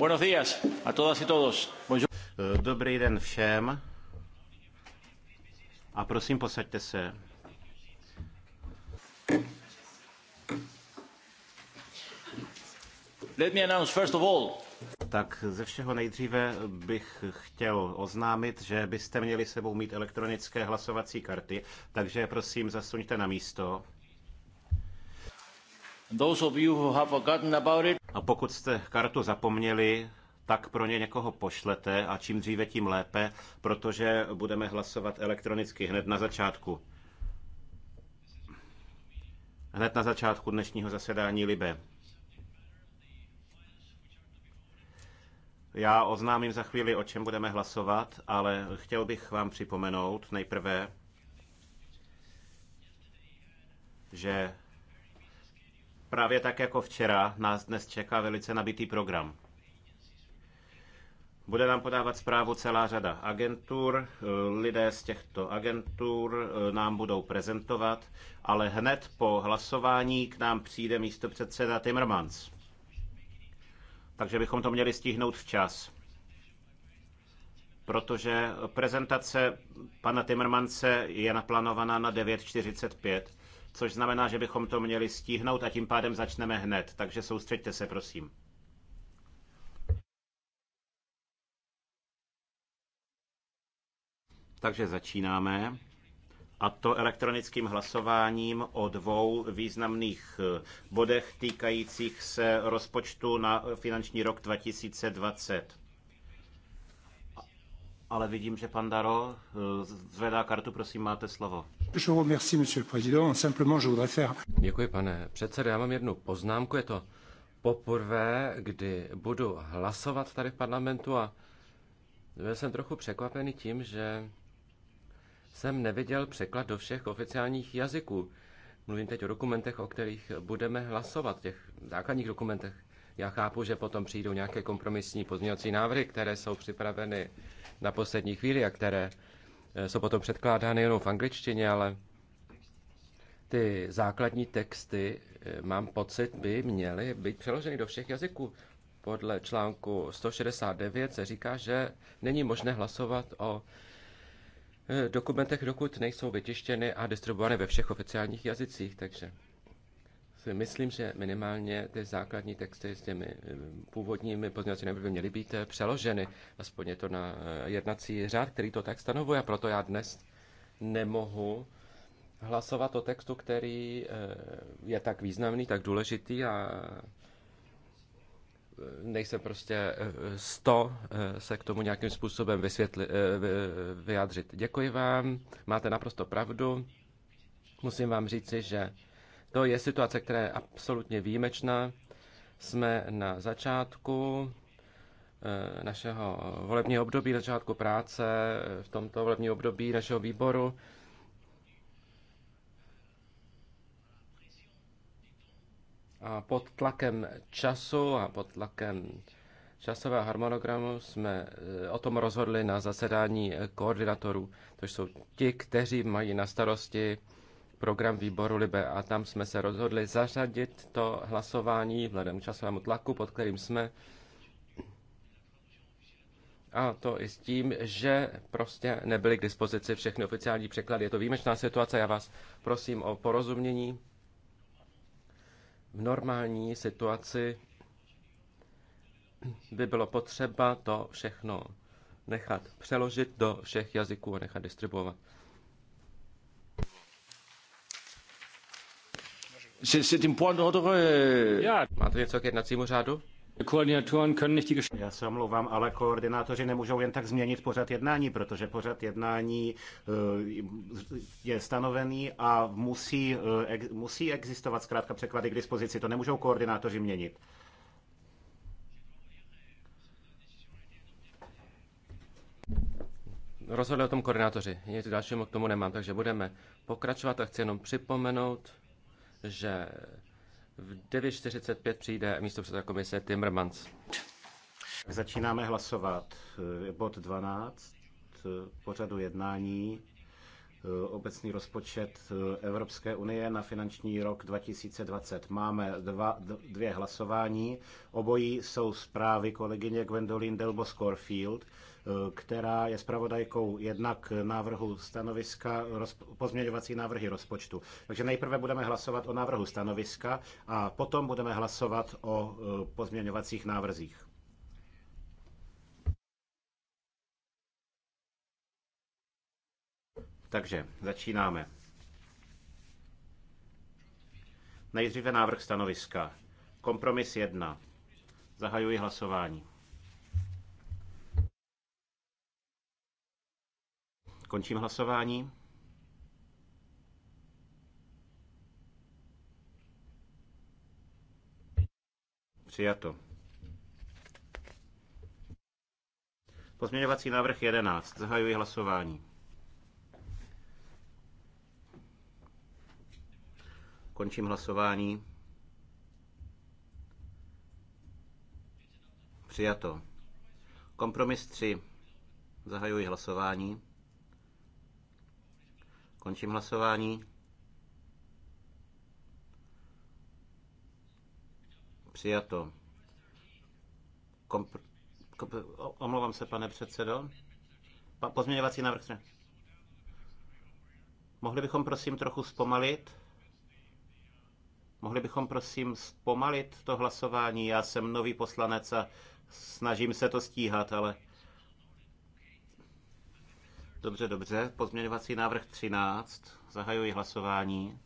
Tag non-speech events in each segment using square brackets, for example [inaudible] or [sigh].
Buenos días a todas y todos. Eh, dobrý den všem. A prosím, posaďte se. Let me announce first of all. Tak ze všeho nejdříve bych chtěl oznámit, že byste měli sebou mít elektronické hlasovací karty, takže prosím zasuňte na místo. Those of you who have forgotten about it, a pokud jste kartu zapomněli, tak pro ně někoho pošlete a čím dříve, tím lépe, protože budeme hlasovat elektronicky hned na začátku. Hned na začátku dnešního zasedání Libe. Já oznámím za chvíli, o čem budeme hlasovat, ale chtěl bych vám připomenout nejprve, že Právě tak jako včera nás dnes čeká velice nabitý program. Bude nám podávat zprávu celá řada agentur, lidé z těchto agentur eh, nám budou prezentovat, ale hned po hlasování k nám přijde místo předseda Timmermans. Takže bychom to měli stihnout včas. Protože prezentace pana Timmermanse je naplánovaná na 9.45 což znamená, že bychom to měli stihnout a tím pádem začneme hned. Takže soustřeďte se, prosím. Takže začínáme. A to elektronickým hlasováním o dvou významných eh, bodech týkajících se rozpočtu na finanční rok 2020 ale vidím, že pan Daro eh, zvedá kartu, prosím, máte slovo. Děkuji, pane předsedo. Já mám jednu poznámku. Je to poprvé, kdy budu hlasovat tady v parlamentu a byl jsem trochu překvapený tím, že jsem neviděl překlad do všech oficiálních jazyků. Mluvím teď o dokumentech, o kterých budeme hlasovat, těch základních dokumentech. Já chápu, že potom přijdou nějaké kompromisní pozměňovací návrhy, které jsou připraveny na poslední chvíli a které eh, jsou potom předkládány jenom v angličtině, ale ty základní texty, eh, mám pocit, by měly být přeloženy do všech jazyků. Podle článku 169 se říká, že není možné hlasovat o eh, dokumentech, dokud nejsou vytištěny a distribuovány ve všech oficiálních jazycích, takže si myslím, že minimálně ty základní texty s těmi eh, původními pozměňovací by měly být eh, přeloženy. Aspoň je to na eh, jednací řád, který to tak stanovuje a proto já dnes nemohu hlasovat o textu, který je tak významný, tak důležitý a nejsem prostě sto se k tomu nějakým způsobem vysvětli, vyjádřit. Děkuji vám, máte naprosto pravdu. Musím vám říci, že to je situace, která je absolutně výjimečná. Jsme na začátku eh, našeho volebního období, začátku práce eh, v tomto volebním období našeho výboru. A pod tlakem času a pod tlakem časového harmonogramu jsme eh, o tom rozhodli na zasedání koordinatorů, což jsou ti, kteří mají na starosti program výboru Libe a tam jsme se rozhodli zařadit to hlasování vzhledem časovému tlaku, pod kterým jsme. A to i s tím, že prostě nebyly k dispozici všechny oficiální překlady. Je to výjimečná situace, já vás prosím o porozumění. V normální situaci by bylo potřeba to všechno nechat přeložit do všech jazyků a nechat distribuovat. C'est un point d'ordre. Já. Euh. Máte něco k jednacímu řádu? Já se omlouvám, ale koordinátoři nemůžou jen tak změnit pořad jednání, protože pořad jednání eh, je stanovený a musí, eh, musí existovat zkrátka překlady k dispozici. To nemůžou koordinátoři měnit. Rozhodli o tom koordinátoři. Nic dalšího k tomu nemám, takže budeme pokračovat a chci jenom připomenout, že v 9.45 přijde místo předseda komise Timmermans. Začínáme hlasovat. Bod 12 pořadu jednání obecný rozpočet Evropské unie na finanční rok 2020. Máme dva, dvě hlasování. Obojí jsou zprávy kolegyně Gwendolyn Delbos Corfield. Eh, která je zpravodajkou jednak návrhu stanoviska, roz, pozměňovací návrhy rozpočtu. Takže nejprve budeme hlasovat o návrhu stanoviska a potom budeme hlasovat o eh, pozměňovacích návrzích. Takže začínáme. Nejdříve návrh stanoviska. Kompromis 1. Zahajuji hlasování. Končím hlasování. Přijato. Pozměňovací návrh 11. Zahajuji hlasování. Končím hlasování. Přijato. Kompromis 3. Zahajuji hlasování. Končím hlasování. Přijato. Kompr- komp- omlouvám se, pane předsedo. Pa- pozměňovací návrh. Mohli bychom prosím trochu zpomalit? Mohli bychom prosím zpomalit to hlasování? Já jsem nový poslanec a snažím se to stíhat, ale Dobře, dobře. Pozměňovací návrh 13. Zahajuji hlasování.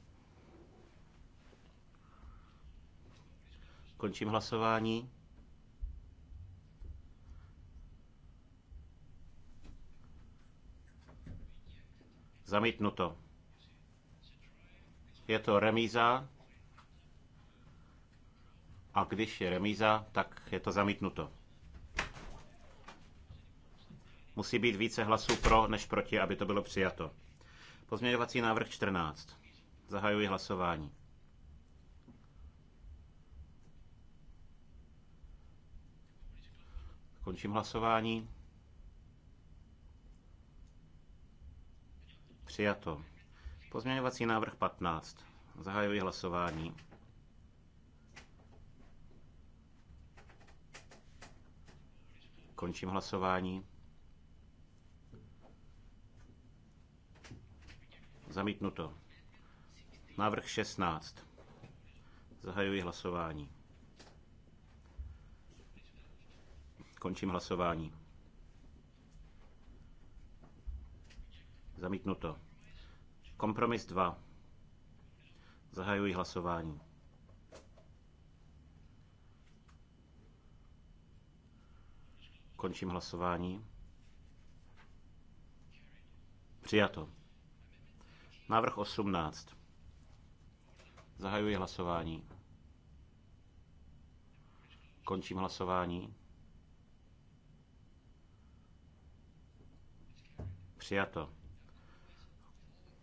Končím hlasování. Zamítnuto. Je to remíza. A když je remíza, tak je to zamítnuto. Musí být více hlasů pro než proti, aby to bylo přijato. Pozměňovací návrh 14. Zahajuji hlasování. Končím hlasování. Přijato. Pozměňovací návrh 15. Zahajuji hlasování. Končím hlasování. Zamítnuto. Návrh 16. Zahajuji hlasování. Končím hlasování. Zamítnuto. Kompromis 2. Zahajuji hlasování. Končím hlasování. Přijato. Návrh 18. Zahajuji hlasování. Končím hlasování. Přijato.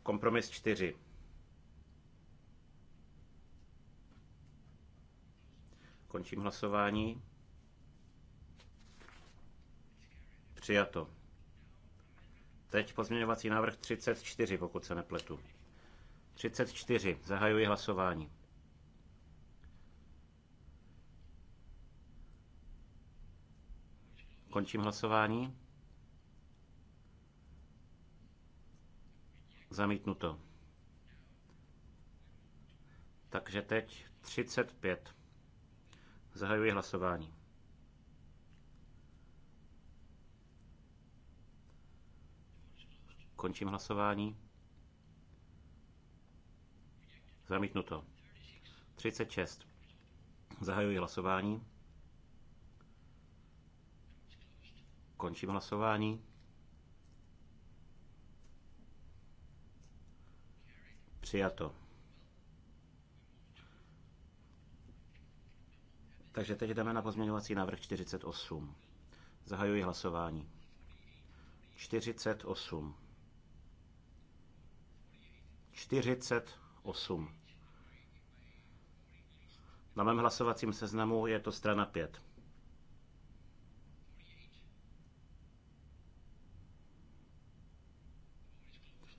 Kompromis 4. Končím hlasování. Přijato. Teď pozměňovací návrh 34, pokud se nepletu. 34. Zahajuji hlasování. Končím hlasování. Zamítnuto. Takže teď 35. Zahajuji hlasování. Končím hlasování. Zamítnuto. 36. Zahajuji hlasování. Končím hlasování. Přijato. Takže teď jdeme na pozměňovací návrh 48. Zahajuji hlasování. 48. 48. Na mém hlasovacím seznamu je to strana 5.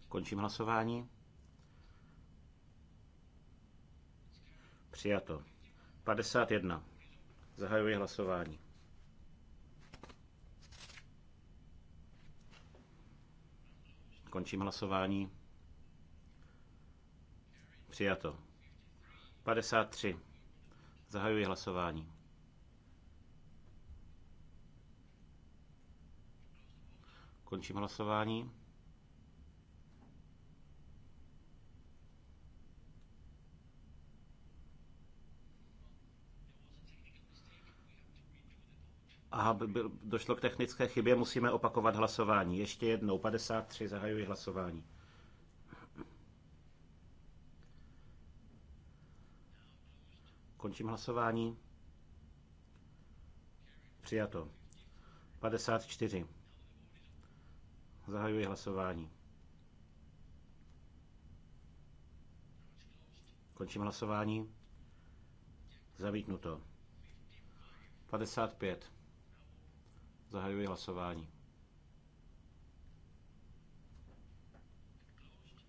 Končím hlasování. Přijato. 51. Zahajuji hlasování. Končím hlasování. Přijato. 53. Zahajuji hlasování. Končím hlasování. Aha, došlo k technické chybě, musíme opakovat hlasování. Ještě jednou, 53, zahajuji hlasování. Končím hlasování. Přijato. 54. Zahajuji hlasování. Končím hlasování. Zavítnuto. 55. Zahajuji hlasování.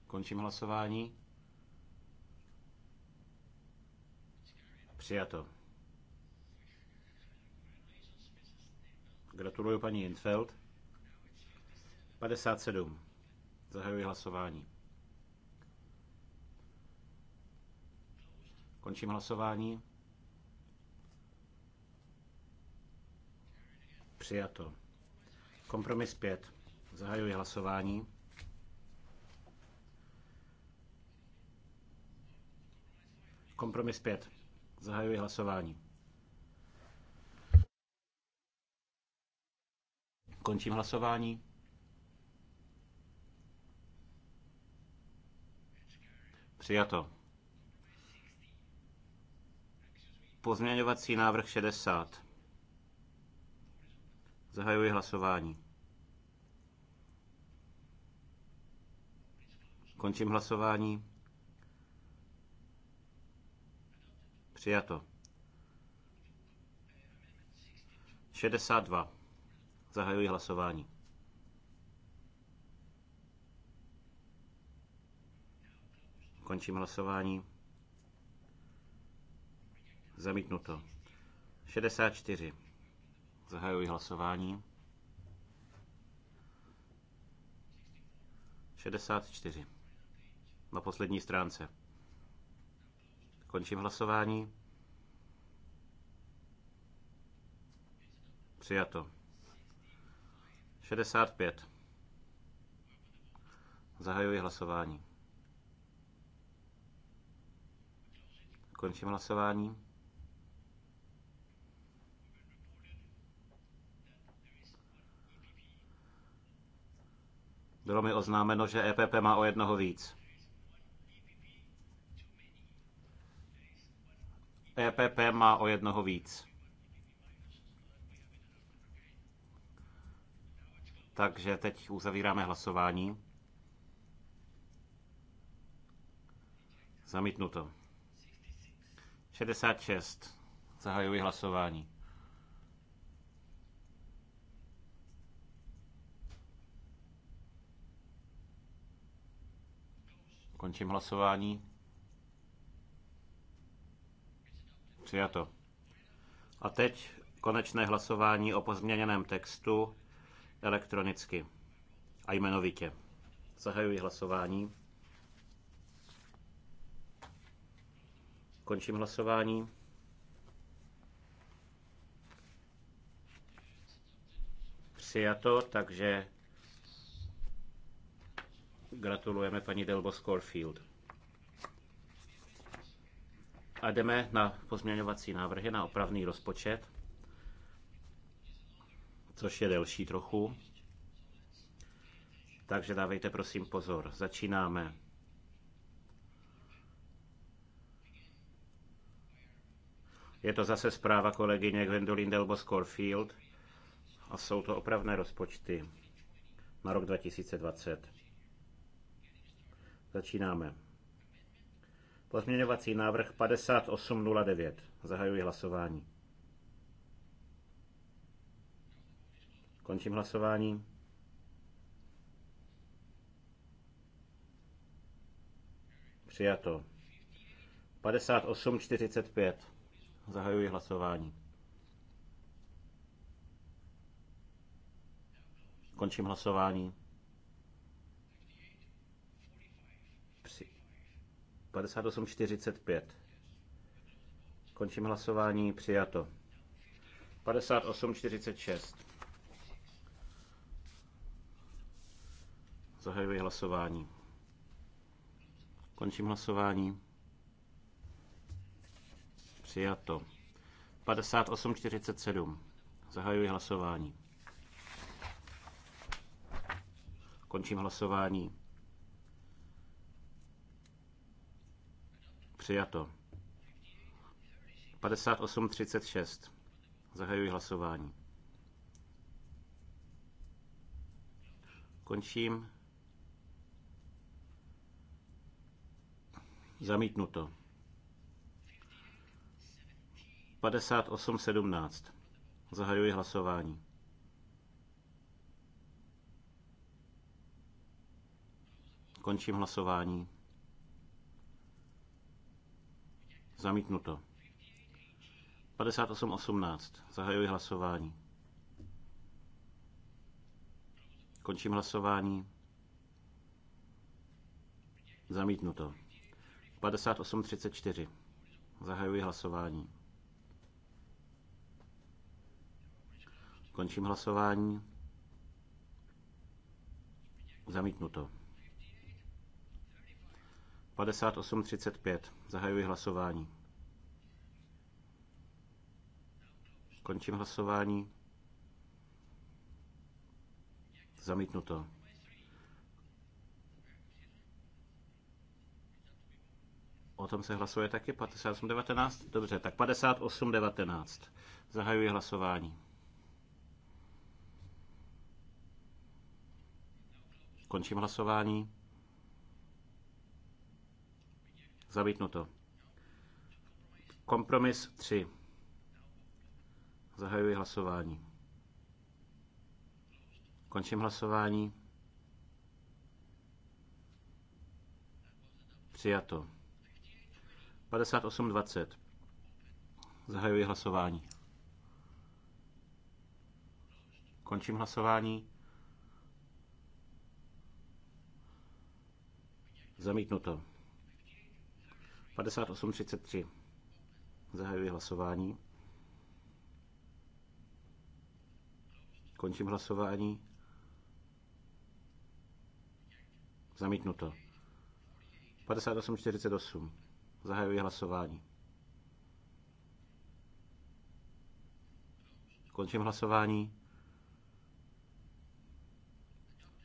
Končím hlasování. Přijato. Gratuluju paní Infeld. 57. Zahajuji hlasování. Končím hlasování. Přijato. Kompromis 5. Zahajuji hlasování. Kompromis 5. Zahajuji hlasování. Končím hlasování. Přijato. Pozměňovací návrh 60. Zahajuji hlasování. Končím hlasování. Přijato. 62. Zahajuji hlasování. Končím hlasování. Zamítnuto. 64. Zahajuji hlasování. 64. Na poslední stránce. Končím hlasování. Přijato. 65. Zahajuji hlasování. Končím hlasování. Bylo mi oznámeno, že EPP má o jednoho víc. EPP má o jednoho víc. Takže teď uzavíráme hlasování. Zamítnuto. 66. Zahajuji hlasování. Končím hlasování. Přijato. A teď konečné hlasování o pozměněném textu elektronicky a jmenovitě. Zahajuji hlasování. Končím hlasování. Přijato, takže gratulujeme paní Delbo Scorfield. A jdeme na pozměňovací návrhy, na opravný rozpočet, což je delší trochu. Takže dávejte prosím pozor. Začínáme. Je to zase zpráva kolegyně Gwendolyn Delbo Scorfield a jsou to opravné rozpočty na rok 2020. Začínáme. Pozměňovací návrh 5809. Zahajuji hlasování. Končím hlasování. Přijato. 5845. Zahajuji hlasování. Končím hlasování. 58.45. Končím hlasování, přijato. 58.46. Zahajuji hlasování. Končím hlasování. Přijato. 58.47. Zahajuji hlasování. Končím hlasování. Přijato. 58.36. Zahajuji hlasování. Končím. Zamítnuto. 58.17. Zahajuji hlasování. Končím hlasování. Zamítnuto. 58.18. Zahajuji hlasování. Končím hlasování. Zamítnuto. 58.34. Zahajuji hlasování. Končím hlasování. Zamítnuto. 5835. Zahajuji hlasování. Končím hlasování. Zamítnuto. O tom se hlasuje taky 5819. Dobře, tak 5819. Zahajuji hlasování. Končím hlasování. Zamítnuto. Kompromis 3. Zahajuji hlasování. Končím hlasování. Přijato. 58.20. Zahajuji hlasování. Končím hlasování. Zamítnuto. 58.33. Zahajuji hlasování. Končím hlasování. Zamítnuto. 58.48. Zahajuji hlasování. Končím hlasování.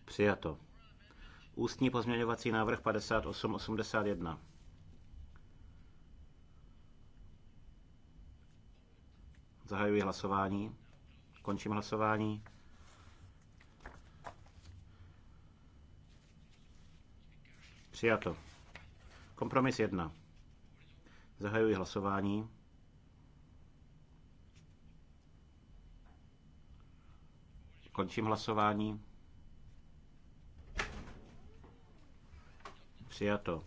Přijato. Ústní pozměňovací návrh 5881. Zahajuji hlasování. Končím hlasování. Přijato. Kompromis 1. Zahajuji hlasování. Končím hlasování. Přijato.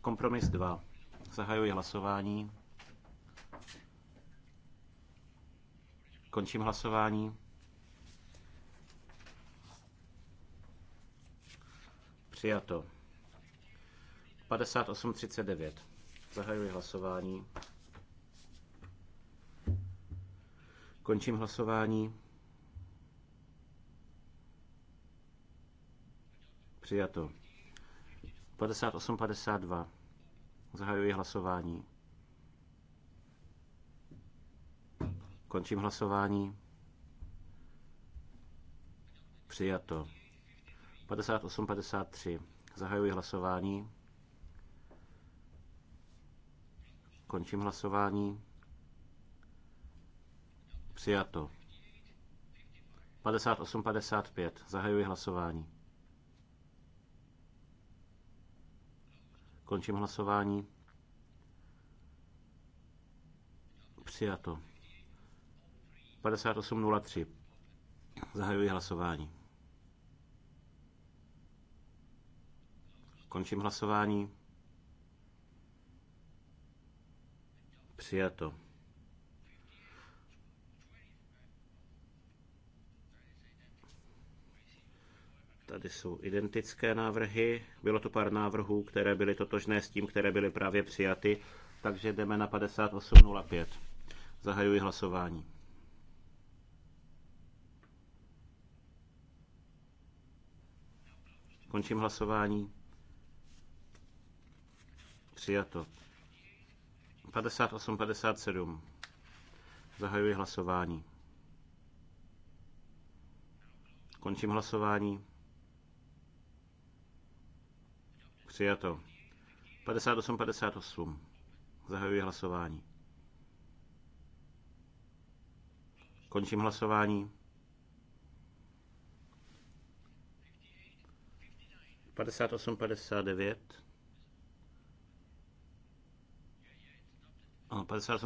Kompromis 2. Zahajuji hlasování. Končím hlasování. Přijato. 5839. Zahajuji hlasování. Končím hlasování. Přijato. 5852. Zahajuji hlasování. Končím hlasování. Přijato. 58-53. Zahajuji hlasování. Končím hlasování. Přijato. 58-55. Zahajuji hlasování. Končím hlasování. Přijato. 5803. Zahajuji hlasování. Končím hlasování. Přijato. Tady jsou identické návrhy. Bylo to pár návrhů, které byly totožné s tím, které byly právě přijaty. Takže jdeme na 58.05. Zahajuji hlasování. Končím hlasování. Přijato. 58-57. Zahajuji hlasování. Končím hlasování. Přijato. 58-58. Zahajuji hlasování. Končím hlasování. 58,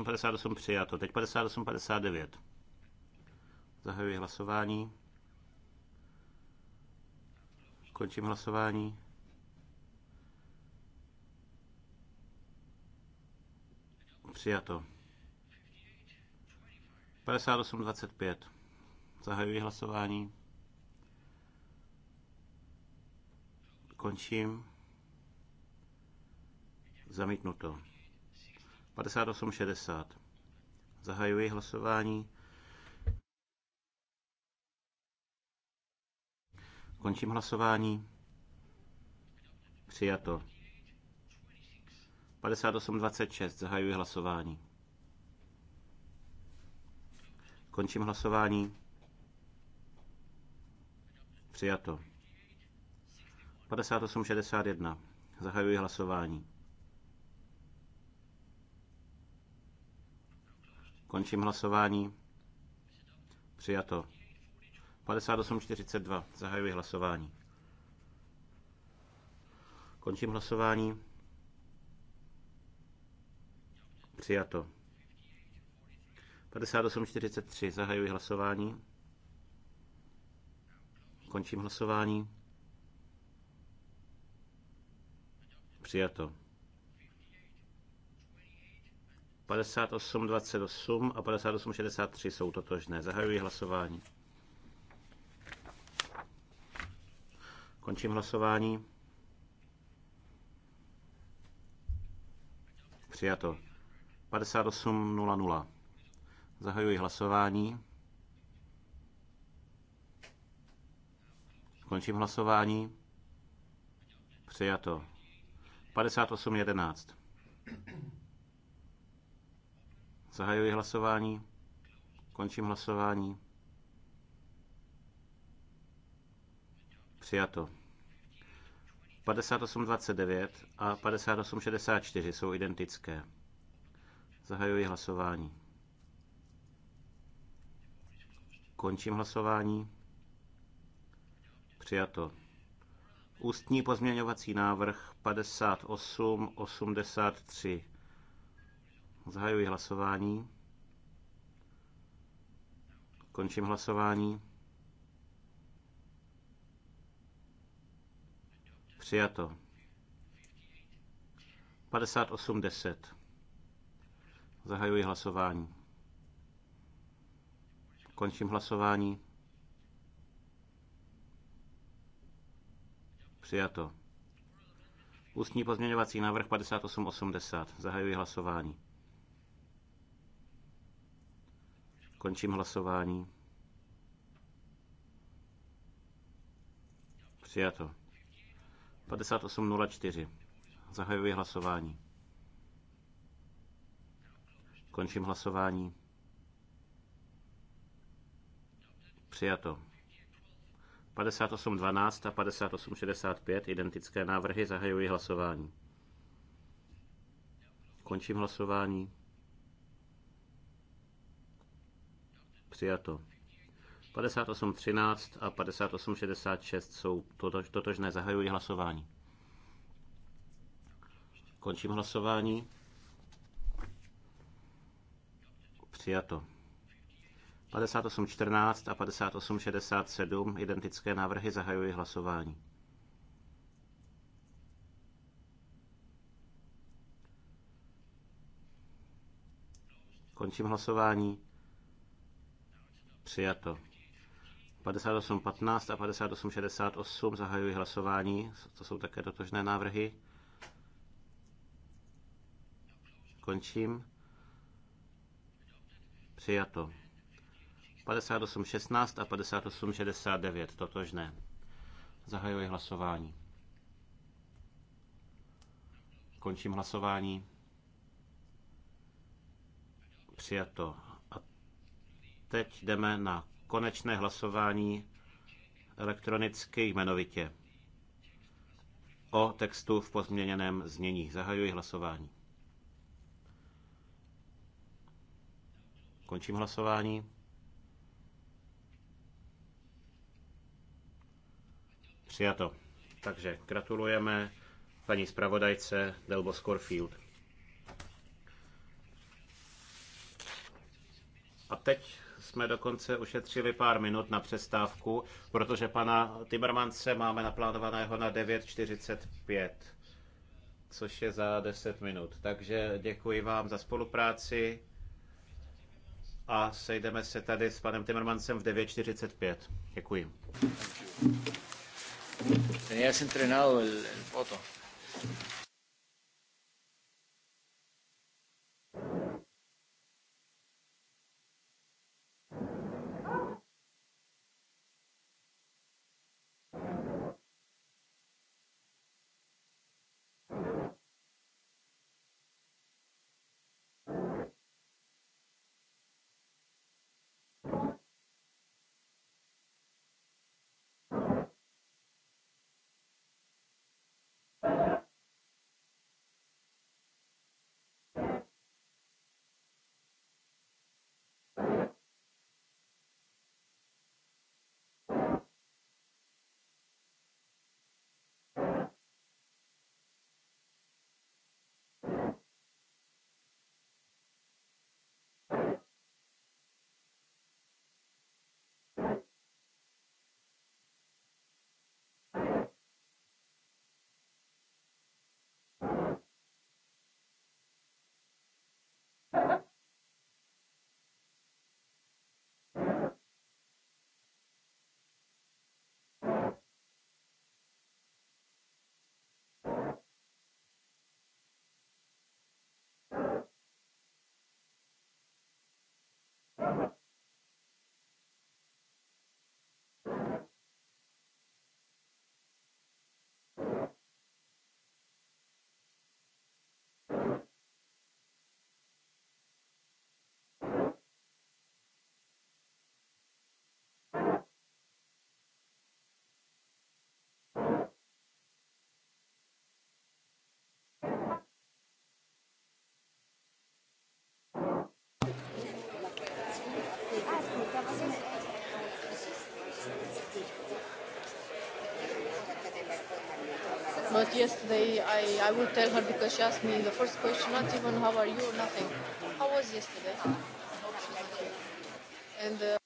58 přijato. Teď 58, 59. Zahajuji hlasování. Končím hlasování. Přijato. 58, 25. Zahajuji hlasování. Končím. Zamítnuto. 58.60. Zahajuji hlasování. Končím hlasování. Přijato. 58.26. Zahajuji hlasování. Končím hlasování. Přijato. 5861. Zahajuji hlasování. Končím hlasování. Přijato. 58.42. Zahajuji hlasování. Končím hlasování. Přijato. 58.43. Zahajuji hlasování. Končím hlasování. Přijato. 58.28 a 58.63 jsou totožné. Zahajuji hlasování. Končím hlasování. Přijato. 58.00. Zahajuji hlasování. Končím hlasování. Přijato. 58.11. Zahajuji hlasování. Končím hlasování. Přijato. 58.29 a 58.64 jsou identické. Zahajuji hlasování. Končím hlasování. Přijato. Ústní pozměňovací návrh 5883. Zahajuji hlasování. Končím hlasování. Přijato. 5810. Zahajuji hlasování. Končím hlasování. Přijato. Ústní pozměňovací návrh 5880. Zahajuji hlasování. Končím hlasování. Přijato. 5804. Zahajuji hlasování. Končím hlasování. Přijato. 58.12 a 58.65, identické návrhy, zahajují hlasování. Končím hlasování. Přijato. 58.13 a 58.66 jsou totož, totožné, zahajují hlasování. Končím hlasování. Přijato. 5814 a 5867 identické návrhy zahajují hlasování. Končím hlasování. Přijato. 5815 a 5868 zahajují hlasování. To jsou také totožné návrhy. Končím. Přijato. 58.16 a 58.69, totožné. Zahajuji hlasování. Končím hlasování. Přijato. A teď jdeme na konečné hlasování elektronicky jmenovitě o textu v pozměněném znění. Zahajuji hlasování. Končím hlasování. Přijato. Takže gratulujeme paní zpravodajce Delbo Scorfield. A teď jsme dokonce ušetřili pár minut na přestávku, protože pana Timmermanse máme naplánovaného na 9.45, což je za 10 minut. Takže děkuji vám za spolupráci a sejdeme se tady s panem Timmermansem v 9.45. Děkuji. Tenías entrenado el, el foto. But yesterday I, I will tell her because she asked me the first question, not even how are you, nothing. How was yesterday? And uh,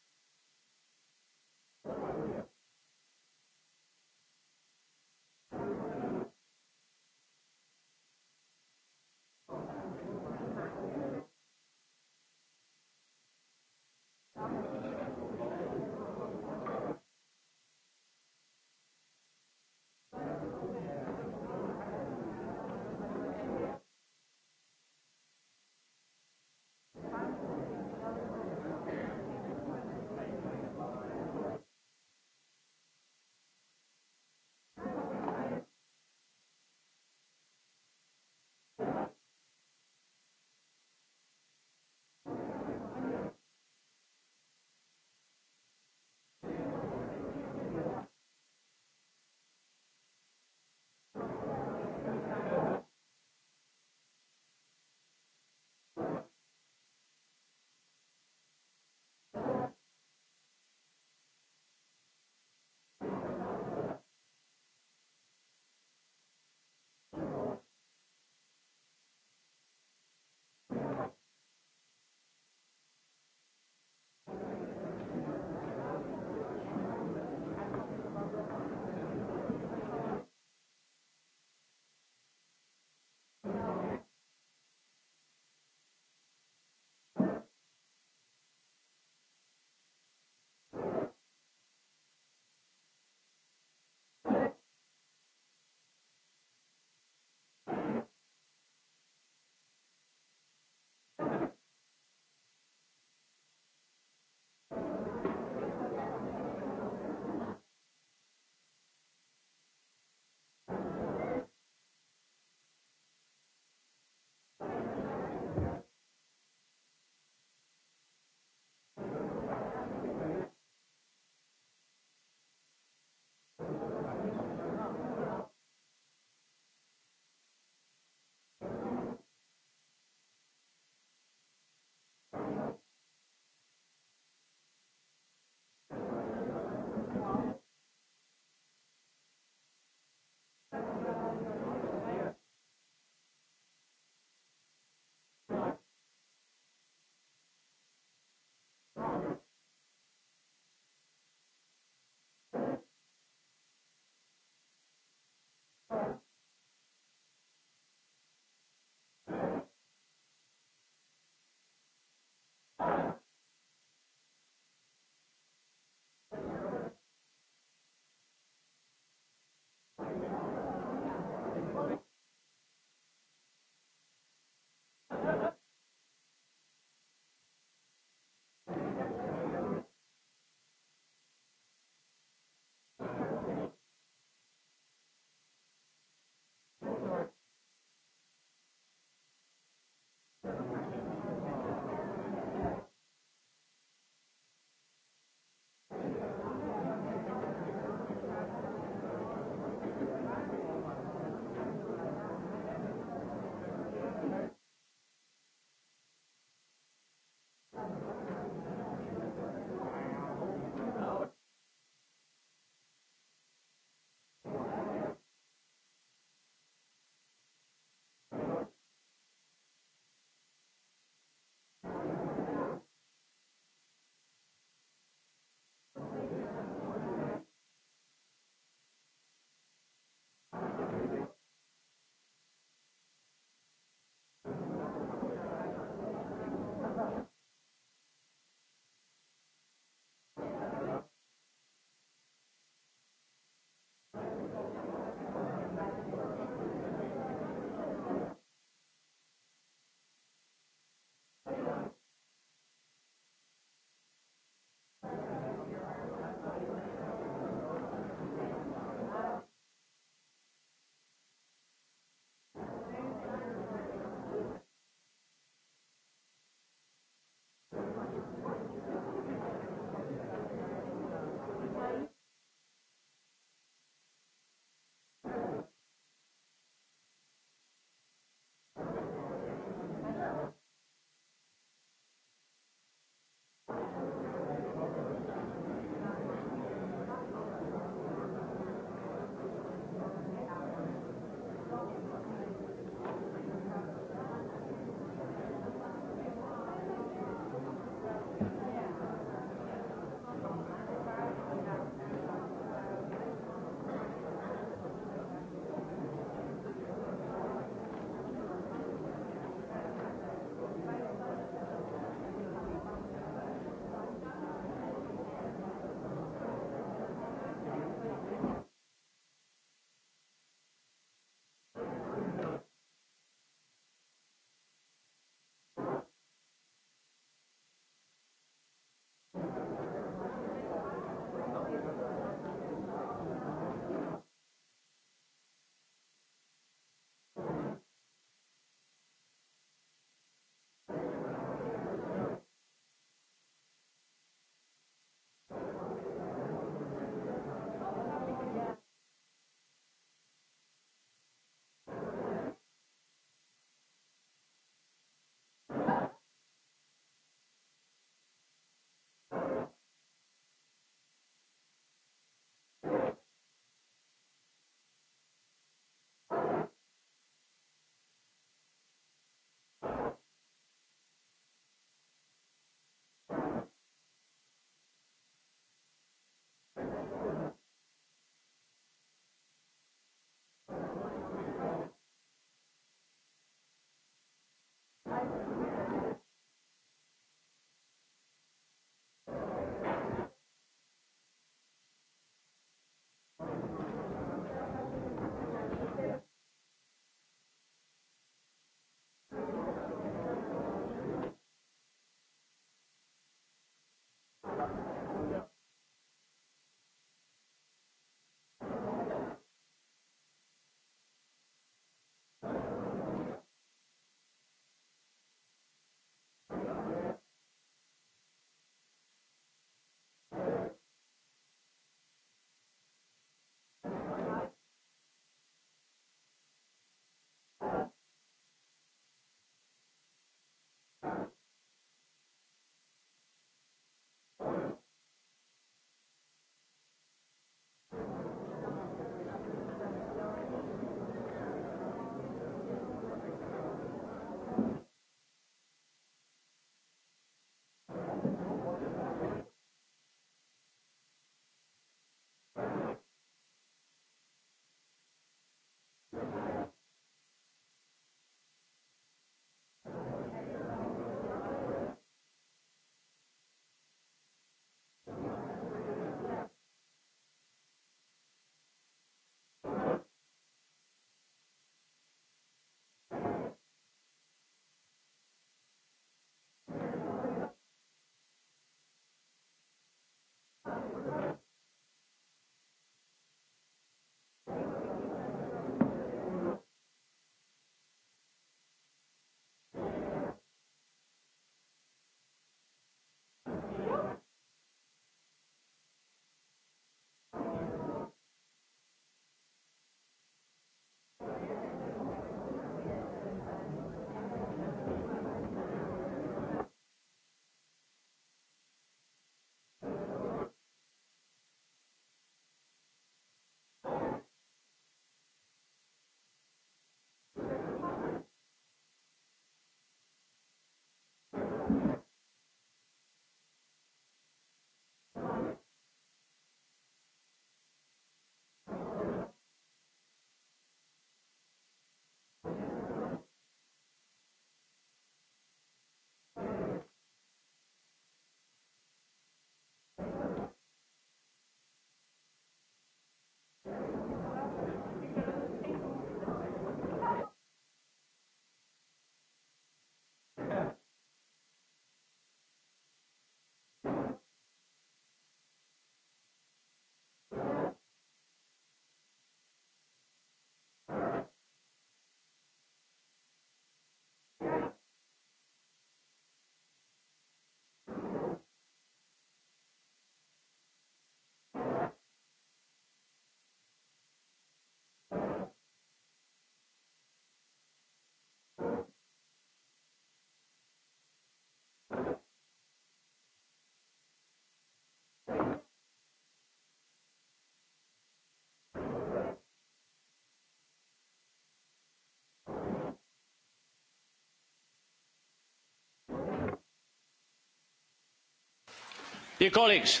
Dear colleagues,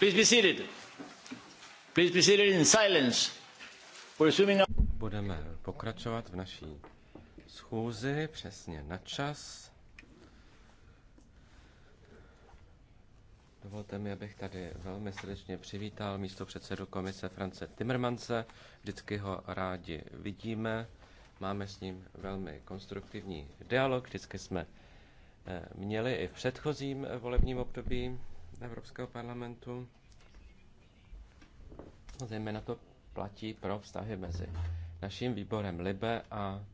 please be seated. Please be seated in silence. We're assuming... Budeme pokračovat v naší schůzi přesně na čas. Dovolte mi, abych tady velmi srdečně přivítal místo předsedu komise France Timmermanse. Vždycky ho rádi vidíme. Máme s ním velmi konstruktivní dialog. Vždycky jsme eh, měli i v předchozím volebním období. Evropského parlamentu. A zejména to platí pro vztahy mezi naším výborem Libe a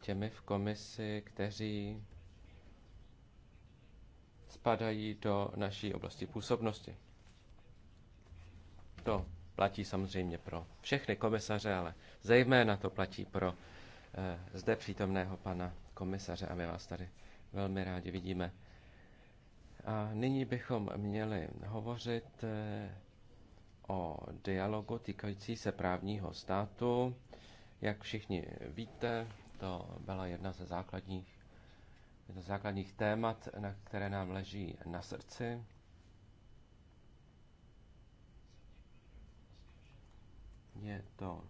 těmi v komisi, kteří spadají do naší oblasti působnosti. To platí samozřejmě pro všechny komisaře, ale zejména to platí pro eh, zde přítomného pana komisaře a my vás tady velmi rádi vidíme. A nyní bychom měli hovořit eh, o dialogu týkající se právního státu. Jak všichni víte, to byla jedna ze základních, jedna ze základních témat, na které nám leží na srdci. Je to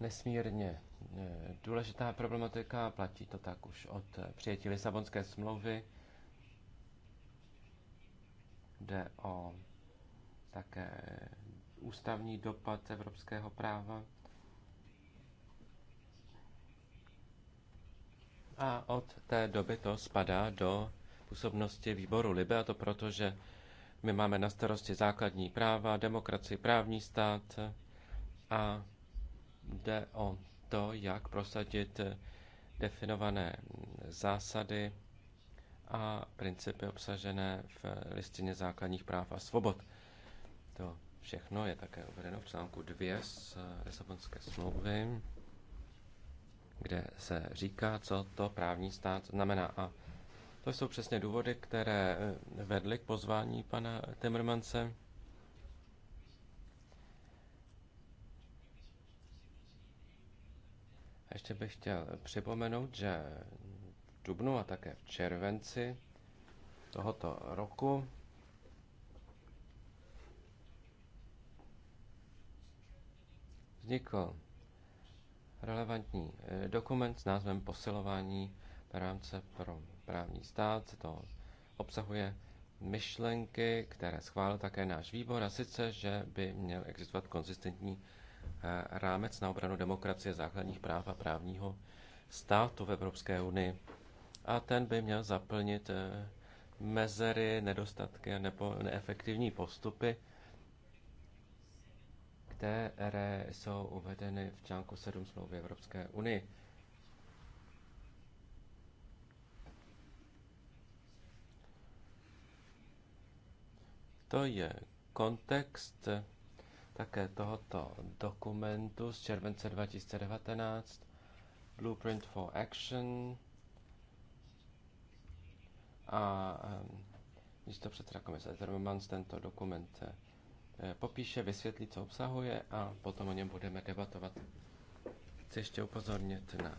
nesmírně eh, důležitá problematika, platí to tak už od přijetí Lisabonské smlouvy Jde o také ústavní dopad evropského práva A od té doby to spadá do působnosti výboru Libe, a to proto, že my máme na starosti základní práva, demokracii, právní stát a jde o to, jak prosadit definované zásady a principy obsažené v listině základních práv a svobod. To všechno je také uvedeno v článku 2 z Lisabonské smlouvy, kde se říká, co to právní stát znamená. A to jsou přesně důvody, které vedly k pozvání pana Timmermanse. A ještě bych chtěl připomenout, že dubnu a také v červenci tohoto roku. Vznikl relevantní eh, dokument s názvem Posilování rámce pro právní stát. To obsahuje myšlenky, které schválil také náš výbor, a sice, že by měl existovat konzistentní eh, rámec na obranu demokracie, základních práv a právního státu v Evropské unii a ten by měl zaplnit eh, mezery, nedostatky nebo neefektivní postupy, které jsou uvedeny v článku 7 smlouvy Evropské unie. To je kontext eh, také tohoto dokumentu z července 2019 Blueprint for Action a eh, místo předseda komise Zermans tento dokument eh, popíše, vysvětlí, co obsahuje a potom o něm budeme debatovat. Chci ještě upozornit na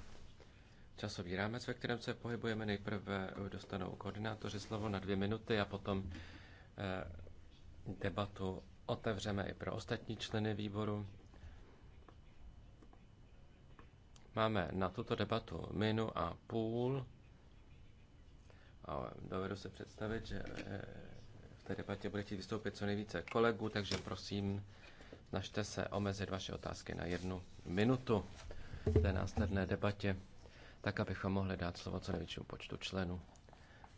časový rámec, ve kterém se pohybujeme. Nejprve dostanou koordinátoři slovo na dvě minuty a potom eh, debatu otevřeme i pro ostatní členy výboru. Máme na tuto debatu minu a půl. A dovedu se představit, že eh, v té debatě bude chtít vystoupit co nejvíce kolegů, takže prosím, snažte se omezit vaše otázky na jednu minutu v té následné debatě, tak abychom mohli dát slovo co největšímu počtu členů.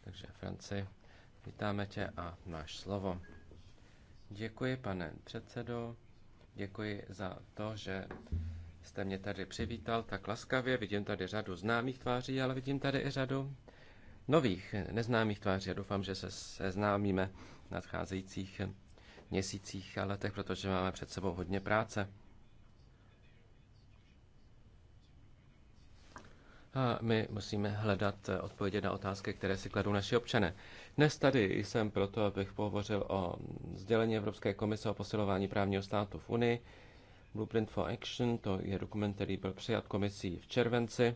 Takže Franci, vítáme tě a máš slovo. Děkuji, pane předsedo. Děkuji za to, že jste mě tady přivítal tak laskavě. Vidím tady řadu známých tváří, ale vidím tady i řadu nových neznámých tváří a doufám, že se seznámíme v nadcházejících měsících a letech, protože máme před sebou hodně práce. A my musíme hledat odpovědi na otázky, které si kladou naši občané. Dnes tady jsem proto, abych pohovořil o sdělení Evropské komise o posilování právního státu v Unii. Blueprint for Action, to je dokument, který byl přijat komisí v červenci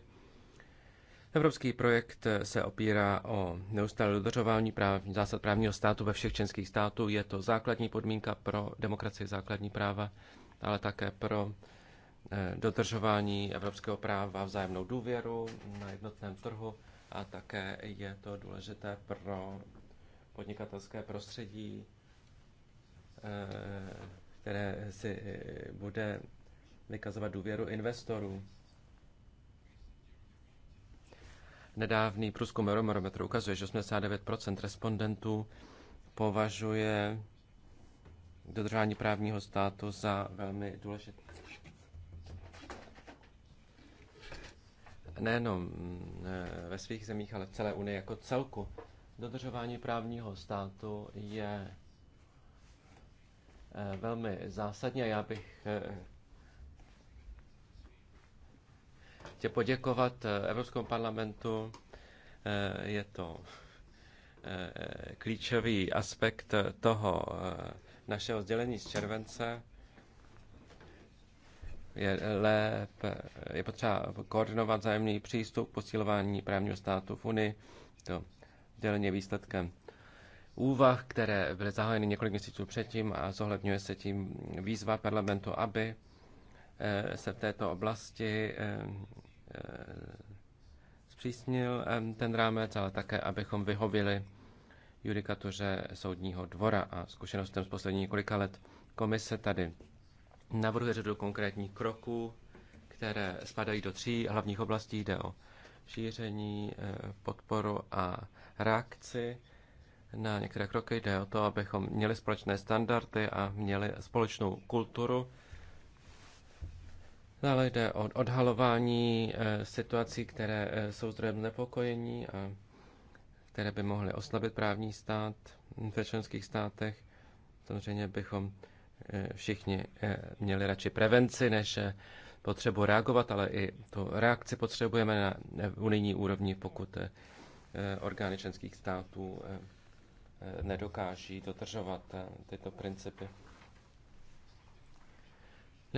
Evropský projekt eh, se opírá o neustále dodržování práv, zásad právního státu ve všech členských států. Je to základní podmínka pro demokracii, základní práva, ale také pro eh, dodržování evropského práva, vzájemnou důvěru na jednotném trhu a také je to důležité pro podnikatelské prostředí, eh, které si bude vykazovat důvěru investorů. Nedávný průzkum Euromerometru ukazuje, že 89% respondentů považuje dodržování právního státu za velmi důležité. Nejenom eh, ve svých zemích, ale v celé Unii jako celku. Dodržování právního státu je eh, velmi zásadní a já bych eh, chtěl poděkovat eh, Evropskému parlamentu. Eh, je to eh, klíčový aspekt toho našeho sdělení z července. Je, lépe, je potřeba koordinovat zájemný přístup k posilování právního státu v Unii. To je výsledkem úvah, které byly zahájeny několik měsíců předtím a zohledňuje se tím výzva parlamentu, aby se v této oblasti Eh, zpřísnil ten rámec, ale také, abychom vyhovili judikatuře soudního dvora a zkušenostem z posledních několika let. Komise tady navrhuje řadu konkrétních kroků, které spadají do tří hlavních oblastí. Jde o šíření, eh, podporu a reakci na některé kroky. Jde o to, abychom měli společné standardy a měli společnou kulturu Dále jde o odhalování eh, situací, které eh, jsou zdrojem nepokojení a které by mohly oslabit právní stát ve členských státech. Samozřejmě bychom eh, všichni měli radši prevenci než potřebu reagovat, ale i tu reakci potřebujeme na unijní úrovni, pokud orgány členských států nedokáží dodržovat tyto principy.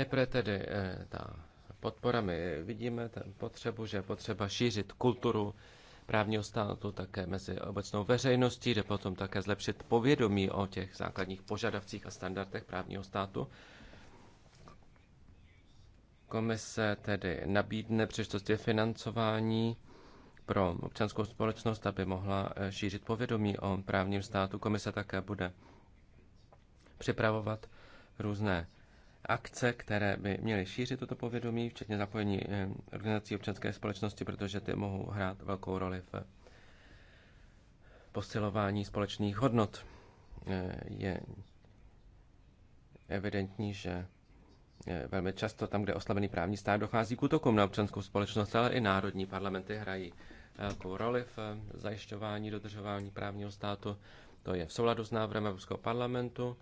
Nejprve tedy eh, ta podpora. My vidíme ten potřebu, že je potřeba šířit kulturu právního státu také mezi obecnou veřejností, jde potom také zlepšit povědomí o těch základních požadavcích a standardech právního státu. Komise tedy nabídne příležitosti financování pro občanskou společnost, aby mohla eh, šířit povědomí o právním státu. Komise také bude připravovat různé akce, které by měly šířit toto povědomí, včetně zapojení eh, organizací občanské společnosti, protože ty mohou hrát velkou roli v eh, posilování společných hodnot. Eh, je evidentní, že velmi často tam, kde oslabený právní stát dochází k útokům na občanskou společnost, ale i národní parlamenty hrají velkou roli v zajišťování dodržování právního státu. To je v souladu s návrhem Evropského parlamentu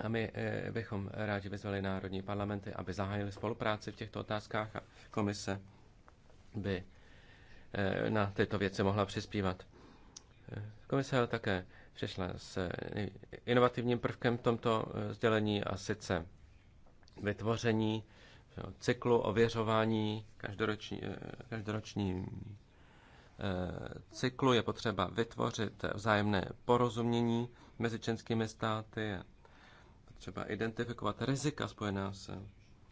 a my eh, bychom rádi vyzvali národní parlamenty, aby zahájili spolupráci v těchto otázkách a komise by eh, na tyto věci mohla přispívat. Eh, komise také přišla s inovativním prvkem v tomto sdělení a sice vytvoření cyklu ověřování každoroční, každoroční cyklu je potřeba vytvořit vzájemné porozumění mezi členskými státy třeba identifikovat rizika spojená s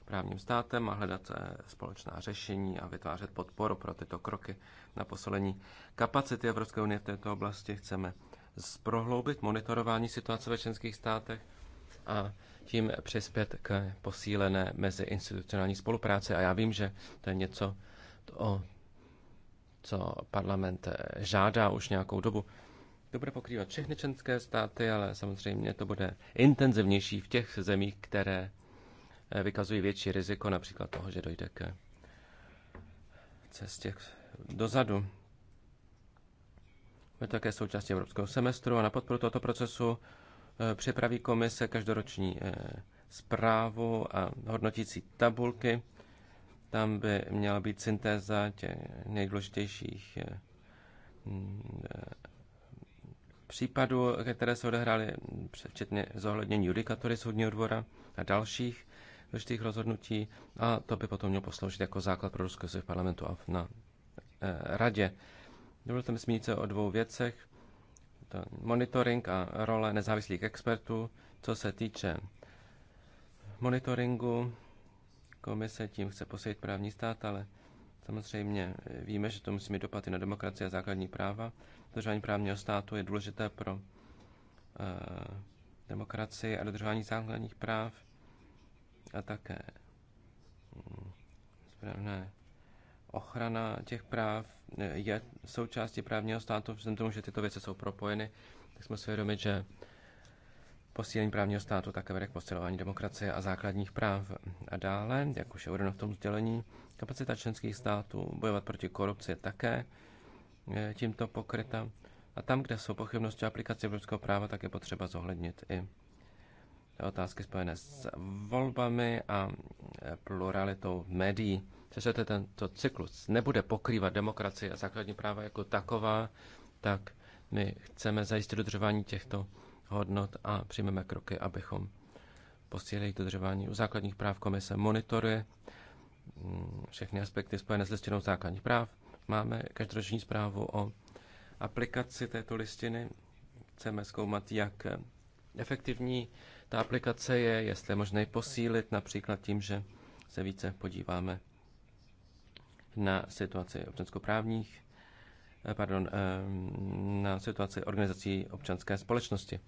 právním státem a hledat eh, společná řešení a vytvářet podporu pro tyto kroky na posolení kapacity Evropské unie v této oblasti. Chceme zprohloubit monitorování situace ve členských státech a tím přispět k posílené meziinstitucionální spolupráci. A já vím, že to je něco, o co parlament eh, žádá už nějakou dobu. To bude pokrývat všechny členské státy, ale samozřejmě to bude intenzivnější v těch zemích, které eh, vykazují větší riziko, například toho, že dojde ke cestě dozadu. To také součástí evropského semestru a na podporu tohoto procesu eh, připraví komise každoroční eh, zprávu a hodnotící tabulky. Tam by měla být syntéza těch nejdůležitějších mm, případů, které se odehrály, včetně zohlednění judikatury soudního dvora a dalších důležitých rozhodnutí a to by potom mělo posloužit jako základ pro diskusi v parlamentu a na eh, radě. Dovolte mi zmínit se o dvou věcech. To monitoring a role nezávislých expertů. Co se týče monitoringu, komise tím chce posílit právní stát, ale samozřejmě víme, že to musí mít dopady na demokracii a základní práva. Dodržování právního státu je důležité pro uh, demokracii a dodržování základních práv a také mm, správné ochrana těch práv eh, je součástí právního státu, vzhledem tomu, že tyto věci jsou propojeny, tak jsme svědomi, že posílení právního státu také vede k posilování demokracie a základních práv. A dále, jak už je uvedeno v tom sdělení, kapacita členských států bojovat proti korupci je také tímto pokryta. A tam, kde jsou pochybnosti o aplikaci evropského práva, tak je potřeba zohlednit i otázky spojené s volbami a e, pluralitou médií. Že tento cyklus nebude pokrývat demokracii a základní práva jako taková, tak my chceme zajistit dodržování těchto hodnot a přijmeme kroky, abychom posílili dodržování u základních práv. Komise monitoruje mm, všechny aspekty spojené s listinou základních práv Máme každoroční zprávu o aplikaci této listiny. Chceme zkoumat, jak efektivní ta aplikace je, jestli je možné posílit, například tím, že se více podíváme na situaci občanskoprávních, eh, pardon, eh, na situaci organizací občanské společnosti.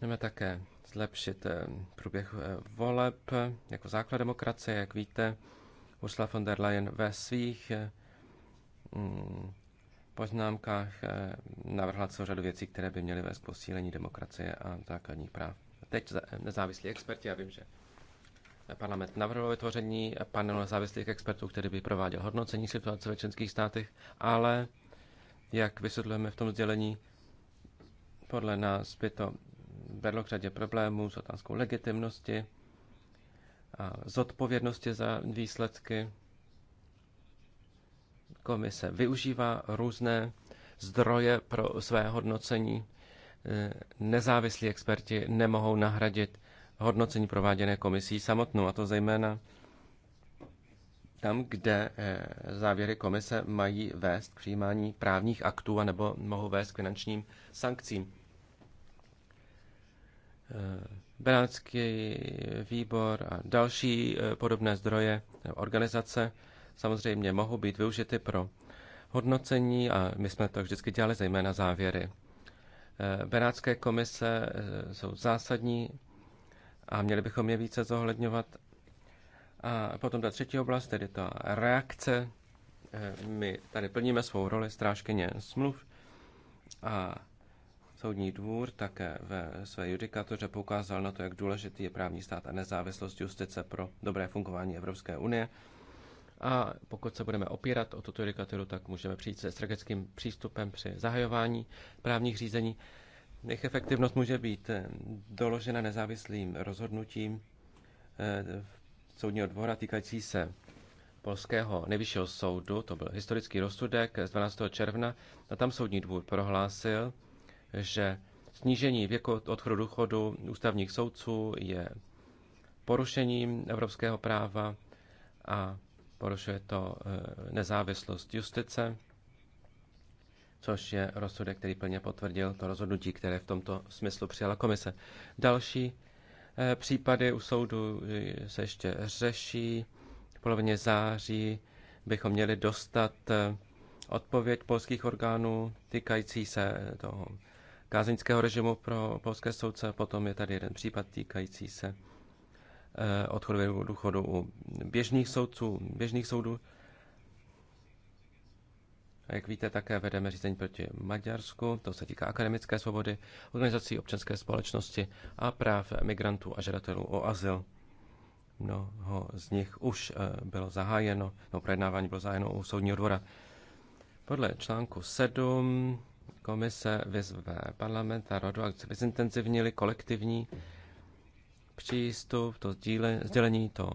Můžeme také zlepšit eh, průběh voleb jako základ demokracie, jak víte. Ursula von der Leyen ve svých eh, mm, poznámkách eh, navrhla celou řadu věcí, které by měly vést k posílení demokracie a základních práv. Teď eh, nezávislí experti, já vím, že parlament navrhl vytvoření panelu nezávislých expertů, který by prováděl hodnocení situace ve členských státech, ale jak vysvětlujeme v tom sdělení, podle nás by to vedlo k řadě problémů s otázkou legitimnosti zodpovědnosti za výsledky. Komise využívá různé zdroje pro své hodnocení. E, nezávislí experti nemohou nahradit hodnocení prováděné komisí samotnou, a to zejména tam, kde e, závěry komise mají vést k přijímání právních aktů nebo mohou vést k finančním sankcím e, Benátský výbor a další e, podobné zdroje e, organizace samozřejmě mohou být využity pro hodnocení a my jsme to vždycky dělali zejména závěry. E, Benátské komise jsou zásadní a měli bychom je více zohledňovat. A potom ta třetí oblast, tedy ta reakce. My tady plníme svou roli strážkyně smluv a Soudní dvůr také ve své judikatoře poukázal na to, jak důležitý je právní stát a nezávislost justice pro dobré fungování Evropské unie. A pokud se budeme opírat o tuto judikaturu, tak můžeme přijít se strategickým přístupem při zahajování právních řízení. Jejich efektivnost může být doložena nezávislým rozhodnutím eh, soudního dvora týkající se Polského nejvyššího soudu, to byl historický rozsudek z 12. června, a tam soudní dvůr prohlásil, že snížení věku odchodu důchodu ústavních soudců je porušením evropského práva a porušuje to eh, nezávislost justice, což je rozsudek, který plně potvrdil to rozhodnutí, které v tomto smyslu přijala komise. Další eh, případy u soudu eh, se ještě řeší. V polovině září bychom měli dostat odpověď polských orgánů týkající se toho kázeňského režimu pro polské soudce. Potom je tady jeden případ týkající se eh, odchodu důchodu u běžných soudců, běžných soudů. A jak víte, také vedeme řízení proti Maďarsku, to se týká akademické svobody, organizací občanské společnosti a práv migrantů a žadatelů o azyl. Mnoho z nich už eh, bylo zahájeno, no projednávání bylo zahájeno u soudního dvora. Podle článku 7 Komise vyzve parlament a radu, aby zintenzivnili kolektivní přístup, to sdíle, sdělení, to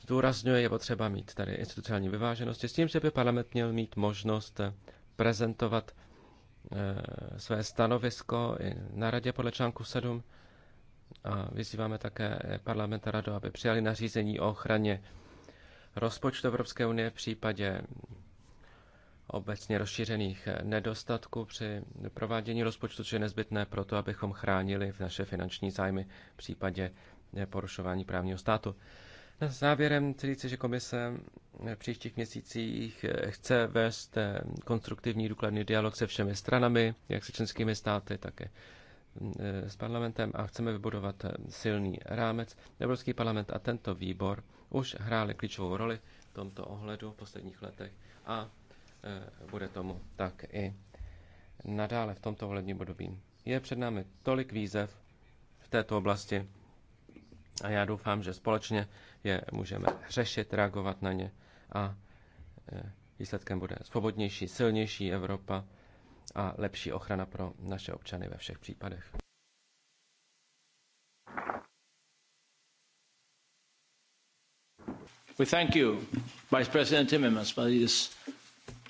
zdůrazňuje, je potřeba mít tady institucionální vyváženosti, s tím, že by parlament měl mít možnost prezentovat e, své stanovisko i na radě podle článku 7 a vyzýváme také parlament a radu, aby přijali nařízení o ochraně rozpočtu Evropské unie v případě obecně rozšířených nedostatků při provádění rozpočtu, což je nezbytné pro to, abychom chránili naše finanční zájmy v případě porušování právního státu. Na závěrem chci říct, že komise v příštích měsících chce vést konstruktivní důkladný dialog se všemi stranami, jak se členskými státy, také e, s parlamentem a chceme vybudovat silný rámec. Evropský parlament a tento výbor už hráli klíčovou roli v tomto ohledu v posledních letech a Eh, bude tomu tak i nadále v tomto volebním období. Je před námi tolik výzev v této oblasti a já doufám, že společně je můžeme řešit, reagovat na ně a eh, výsledkem bude svobodnější, silnější Evropa a lepší ochrana pro naše občany ve všech případech. We thank you, Vice President Timmermans, for this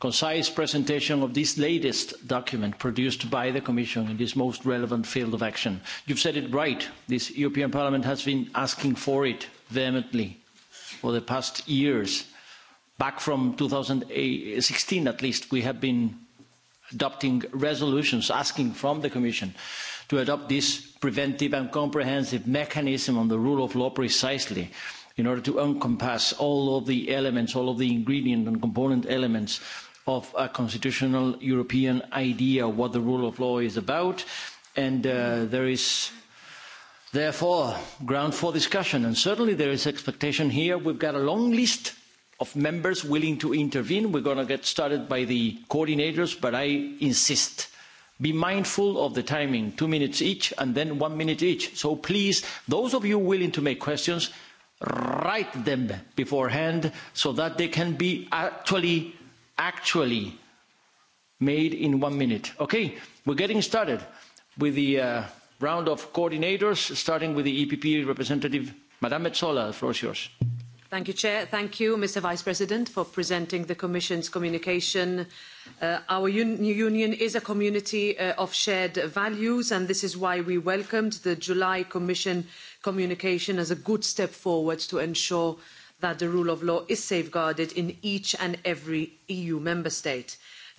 concise presentation of this latest document produced by the Commission in this most relevant field of action. You've said it right. This European Parliament has been asking for it vehemently for the past years. Back from 2016, at least, we have been adopting resolutions asking from the Commission to adopt this preventive and comprehensive mechanism on the rule of law precisely in order to encompass all of the elements, all of the ingredient and component elements of a constitutional European idea of what the rule of law is about. And uh, there is therefore ground for discussion. And certainly there is expectation here. We've got a long list of members willing to intervene. We're going to get started by the coordinators, but I insist. Be mindful of the timing, two minutes each and then one minute each. So please, those of you willing to make questions, write them beforehand so that they can be actually actually made in one minute. Okay, we're getting started with the uh, round of coordinators, starting with the EPP representative, Madame Metzola. The floor is yours. Thank you, Chair. Thank you, Mr. Vice President, for presenting the Commission's communication. Uh, our un union is a community uh, of shared values, and this is why we welcomed the July Commission communication as a good step forward to ensure that the rule of law is safeguarded in each and every eu member state.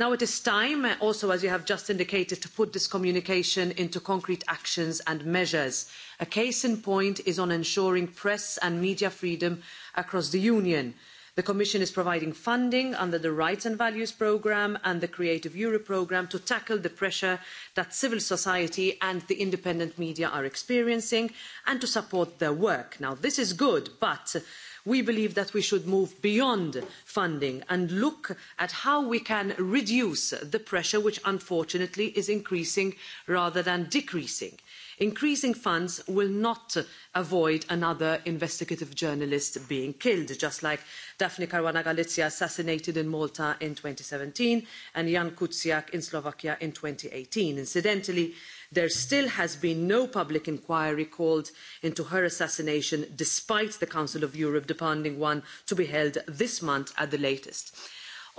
now it is time uh, also as you have just indicated to put this communication into concrete actions and measures. a case in point is on ensuring press and media freedom across the union. The Commission is providing funding under the Rights and Values Programme and the Creative Europe Programme to tackle the pressure that civil society and the independent media are experiencing and to support their work. Now, this is good, but we believe that we should move beyond funding and look at how we can reduce the pressure which unfortunately is increasing rather than decreasing increasing funds will not avoid another investigative journalist being killed just like daphne caruana galizia assassinated in malta in two thousand and seventeen and jn kuciak in slovakia in. two thousand and eighteen incidentally there still has been no public inquiry called into her assassination despite the council of europe demanding one to be held this month at the latest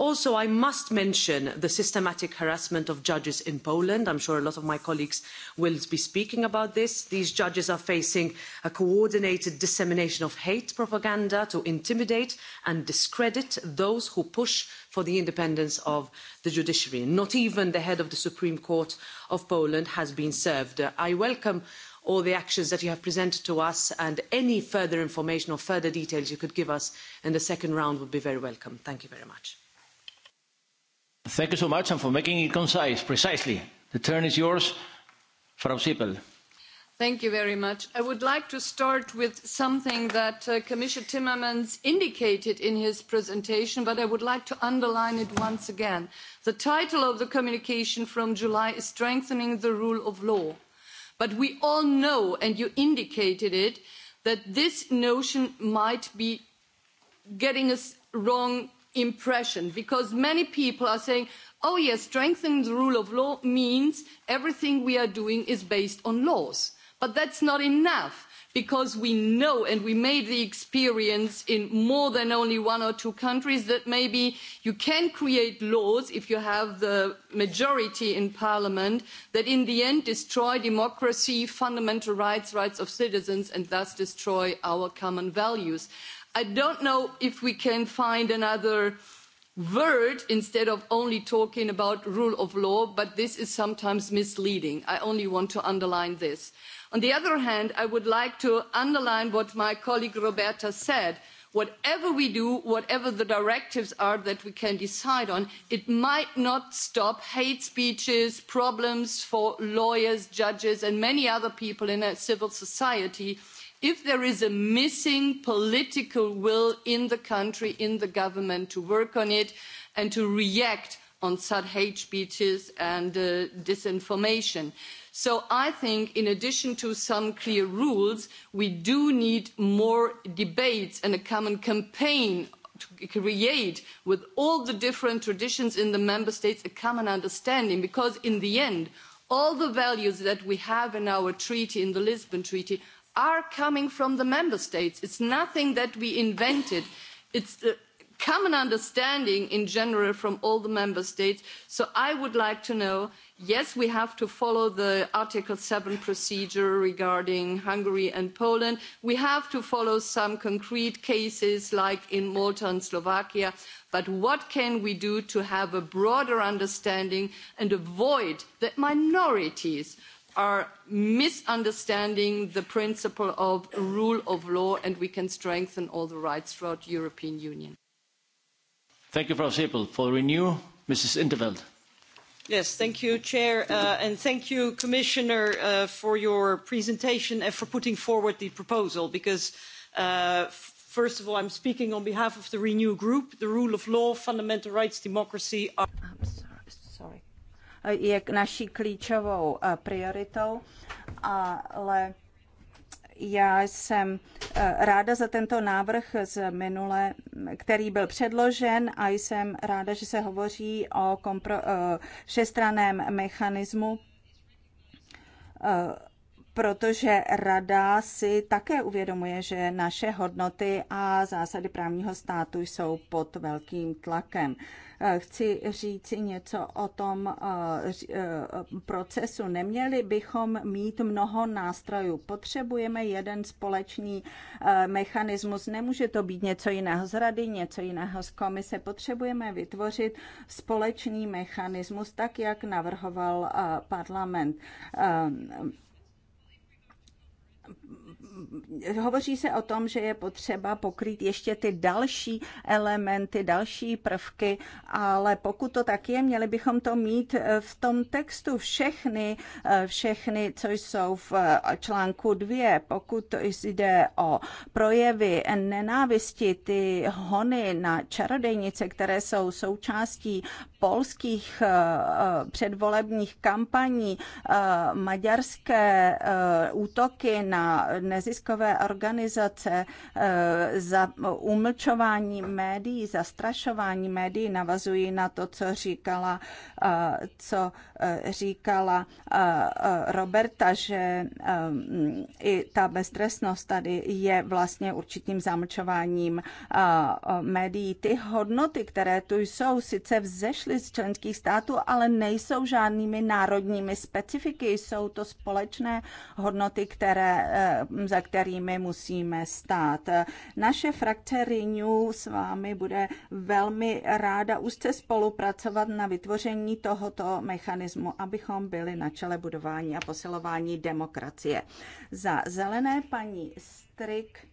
also i must mention the systematic harassment of judges in poland i'm sure a lot of my colleagues will be speaking about this. these judges are facing a coordinated dissemination of hate propaganda to intimidate and discredit those who push for the independence of the judiciary. not even the head of the supreme court of poland has been served. i welcome all the actions that you have presented to us and any further information or further details you could give us in the second round would be very welcome. thank you very much. Thank you so much and for making it concise, precisely. The turn is yours, Frau Sippel. Thank you very much. I would like to start with something that uh, Commissioner Timmermans indicated in his presentation, but I would like to underline it once again. The title of the communication from July is Strengthening the Rule of Law. But we all know, and you indicated it, that this notion might be getting us wrong impression because many people are saying, oh yes, strengthening the rule of law means everything we are doing is based on laws. But that's not enough because we know and we made the experience in more than only one or two countries that maybe you can create laws if you have the majority in parliament that in the end destroy democracy, fundamental rights, rights of citizens and thus destroy our common values. I don't know if we can find another word instead of only talking about rule of law, but this is sometimes misleading. I only want to underline this. On the other hand, I would like to underline what my colleague Roberta said. Whatever we do, whatever the directives are that we can decide on, it might not stop hate speeches, problems for lawyers, judges and many other people in civil society if there is a missing political will in the country, in the government to work on it and to react on such hate speeches and uh, disinformation. So I think in addition to some clear rules, we do need more debates and a common campaign to create with all the different traditions in the member states a common understanding because in the end all the values that we have in our treaty in the lisbon treaty are coming from the member states. It's nothing that we invented. It's the common understanding in general from all the member states. So I would like to know, yes, we have to follow the Article seven procedure regarding Hungary and Poland. We have to follow some concrete cases like in Malta and Slovakia. But what can we do to have a broader understanding and avoid that minorities – are misunderstanding the principle of rule of law and we can strengthen all the rights throughout the European Union. Thank you, Frau Schäpel. For Renew, Mrs. Interveld. Yes, thank you, Chair, uh, and thank you, Commissioner, uh, for your presentation and for putting forward the proposal, because uh, first of all, I'm speaking on behalf of the Renew Group. The rule of law, fundamental rights, democracy are... I'm sorry je naší klíčovou eh, prioritou, ale já jsem eh, ráda za tento návrh z minule, který byl předložen a jsem ráda, že se hovoří o kompro- eh, všestraném mechanismu protože rada si také uvědomuje, že naše hodnoty a zásady právního státu jsou pod velkým tlakem. Eh, chci říci něco o tom eh, eh, procesu. Neměli bychom mít mnoho nástrojů. Potřebujeme jeden společný mechanismus. Nemůže to být něco jiného z rady, něco jiného z komise. Potřebujeme vytvořit společný mechanismus, tak jak navrhoval parlament hovoří se o tom, že je potřeba pokrýt ještě ty další elementy, další prvky, ale pokud to tak je, měli bychom to mít eh, v tom textu všechny, eh, všechny co jsou v eh, článku 2. Pokud to jde o projevy nenávisti, ty hony na čarodejnice, které jsou součástí polských předvolebních kampaní, maďarské útoky na neziskově neziskové organizace, eh, za umlčování médií, za strašování médií navazují na to, co říkala, eh, co eh, říkala Roberta, že i ta beztresnost tady je vlastně určitým zamlčováním médií. Ty hodnoty, které tu jsou, sice vzešly z členských států, ale nejsou žádnými národními specifiky, jsou to společné hodnoty, které, za za kterými musíme stát. Naše frakce Renew s vámi bude velmi ráda úzce spolupracovat na vytvoření tohoto mechanismu, abychom byli na čele budování a posilování demokracie. Za zelené paní Strik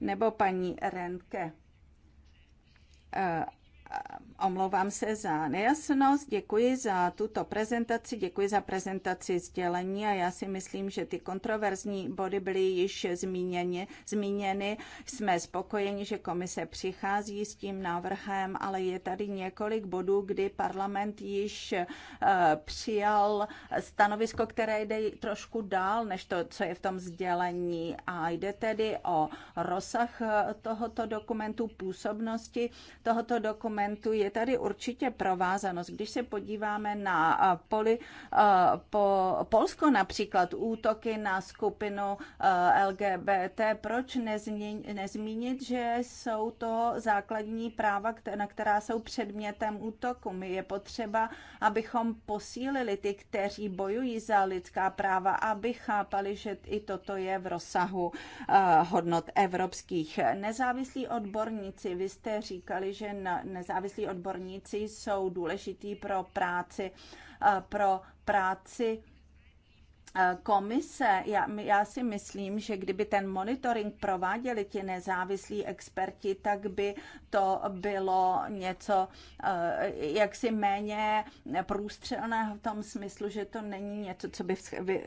nebo paní Renke eh, omlouvám se za nejasnost, děkuji za tuto prezentaci, děkuji za prezentaci sdělení a já si myslím, že ty kontroverzní body byly již zmíněny. zmíněny. Jsme spokojeni, že komise přichází s tím návrhem, ale je tady několik bodů, kdy parlament již eh, přijal stanovisko, které jde trošku dál, než to, co je v tom sdělení a jde tedy o rozsah eh, tohoto dokumentu, působnosti tohoto dokumentu, momentu je tady určitě provázanost. Když se podíváme na poli, po, Polsko například, útoky na skupinu LGBT, proč nezmín, nezmínit, že jsou to základní práva, na která jsou předmětem útoku. My je potřeba, abychom posílili ty, kteří bojují za lidská práva, aby chápali, že i toto je v rozsahu hodnot evropských. Nezávislí odborníci, vy jste říkali, že na, ne, nezávislí odborníci jsou důležití pro práci, eh, pro práci Eh, komise, já, já si myslím, že kdyby ten monitoring prováděli ti nezávislí experti, tak by to bylo něco eh, jaksi méně průstřelného v tom smyslu, že to není něco, co by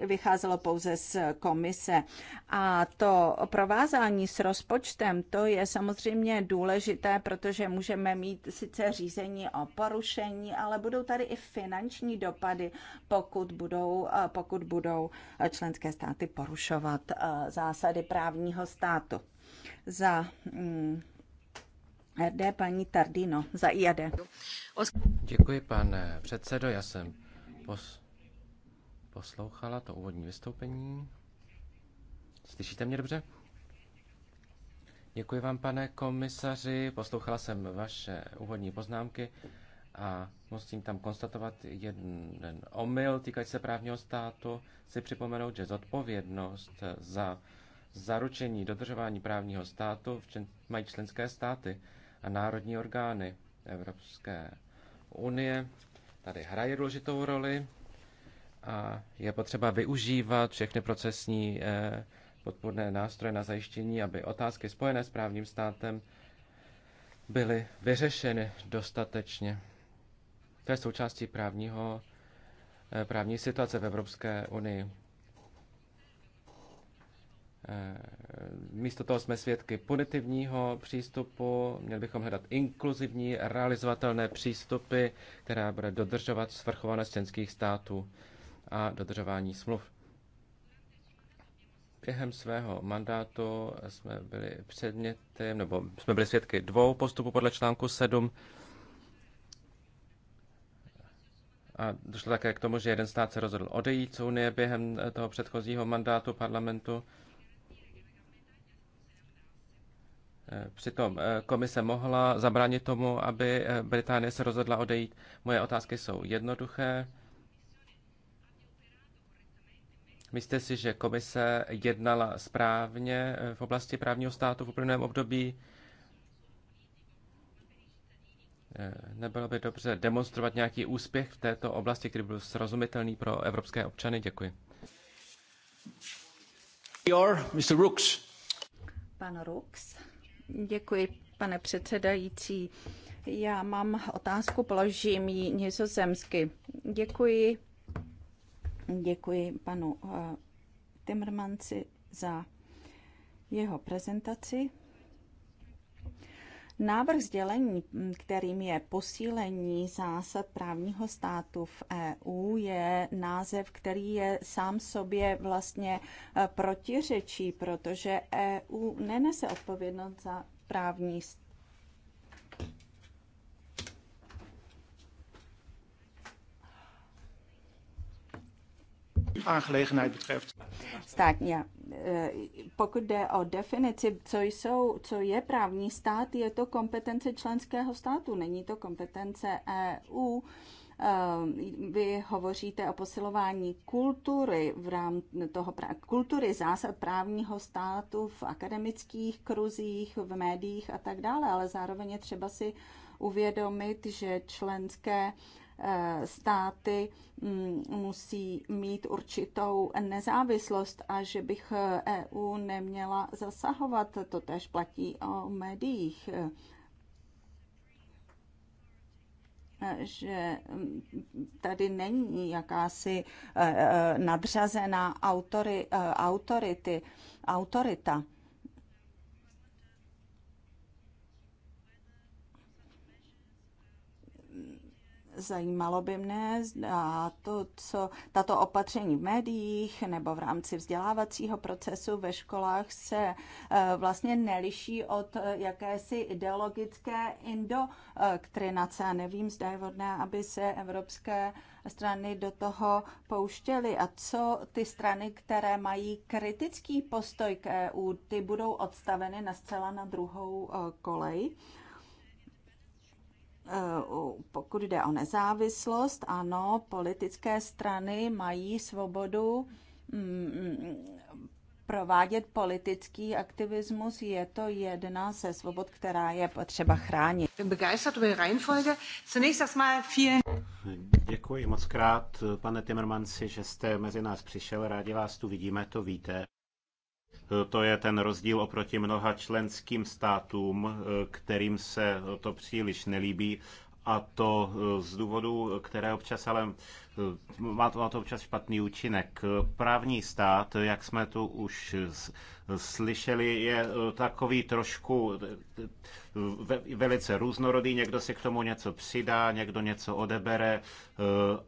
vycházelo pouze z komise. A to provázání s rozpočtem, to je samozřejmě důležité, protože můžeme mít sice řízení o porušení, ale budou tady i finanční dopady, pokud budou, eh, pokud budou nebudou členské státy porušovat eh, zásady právního státu. Za mm, RD paní Tardino, za IAD. Děkuji, pane předsedo. Já jsem pos- poslouchala to úvodní vystoupení. Slyšíte mě dobře? Děkuji vám, pane komisaři. Poslouchala jsem vaše úvodní poznámky a musím tam konstatovat jeden omyl týkající se právního státu. Chci připomenout, že zodpovědnost za zaručení dodržování právního státu mají členské státy a národní orgány Evropské unie. Tady hraje důležitou roli a je potřeba využívat všechny procesní eh, podpůrné nástroje na zajištění, aby otázky spojené s právním státem byly vyřešeny dostatečně. To je součástí právního, eh, právní situace v Evropské unii. Eh, místo toho jsme svědky punitivního přístupu, měli bychom hledat inkluzivní, realizovatelné přístupy, která bude dodržovat svrchovanost členských států a dodržování smluv. Během svého mandátu jsme byli předmětem, nebo jsme byli svědky dvou postupů podle článku 7 A došlo také k tomu, že jeden stát se rozhodl odejít z Unie během toho předchozího mandátu parlamentu. Eh, přitom eh, komise mohla zabránit tomu, aby eh, Británie se rozhodla odejít. Moje otázky jsou jednoduché. Myslíte si, že komise jednala správně v oblasti právního státu v uplynulém období? nebylo by dobře demonstrovat nějaký úspěch v této oblasti, který byl srozumitelný pro evropské občany? Děkuji. Mr. Rooks. Pan Rooks. Děkuji, pane předsedající. Já mám otázku, položím ji nizozemsky. Děkuji. Děkuji panu eh, Timmermansi za jeho prezentaci. Návrh sdělení, mm, kterým je posílení zásad právního státu v EU, je název, který je sám sobě vlastně e, protiřečí, protože EU nenese odpovědnost za právní stát aangelegenheid betreft. Tak, ja. Eh, pokud jde o definici, co, jsou, co je právní stát, je to kompetence členského státu, není to kompetence EU. Eh, vy hovoříte o posilování kultury v rámci toho kultury zásad právního státu v akademických kruzích, v médiích a tak dále, ale zároveň je třeba si uvědomit, že členské Eh, státy mm, musí mít určitou nezávislost a že bych EU eh, e neměla zasahovat. To tež platí o médiích eh, že mm, tady není jakási nadřazená autory, autority, autorita. Zajímalo by mne, a to, co tato opatření v médiích nebo v rámci vzdělávacího procesu ve školách se eh, vlastně neliší od eh, jakési ideologické indoktrinace. Nevím, zda je vhodné, aby se evropské strany do toho pouštěly a co ty strany, které mají kritický postoj k EU, ty budou odstaveny na zcela na druhou eh, kolej. Eh, pokud jde o nezávislost, ano, politické strany mají svobodu mm, provádět politický aktivismus, je to jedna ze svobod, která je potřeba chránit. Děkuji moc krát, pane Timmermansi, že jste mezi nás přišel. Rádi vás tu vidíme, to víte. To je ten rozdíl oproti mnoha členským státům, eh, kterým se to příliš nelíbí a to eh, z důvodu, které občas ale Eh, má to, má to občas špatný účinek. Právní stát, jak jsme tu už slyšeli, je eh, takový trošku eh, velice různorodý. Někdo si k tomu něco přidá, někdo něco odebere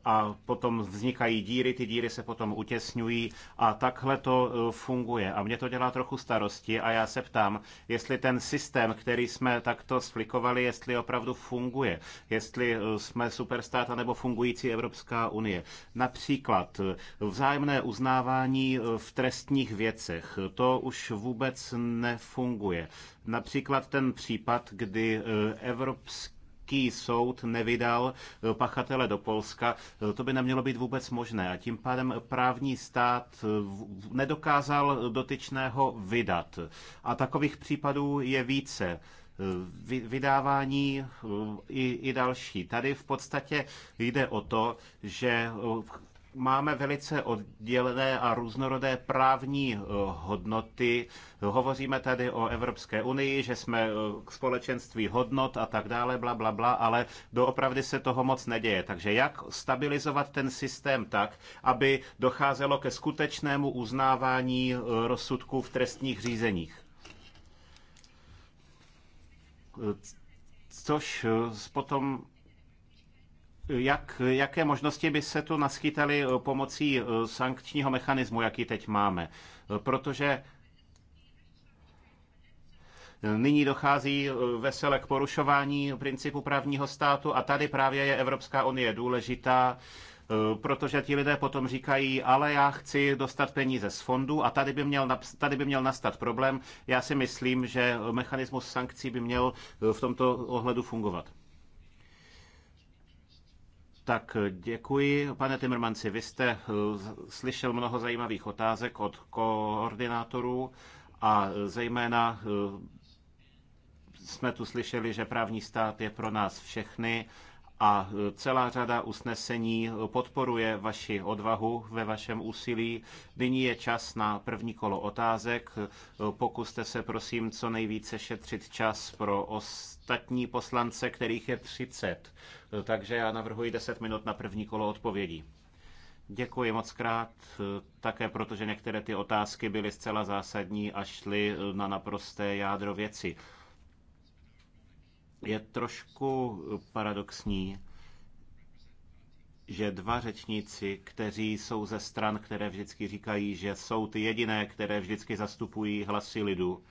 a potom vznikají díry, ty díry se potom utěsňují a takhle to funguje. A mě to dělá trochu starosti a já se ptám, jestli ten systém, který jsme takto sflikovali, jestli opravdu funguje. Jestli jsme superstát nebo fungující Evropská unie unie. Například eh, vzájemné uznávání eh, v trestních věcech. To už vůbec nefunguje. Například ten případ, kdy eh, evropský soud nevydal pachatele do Polska, to by nemělo být vůbec možné. A tím pádem právní stát nedokázal dotyčného vydat. A takových případů je více vydávání eh, i, i další. Tady v podstatě jde o to, že eh, máme velice oddělené a různorodé právní eh, hodnoty. Hovoříme tady o Evropské unii, že jsme k společenství hodnot a tak dále, bla, bla, bla, ale doopravdy se toho moc neděje. Takže jak stabilizovat ten systém tak, aby docházelo ke skutečnému uznávání rozsudků v trestních řízeních? Což eh, potom jak, jaké možnosti by se tu naskytaly eh, pomocí eh, sankčního mechanismu, jaký teď máme? Protože nyní dochází vesele k porušování principu právního státu a tady právě je Evropská unie důležitá Eh, protože ti lidé potom říkají, ale já chci dostat peníze z fondu a tady by měl, tady by měl nastat problém. Já si myslím, že mechanismus sankcí by měl eh, v tomto ohledu fungovat. Tak děkuji, pane Timmermanci. Vy jste eh, slyšel mnoho zajímavých otázek od koordinátorů a zejména jsme tu slyšeli, že právní stát je pro nás všechny a e, celá řada usnesení podporuje vaši odvahu ve vašem úsilí. Nyní je čas na první kolo otázek. E, pokuste se prosím co nejvíce šetřit čas pro ostatní poslance, kterých je 30. E, takže já navrhuji 10 minut na první kolo odpovědí. Děkuji moc krát, také protože některé ty otázky byly zcela zásadní a šly na naprosté jádro věci je trošku paradoxní, že dva řečníci, kteří jsou ze stran, které vždycky říkají, že jsou ty jediné, které vždycky zastupují hlasy lidu,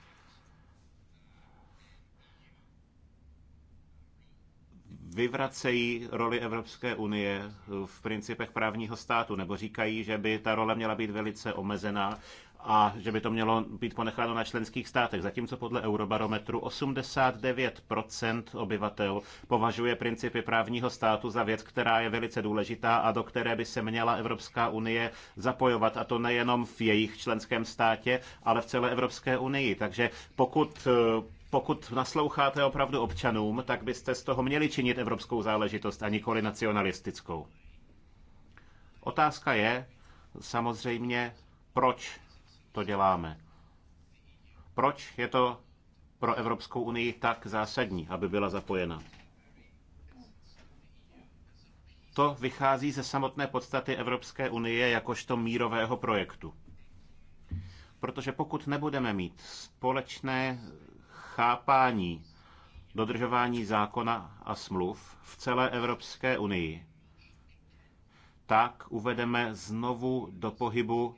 vyvracejí roli Evropské unie v principech právního státu, nebo říkají, že by ta role měla být velice omezená a že by to mělo být ponecháno na členských státech, zatímco podle Eurobarometru 89% obyvatel považuje principy právního státu za věc, která je velice důležitá a do které by se měla Evropská unie zapojovat, a to nejenom v jejich členském státě, ale v celé Evropské unii. Takže pokud eh, pokud nasloucháte opravdu občanům, tak byste z toho měli činit evropskou záležitost a nikoli nacionalistickou. Otázka je samozřejmě, proč to děláme. Proč je to pro Evropskou unii tak zásadní, aby byla zapojena? To vychází ze samotné podstaty Evropské unie jakožto mírového projektu. Protože pokud nebudeme mít společné chápání dodržování zákona a smluv v celé Evropské unii, tak uvedeme znovu do pohybu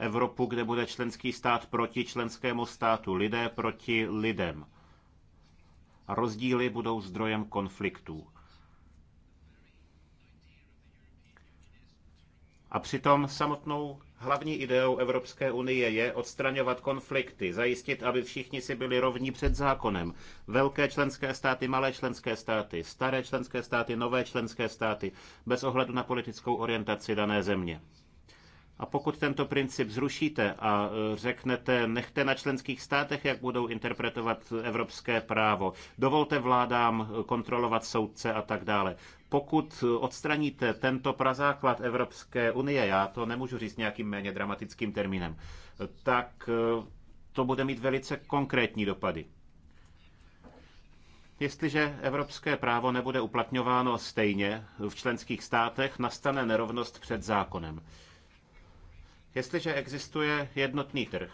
Evropu, kde bude členský stát proti členskému státu, lidé proti lidem. A rozdíly budou zdrojem konfliktů. A přitom samotnou hlavní ideou Evropské unie je odstraňovat konflikty, zajistit, aby všichni si byli rovní před zákonem. Velké členské státy, malé členské státy, staré členské státy, nové členské státy, bez ohledu na politickou orientaci dané země. A pokud tento princip zrušíte a e, řeknete, nechte na členských státech, jak budou interpretovat evropské právo, dovolte vládám kontrolovat soudce a tak dále. Pokud odstraníte tento prazáklad Evropské unie, já to nemůžu říct nějakým méně dramatickým termínem, tak e, to bude mít velice konkrétní dopady. Jestliže evropské právo nebude uplatňováno stejně v členských státech, nastane nerovnost před zákonem. Jestliže existuje jednotný trh,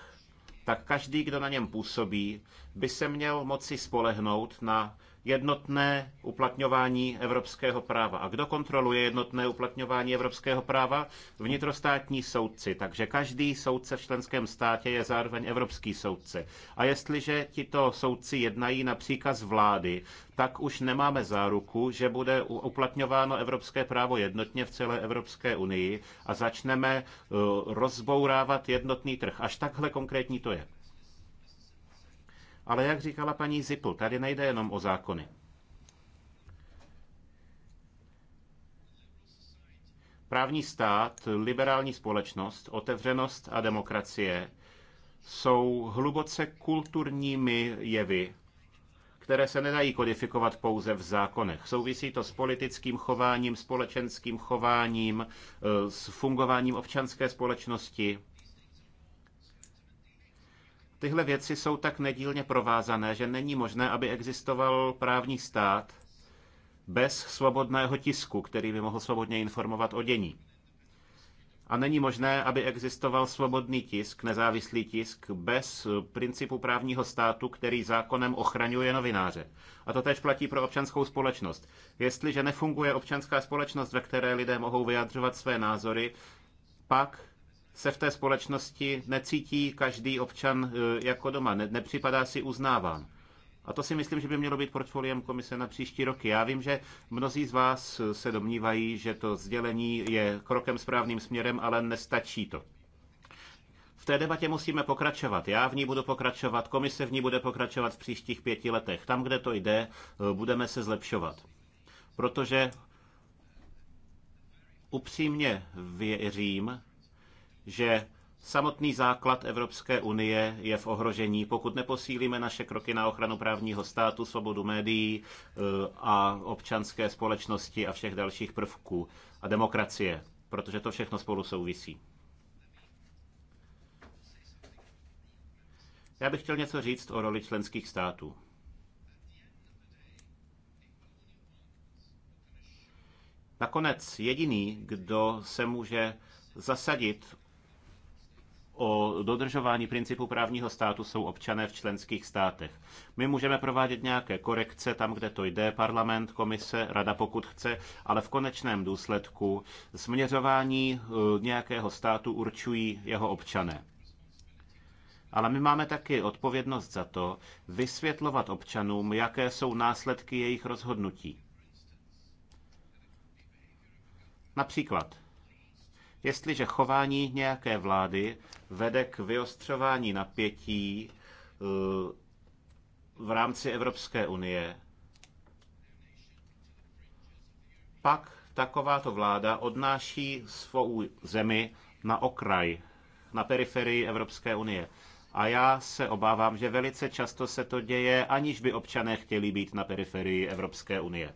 tak každý, kdo na něm působí, by se měl moci spolehnout na jednotné uplatňování evropského práva. A kdo kontroluje jednotné uplatňování evropského práva? Vnitrostátní soudci. Takže každý soudce v členském státě je zároveň evropský soudce. A jestliže tito soudci jednají na příkaz vlády, tak už nemáme záruku, že bude uplatňováno evropské právo jednotně v celé Evropské unii a začneme eh, rozbourávat jednotný trh. Až takhle konkrétní to je. Ale jak říkala paní Zipl, tady nejde jenom o zákony. Právní stát, liberální společnost, otevřenost a demokracie jsou hluboce kulturními jevy, které se nedají kodifikovat pouze v zákonech. Souvisí to s politickým chováním, společenským chováním, eh, s fungováním občanské společnosti. Tyhle věci jsou tak nedílně provázané, že není možné, aby existoval právní stát bez svobodného tisku, který by mohl svobodně informovat o dění. A není možné, aby existoval svobodný tisk, nezávislý tisk, bez principu právního státu, který zákonem ochraňuje novináře. A to tež platí pro občanskou společnost. Jestliže nefunguje občanská společnost, ve které lidé mohou vyjadřovat své názory, pak se v té společnosti necítí každý občan e, jako doma, ne, nepřipadá si uznáván. A to si myslím, že by mělo být portfoliem komise na příští roky. Já vím, že mnozí z vás se domnívají, že to sdělení je krokem správným směrem, ale nestačí to. V té debatě musíme pokračovat. Já v ní budu pokračovat, komise v ní bude pokračovat v příštích pěti letech. Tam, kde to jde, e, budeme se zlepšovat. Protože upřímně věřím, že samotný základ Evropské unie je v ohrožení, pokud neposílíme naše kroky na ochranu právního státu, svobodu médií eh, a občanské společnosti a všech dalších prvků a demokracie, protože to všechno spolu souvisí. Já bych chtěl něco říct o roli členských států. Nakonec jediný, kdo se může zasadit o dodržování principu právního státu jsou občané v členských státech. My můžeme provádět nějaké korekce tam, kde to jde, parlament, komise, rada pokud chce, ale v konečném důsledku směřování e, nějakého státu určují jeho občané. Ale my máme taky odpovědnost za to vysvětlovat občanům, jaké jsou následky jejich rozhodnutí. Například Jestliže chování nějaké vlády vede k vyostřování napětí eh, v rámci Evropské unie, pak takováto vláda odnáší svou zemi na okraj, na periferii Evropské unie. A já se obávám, že velice často se to děje, aniž by občané chtěli být na periferii Evropské unie.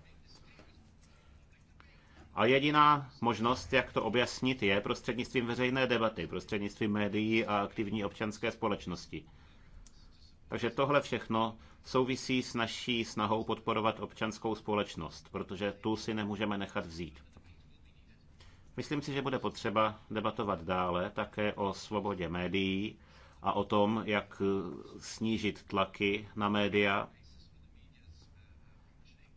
A jediná možnost, jak to objasnit, je prostřednictvím veřejné debaty, prostřednictvím médií a aktivní občanské společnosti. Takže tohle všechno souvisí s naší snahou podporovat občanskou společnost, protože tu si nemůžeme nechat vzít. Myslím si, že bude potřeba debatovat dále také o svobodě médií a o tom, jak snížit tlaky na média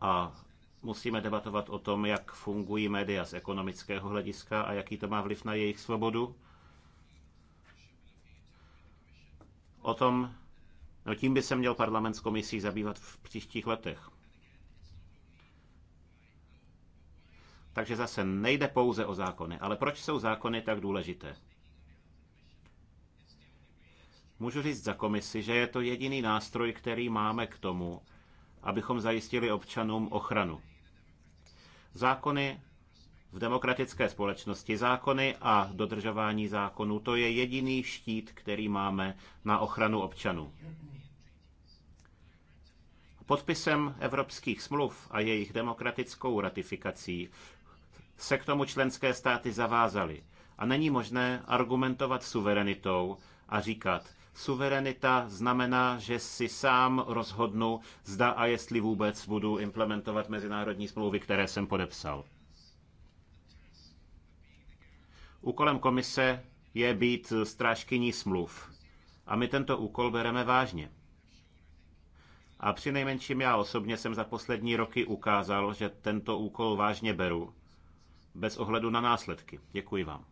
a musíme debatovat o tom, jak fungují média z ekonomického hlediska a jaký to má vliv na jejich svobodu. O tom, no tím by se měl parlament s komisí zabývat v příštích letech. Takže zase nejde pouze o zákony. Ale proč jsou zákony tak důležité? Můžu říct za komisi, že je to jediný nástroj, který máme k tomu, abychom zajistili občanům ochranu. Zákony v demokratické společnosti zákony a dodržování zákonů, to je jediný štít, který máme na ochranu občanů. Podpisem evropských smluv a jejich demokratickou ratifikací se k tomu členské státy zavázaly a není možné argumentovat suverenitou a říkat, Suverenita znamená, že si sám rozhodnu, zda a jestli vůbec budu implementovat mezinárodní smlouvy, které jsem podepsal. Úkolem komise je být strážkyní smluv. A my tento úkol bereme vážně. A při nejmenším já osobně jsem za poslední roky ukázal, že tento úkol vážně beru, bez ohledu na následky. Děkuji vám.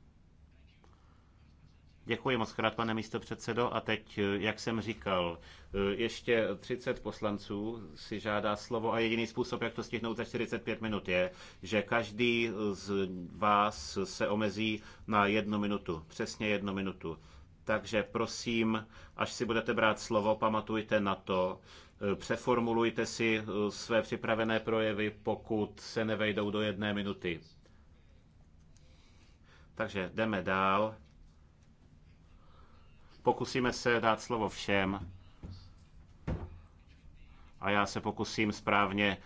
Děkuji moc krát, pane místo předsedo. A teď, jak jsem říkal, ještě 30 poslanců si žádá slovo a jediný způsob, jak to stihnout za 45 minut je, že každý z vás se omezí na jednu minutu, přesně jednu minutu. Takže prosím, až si budete brát slovo, pamatujte na to, přeformulujte si své připravené projevy, pokud se nevejdou do jedné minuty. Takže jdeme dál. Pokusíme se dát slovo všem a já se pokusím správně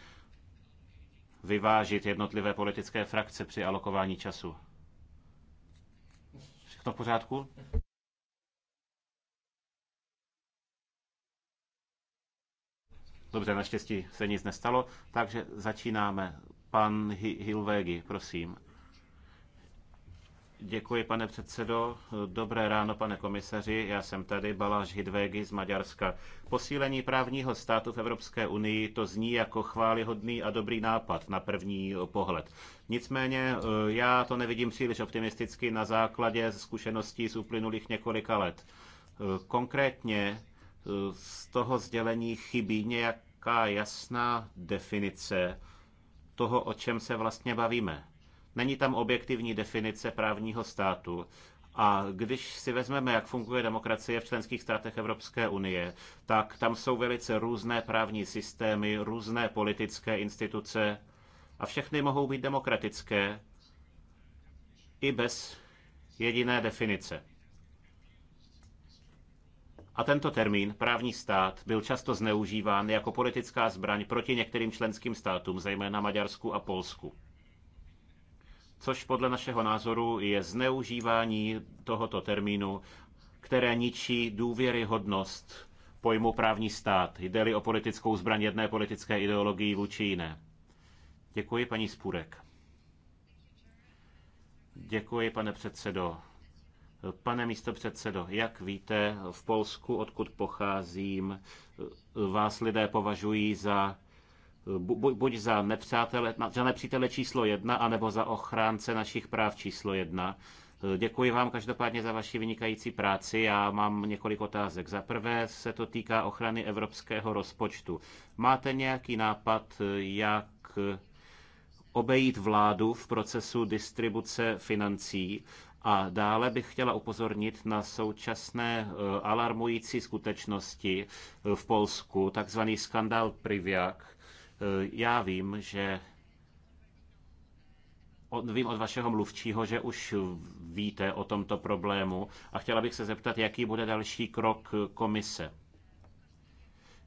vyvážit jednotlivé politické frakce při alokování času. Všechno v pořádku? Dobře, naštěstí se nic nestalo, takže začínáme. Pan Hilvegi, prosím. Děkuji, pane předsedo. Dobré ráno, pane komisaři. Já jsem tady, Baláš Hidvégi z Maďarska. Posílení právního státu v Evropské unii to zní jako chválihodný a dobrý nápad na první pohled. Nicméně eh, já to nevidím příliš optimisticky na základě zkušeností z uplynulých několika let. Eh, konkrétně eh, z toho sdělení chybí nějaká jasná definice toho, o čem se vlastně bavíme Není tam objektivní definice právního státu. A když si vezmeme, jak funguje demokracie v členských státech Evropské unie, tak tam jsou velice různé právní systémy, různé politické instituce a všechny mohou být demokratické i bez jediné definice. A tento termín, právní stát, byl často zneužíván jako politická zbraň proti některým členským státům, zejména Maďarsku a Polsku což podle našeho názoru je zneužívání tohoto termínu, které ničí důvěryhodnost pojmu právní stát, jde-li o politickou zbraň jedné politické ideologii vůči jiné. Děkuji, paní Spůrek. Děkuji, pane předsedo. Pane místo předsedo, jak víte, v Polsku, odkud pocházím, vás lidé považují za buď za nepřátele, za nepřítele číslo jedna, anebo za ochránce našich práv číslo jedna. Děkuji vám každopádně za vaši vynikající práci. Já mám několik otázek. Za prvé se to týká ochrany evropského rozpočtu. Máte nějaký nápad, jak obejít vládu v procesu distribuce financí? A dále bych chtěla upozornit na současné eh, alarmující skutečnosti eh, v Polsku, takzvaný skandál Priviak, Eh, já vím, že od, vím od vašeho mluvčího, že už víte o tomto problému a chtěla bych se zeptat, jaký bude další krok komise.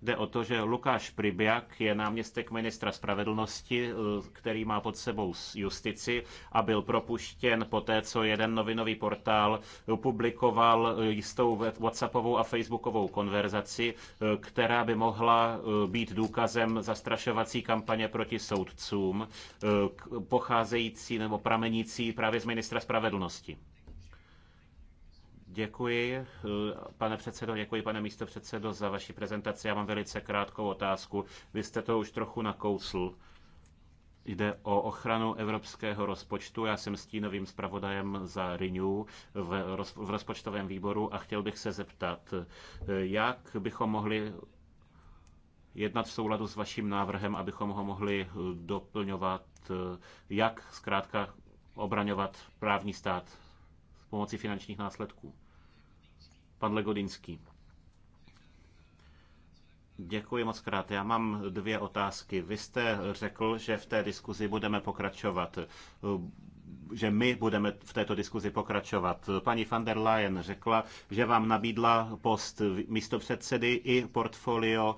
Jde o to, že Lukáš Pribiak je náměstek ministra spravedlnosti, eh, který má pod sebou justici a byl propuštěn poté, co jeden novinový portál publikoval eh, jistou WhatsAppovou a Facebookovou konverzaci, eh, která by mohla být důkazem zastrašovací kampaně proti soudcům, pocházející nebo pramenící právě z ministra spravedlnosti. Děkuji, pane předsedo, děkuji, pane místo předsedo, za vaši prezentaci. Já mám velice krátkou otázku. Vy jste to už trochu nakousl. Jde o ochranu evropského rozpočtu. Já jsem stínovým zpravodajem za Renew v, rozpočtovém výboru a chtěl bych se zeptat, jak bychom mohli jednat v souladu s vaším návrhem, abychom ho mohli doplňovat, jak zkrátka obraňovat právní stát pomocí finančních následků. Pan Legodinský. Děkuji moc krát. Já mám dvě otázky. Vy jste řekl, že v té diskuzi budeme pokračovat že my budeme v této diskuzi pokračovat. Paní van der Leyen řekla, že vám nabídla post místopředsedy i portfolio,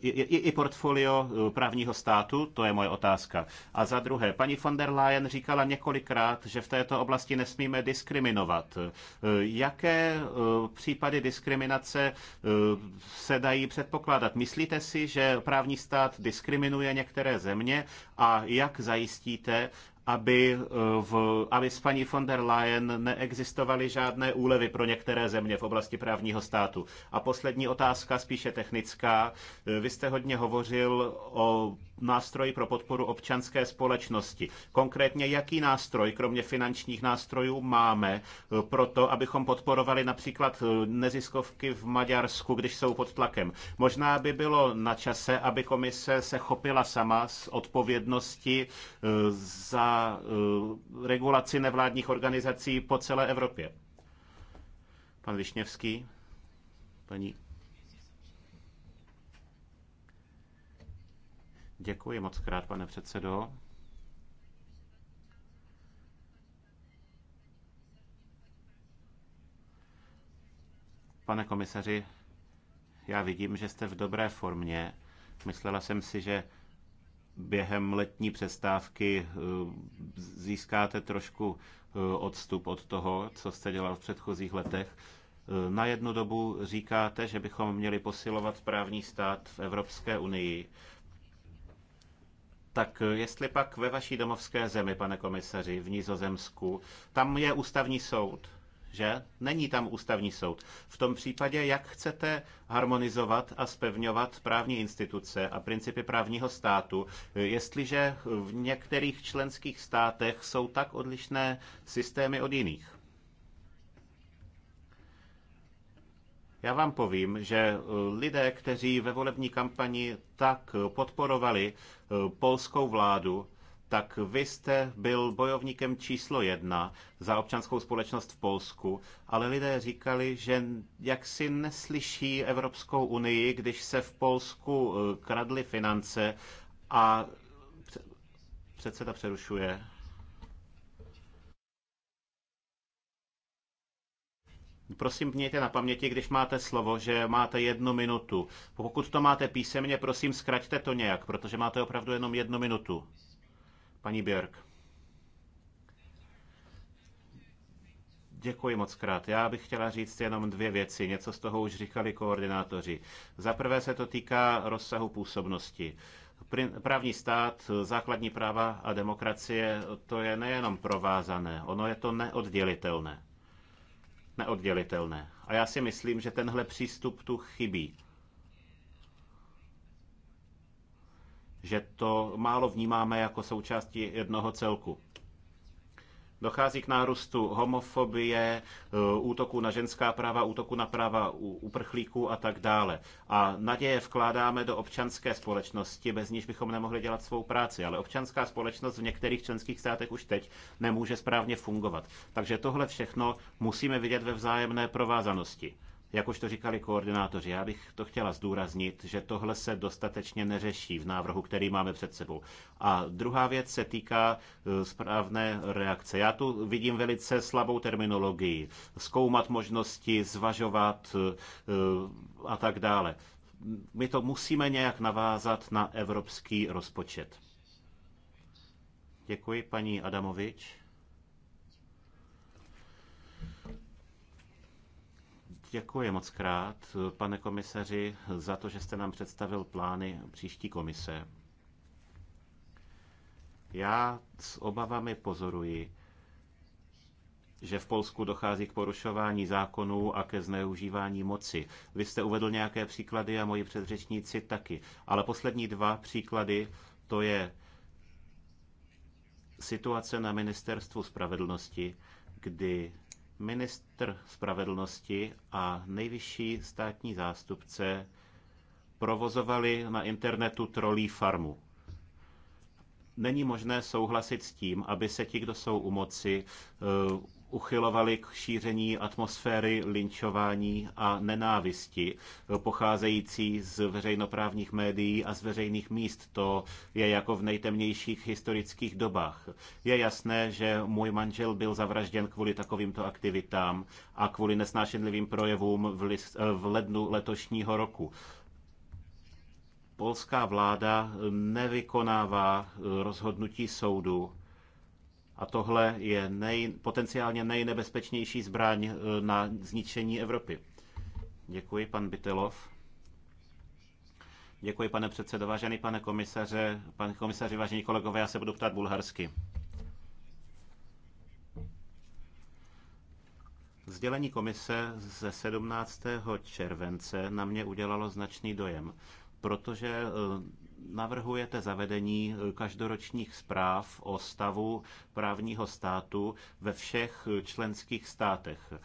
i, i, i portfolio právního státu, to je moje otázka. A za druhé, paní van der Leyen říkala několikrát, že v této oblasti nesmíme diskriminovat. Jaké e, případy diskriminace e, se dají předpokládat? Myslíte si, že právní stát diskriminuje některé země a jak zajistíte, aby, eh, v, aby s paní von der Leyen neexistovaly žádné úlevy pro některé země v oblasti právního státu. A poslední otázka, spíše technická. Eh, vy jste hodně hovořil o nástroj pro podporu občanské společnosti. Konkrétně jaký nástroj, kromě finančních nástrojů, máme e, pro to, abychom podporovali například e, neziskovky v Maďarsku, když jsou pod tlakem. Možná by bylo na čase, aby komise se chopila sama z odpovědnosti e, za regulaci nevládních organizací po celé Evropě. Pan Višněvský, paní Děkuji moc krát, pane předsedo. Pane komisaři, já vidím, že jste v dobré formě. Myslela jsem si, že během letní přestávky eh, získáte trošku eh, odstup od toho, co jste dělal v předchozích letech. Eh, na jednu dobu říkáte, že bychom měli posilovat právní stát v Evropské unii tak eh, jestli pak ve vaší domovské zemi, pane komisaři, v Nizozemsku, tam je ústavní soud, že? Není tam ústavní soud. V tom případě, jak chcete harmonizovat a spevňovat právní instituce a principy právního státu, eh, jestliže v některých členských státech jsou tak odlišné systémy od jiných? Já vám povím, že eh, lidé, kteří ve volební kampani tak podporovali eh, polskou vládu, tak vy jste byl bojovníkem číslo jedna za občanskou společnost v Polsku, ale lidé říkali, že jak si neslyší Evropskou unii, když se v Polsku eh, kradly finance a předseda přerušuje. Prosím, mějte na paměti, když máte slovo, že máte jednu minutu. Pokud to máte písemně, prosím, zkraťte to nějak, protože máte opravdu jenom jednu minutu. Paní Björk. Děkuji moc krát. Já bych chtěla říct jenom dvě věci. Něco z toho už říkali koordinátoři. Za prvé se to týká rozsahu působnosti. Právní stát, základní práva a demokracie, to je nejenom provázané, ono je to neoddělitelné neoddělitelné. A já si myslím, že tenhle přístup tu chybí. Že to málo vnímáme jako součástí jednoho celku. Dochází k nárůstu homofobie, eh, útoku na ženská práva, útoku na práva uprchlíků a tak dále. A naděje vkládáme do občanské společnosti, bez níž bychom nemohli dělat svou práci. Ale občanská společnost v některých členských státech už teď nemůže správně fungovat. Takže tohle všechno musíme vidět ve vzájemné provázanosti. Jak už to říkali koordinátoři, já bych to chtěla zdůraznit, že tohle se dostatečně neřeší v návrhu, který máme před sebou. A druhá věc se týká e, správné reakce. Já tu vidím velice slabou terminologii. Zkoumat možnosti, zvažovat e, e, a tak dále. My to musíme nějak navázat na evropský rozpočet. Děkuji paní Adamovič. Děkuji moc krát, pane komisaři, za to, že jste nám představil plány příští komise. Já s obavami pozoruji, že v Polsku dochází k porušování zákonů a ke zneužívání moci. Vy jste uvedl nějaké příklady a moji předřečníci taky. Ale poslední dva příklady, to je situace na ministerstvu spravedlnosti, kdy Ministr spravedlnosti a nejvyšší státní zástupce provozovali na internetu trolí farmu. Není možné souhlasit s tím, aby se ti, kdo jsou u moci, eh, uchylovali k šíření atmosféry linčování a nenávisti pocházející z veřejnoprávních médií a z veřejných míst. To je jako v nejtemnějších historických dobách. Je jasné, že můj manžel byl zavražděn kvůli takovýmto aktivitám a kvůli nesnášenlivým projevům v, list, v lednu letošního roku polská vláda nevykonává rozhodnutí soudu a tohle je nej, potenciálně nejnebezpečnější zbraň eh, na zničení Evropy. Děkuji, pan Bytelov. Děkuji, pane předsedo. Vážený pane komisaře, pane komisaři, vážení kolegové, já se budu ptát bulharsky. Vzdělení komise ze 17. července na mě udělalo značný dojem, protože eh, navrhujete zavedení eh, každoročních zpráv o stavu právního státu ve všech eh, členských státech. Eh,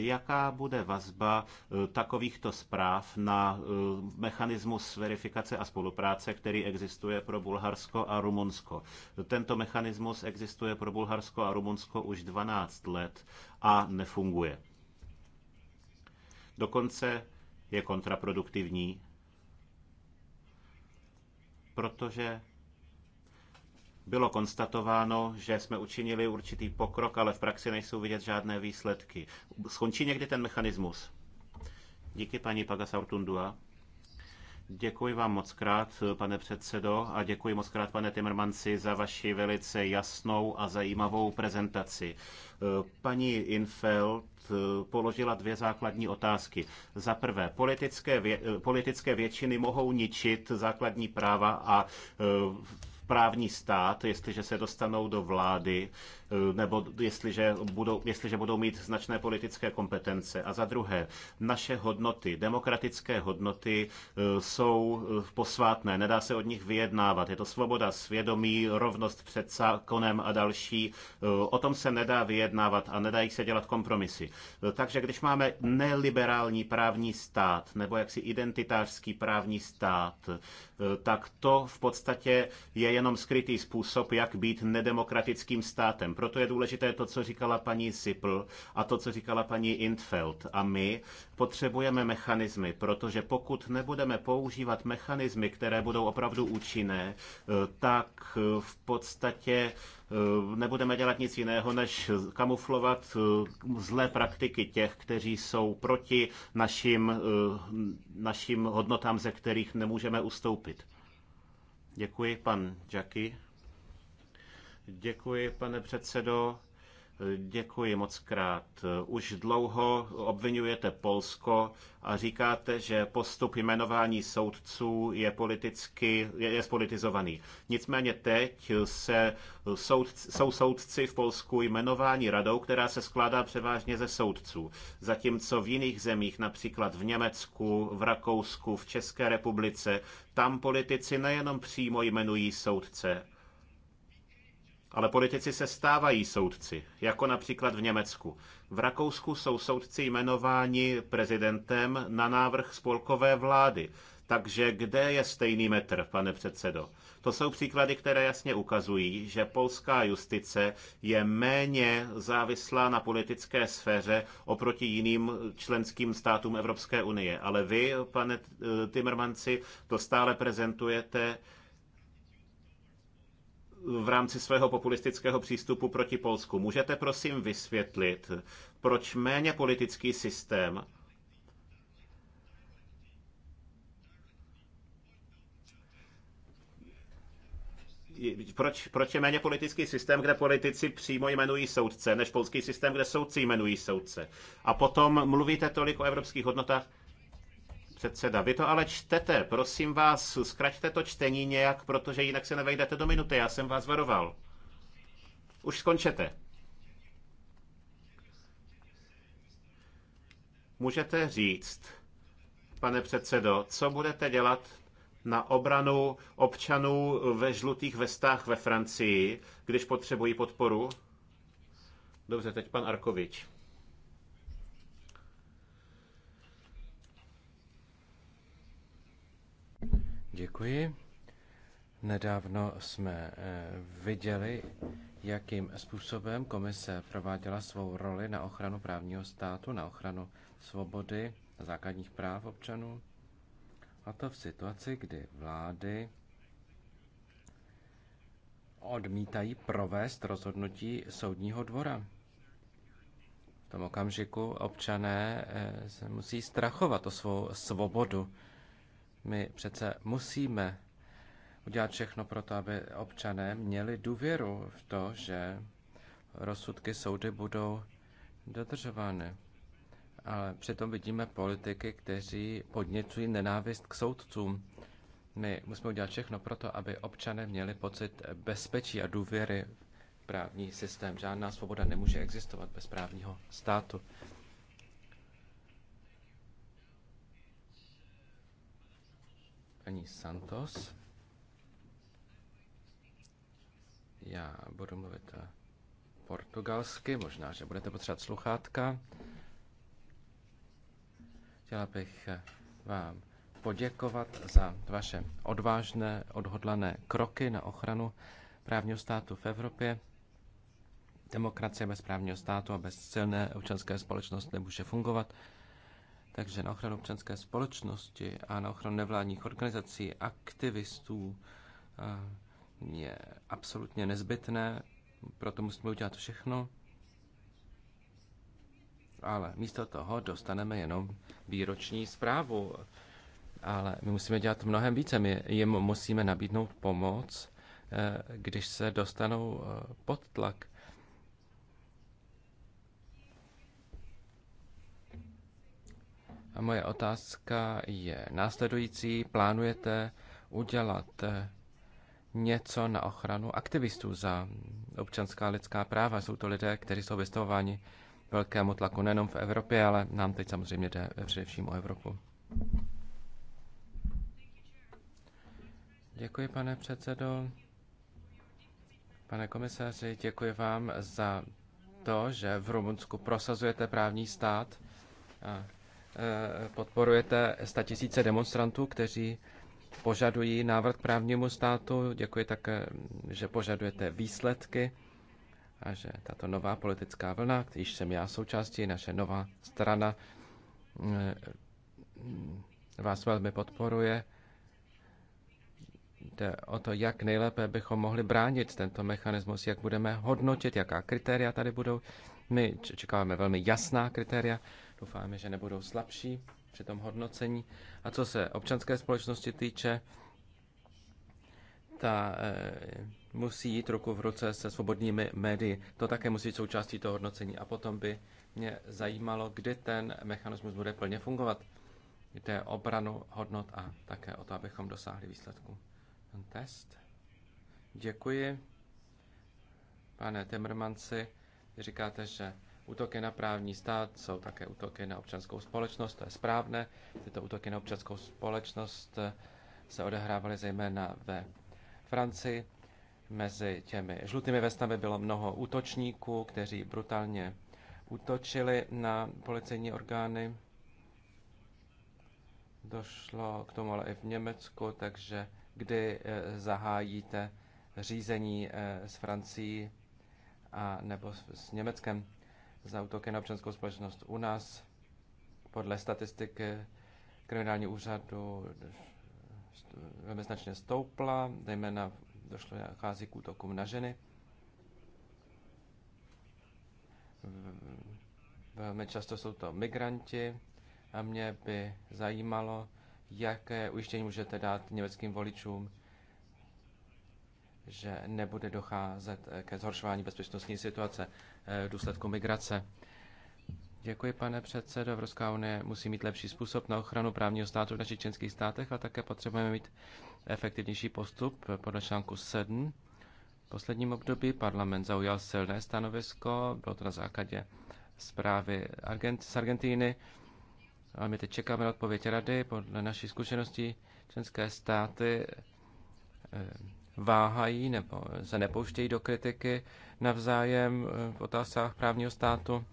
jaká bude vazba takovýchto zpráv na mechanismus verifikace a spolupráce, který existuje pro Bulharsko a Rumunsko? Tento mechanismus existuje pro Bulharsko a Rumunsko už 12 let a nefunguje. Dokonce je kontraproduktivní protože bylo konstatováno, že jsme učinili určitý pokrok, ale v praxi nejsou vidět žádné výsledky. Skončí někdy ten mechanismus? Díky paní Pagasaurtundua. Děkuji vám moc krát, pane předsedo, a děkuji moc krát, pane Timmermansi, za vaši velice jasnou a zajímavou prezentaci. Paní Infeld položila dvě základní otázky. Za prvé, politické, vě- politické většiny mohou ničit základní práva a e, právní stát, jestliže se dostanou do vlády. Eh, nebo jestliže budou, jestliže budou mít značné politické kompetence. A za druhé, naše hodnoty, demokratické hodnoty eh, jsou eh, posvátné, nedá se od nich vyjednávat. Je to svoboda svědomí, rovnost před zákonem a další. O tom se nedá vyjednávat a nedají se dělat kompromisy. Takže když máme neliberální právní stát nebo jaksi identitářský právní stát, tak to v podstatě je jenom skrytý způsob, jak být nedemokratickým státem. Proto je důležité to, co říkala paní Sipl a to, co říkala paní Intfeld. A my potřebujeme mechanismy, protože pokud nebudeme používat mechanismy, které budou opravdu účinné, eh, tak eh, v podstatě eh, nebudeme dělat nic jiného, než kamuflovat zlé praktiky těch, kteří jsou proti našim, našim hodnotám, ze kterých nemůžeme ustoupit. Děkuji, pan Jackie. Děkuji, pane předsedo. Děkuji moc krát. Už dlouho obvinujete Polsko a říkáte, že postup jmenování soudců je politicky je, je spolitizovaný. Nicméně teď se soud, jsou soudci v Polsku jmenováni radou, která se skládá převážně ze soudců. Zatímco v jiných zemích, například v Německu, v Rakousku, v České republice, tam politici nejenom přímo jmenují soudce, ale politici se stávají soudci, jako například v Německu. V Rakousku jsou soudci jmenováni prezidentem na návrh spolkové vlády. Takže kde je stejný metr, pane předsedo? To jsou příklady, které jasně ukazují, že polská justice je méně závislá na politické sféře oproti jiným členským státům Evropské unie. Ale vy, pane Timmermansi, to stále prezentujete v rámci svého populistického přístupu proti Polsku. Můžete prosím vysvětlit, proč méně politický systém proč, proč je méně politický systém, kde politici přímo jmenují soudce, než polský systém, kde soudci jmenují soudce. A potom mluvíte tolik o evropských hodnotách, Předseda, vy to ale čtete, prosím vás, zkraťte to čtení nějak, protože jinak se nevejdete do minuty, já jsem vás varoval. Už skončete. Můžete říct, pane předsedo, co budete dělat na obranu občanů ve žlutých vestách ve Francii, když potřebují podporu? Dobře, teď pan Arkovič. Děkuji. Nedávno jsme eh, viděli, jakým způsobem komise prováděla svou roli na ochranu právního státu, na ochranu svobody a základních práv občanů. A to v situaci, kdy vlády odmítají provést rozhodnutí soudního dvora. V tom okamžiku občané eh, se musí strachovat o svou svobodu my přece musíme udělat všechno pro to, aby občané měli důvěru v to, že rozsudky soudy budou dodržovány. Ale přitom vidíme politiky, kteří podněcují nenávist k soudcům. My musíme udělat všechno pro to, aby občané měli pocit bezpečí a důvěry v právní systém. Žádná svoboda nemůže existovat bez právního státu. paní Santos. Já budu mluvit eh, portugalsky, možná, že budete potřebovat sluchátka. Chtěla bych eh, vám poděkovat za vaše odvážné, odhodlané kroky na ochranu právního státu v Evropě. Demokracie bez právního státu a bez silné občanské společnosti nemůže fungovat. Takže na ochranu občanské společnosti a na ochranu nevládních organizací, aktivistů eh, je absolutně nezbytné, proto musíme udělat všechno. Ale místo toho dostaneme jenom výroční zprávu. Ale my musíme dělat mnohem více. My jim musíme nabídnout pomoc, eh, když se dostanou eh, pod tlak A moje otázka je následující. Plánujete udělat eh, něco na ochranu aktivistů za občanská lidská práva? Jsou to lidé, kteří jsou vystavováni velkému tlaku nejenom v Evropě, ale nám teď samozřejmě jde především o Evropu. Děkuji, pane předsedo. Pane komisaři, děkuji vám za to, že v Rumunsku prosazujete právní stát. A Eh, podporujete 000 demonstrantů, kteří požadují návrat k právnímu státu. Děkuji také, že požadujete výsledky a že tato nová politická vlna, když jsem já součástí, naše nová strana, eh, vás velmi podporuje. Jde o to, jak nejlépe bychom mohli bránit tento mechanismus, jak budeme hodnotit, jaká kritéria tady budou. My čekáme velmi jasná kritéria Doufáme, že nebudou slabší při tom hodnocení. A co se občanské společnosti týče, ta eh, musí jít ruku v ruce se svobodnými médii. To také musí být součástí toho hodnocení. A potom by mě zajímalo, kdy ten mechanismus bude plně fungovat. Jde o obranu hodnot a také o to, abychom dosáhli výsledku. Ten test. Děkuji. Pane Temrmanci, říkáte, že útoky na právní stát, jsou také útoky na občanskou společnost, to je správné. Tyto útoky na občanskou společnost eh, se odehrávaly zejména ve Francii. Mezi těmi žlutými vestami bylo mnoho útočníků, kteří brutálně útočili na policejní orgány. Došlo k tomu ale i v Německu, takže kdy eh, zahájíte řízení eh, s Francií a nebo s Německem za útoky na občanskou společnost. U nás podle statistiky kriminální úřadu eh, velmi značně stoupla, zejména došlo chází k útokům na ženy. Velmi často jsou to migranti a mě by zajímalo, jaké ujištění můžete dát německým voličům, že nebude docházet ke zhoršování bezpečnostní situace eh, v důsledku migrace. Děkuji, pane předsedo. Evropská unie musí mít lepší způsob na ochranu právního státu v našich členských státech, ale také potřebujeme mít efektivnější postup podle článku 7. V posledním období parlament zaujal silné stanovisko, bylo to na základě zprávy z Argentíny. A my teď čekáme na odpověď rady. Podle naší zkušeností členské státy eh, váhají nebo se nepouštějí do kritiky navzájem eh, v otázkách právního státu.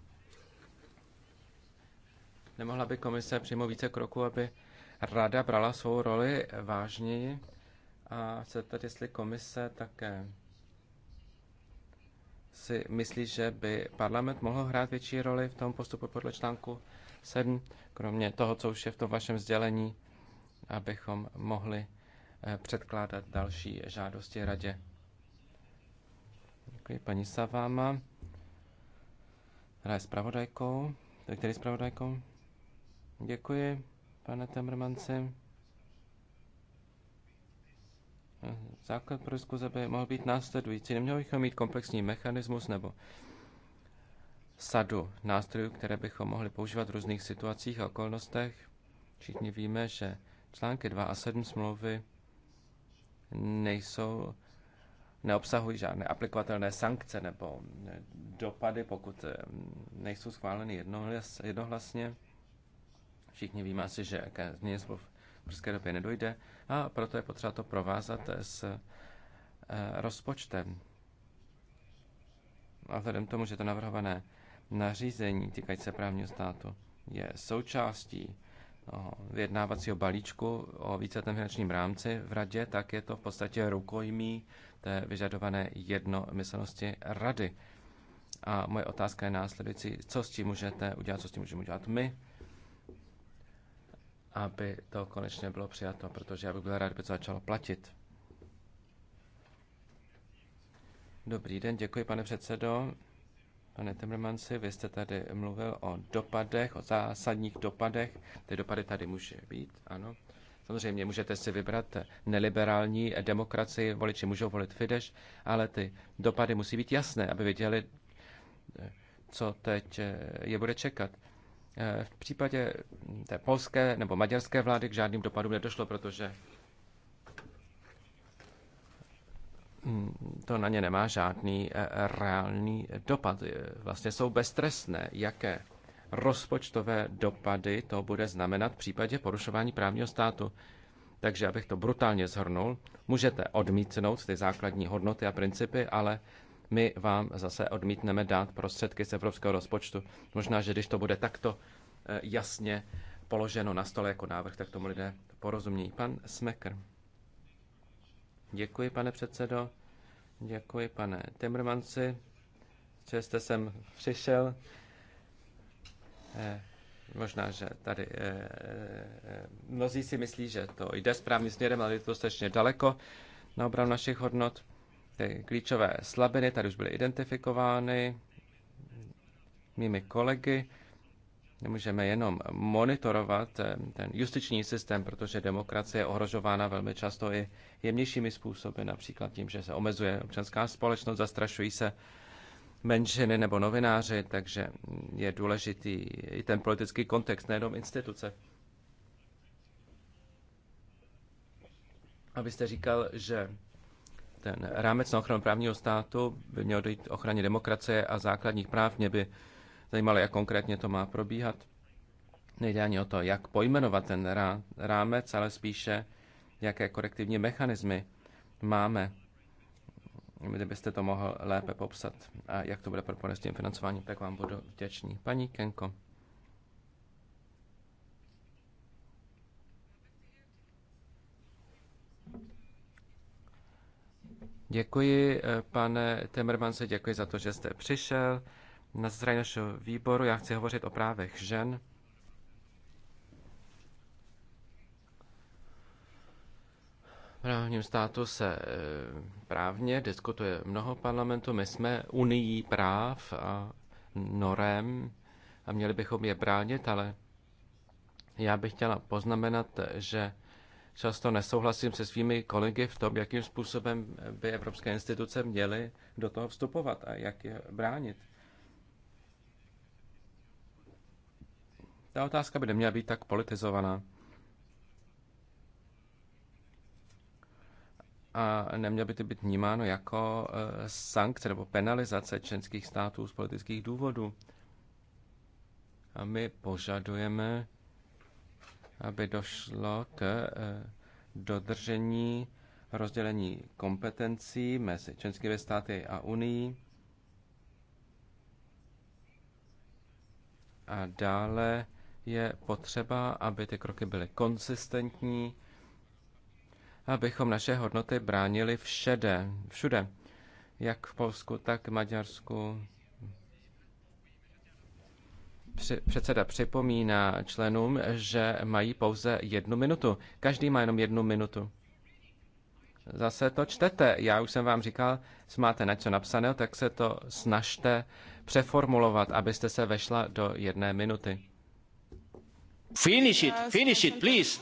Nemohla by komise přijmout více kroků, aby rada brala svou roli vážněji a se tedy, jestli komise také si myslí, že by parlament mohl hrát větší roli v tom postupu podle článku 7, kromě toho, co už je v tom vašem sdělení, abychom mohli Eh, předkládat další žádosti radě. Děkuji paní Saváma, Hraje s pravodajkou. Který s pravodajkou? Děkuji, pane Temrmanci. Základ pro diskuze by mohl být následující. Neměl bychom mít komplexní mechanismus nebo sadu nástrojů, které bychom mohli používat v různých situacích a okolnostech. Všichni víme, že články 2 a 7 smlouvy nejsou, neobsahují žádné aplikovatelné sankce nebo eh, dopady, pokud eh, nejsou schváleny jednohlas, jednohlasně. Všichni víme asi, že ke změně smluv v brzké době nedojde a proto je potřeba to provázat s eh, rozpočtem. A vzhledem k tomu, že to navrhované nařízení týkající se právního státu je součástí vyjednávacího balíčku o víceletém finančním rámci v radě, tak je to v podstatě rukojmí té vyžadované jednomyslnosti rady. A moje otázka je následující, co s tím můžete udělat, co s tím můžeme udělat my, aby to konečně bylo přijato, protože já bych byl rád, aby to začalo platit. Dobrý den, děkuji pane předsedo. Pane Timmermansi, vy jste tady mluvil o dopadech, o zásadních dopadech. Ty dopady tady může být, ano. Samozřejmě můžete si vybrat neliberální demokracii, voliči můžou volit Fidesz, ale ty dopady musí být jasné, aby viděli, co teď eh, je bude čekat. Eh, v případě té polské nebo maďarské vlády k žádným dopadům nedošlo, protože to na ně nemá žádný eh, reálný dopad. Eh, vlastně jsou beztrestné. Jaké rozpočtové dopady to bude znamenat v případě porušování právního státu? Takže abych to brutálně zhrnul, můžete odmítnout ty základní hodnoty a principy, ale my vám zase odmítneme dát prostředky z evropského rozpočtu. Možná, že když to bude takto eh, jasně položeno na stole jako návrh, tak tomu lidé porozumí. Pan Smekr. Děkuji, pane předsedo. Děkuji, pane Timmermansi, že jste sem přišel. Eh, možná, že tady eh, eh, mnozí si myslí, že to jde správným směrem, ale je to dostatečně daleko na obranu našich hodnot. Ty klíčové slabiny tady už byly identifikovány mými kolegy. Nemůžeme jenom monitorovat eh, ten justiční systém, protože demokracie je ohrožována velmi často i jemnějšími způsoby, například tím, že se omezuje občanská společnost, zastrašují se menšiny nebo novináři, takže je důležitý i ten politický kontext, nejenom instituce. Abyste říkal, že ten rámec na ochranu právního státu by měl dojít ochraně demokracie a základních práv, mě by zajímalo, jak konkrétně to má probíhat. Nejde ani o to, jak pojmenovat ten rámec, ale spíše, jaké korektivní mechanismy máme. Kdybyste to mohl lépe popsat a jak to bude propojené s tím financováním, tak vám budu vděčný. Paní Kenko. Děkuji, eh, pane Temermanse, děkuji za to, že jste přišel na straně našeho výboru. Já chci hovořit o právech žen. právním státu se e, právně diskutuje mnoho parlamentů. My jsme unijí práv a norem a měli bychom je bránit, ale já bych chtěla poznamenat, že často nesouhlasím se svými kolegy v tom, jakým způsobem by evropské instituce měly do toho vstupovat a jak je bránit. Ta otázka by neměla být tak politizovaná. A neměla by to být vnímáno jako e, sankce nebo penalizace členských států z politických důvodů. A my požadujeme, aby došlo k e, dodržení rozdělení kompetencí mezi členskými státy a Unii. A dále je potřeba, aby ty kroky byly konsistentní, abychom naše hodnoty bránili všede, všude, jak v Polsku, tak v Maďarsku. Při, předseda připomíná členům, že mají pouze jednu minutu. Každý má jenom jednu minutu. Zase to čtete. Já už jsem vám říkal, jestli máte na co napsaného, tak se to snažte přeformulovat, abyste se vešla do jedné minuty. Finish it, finish it, please.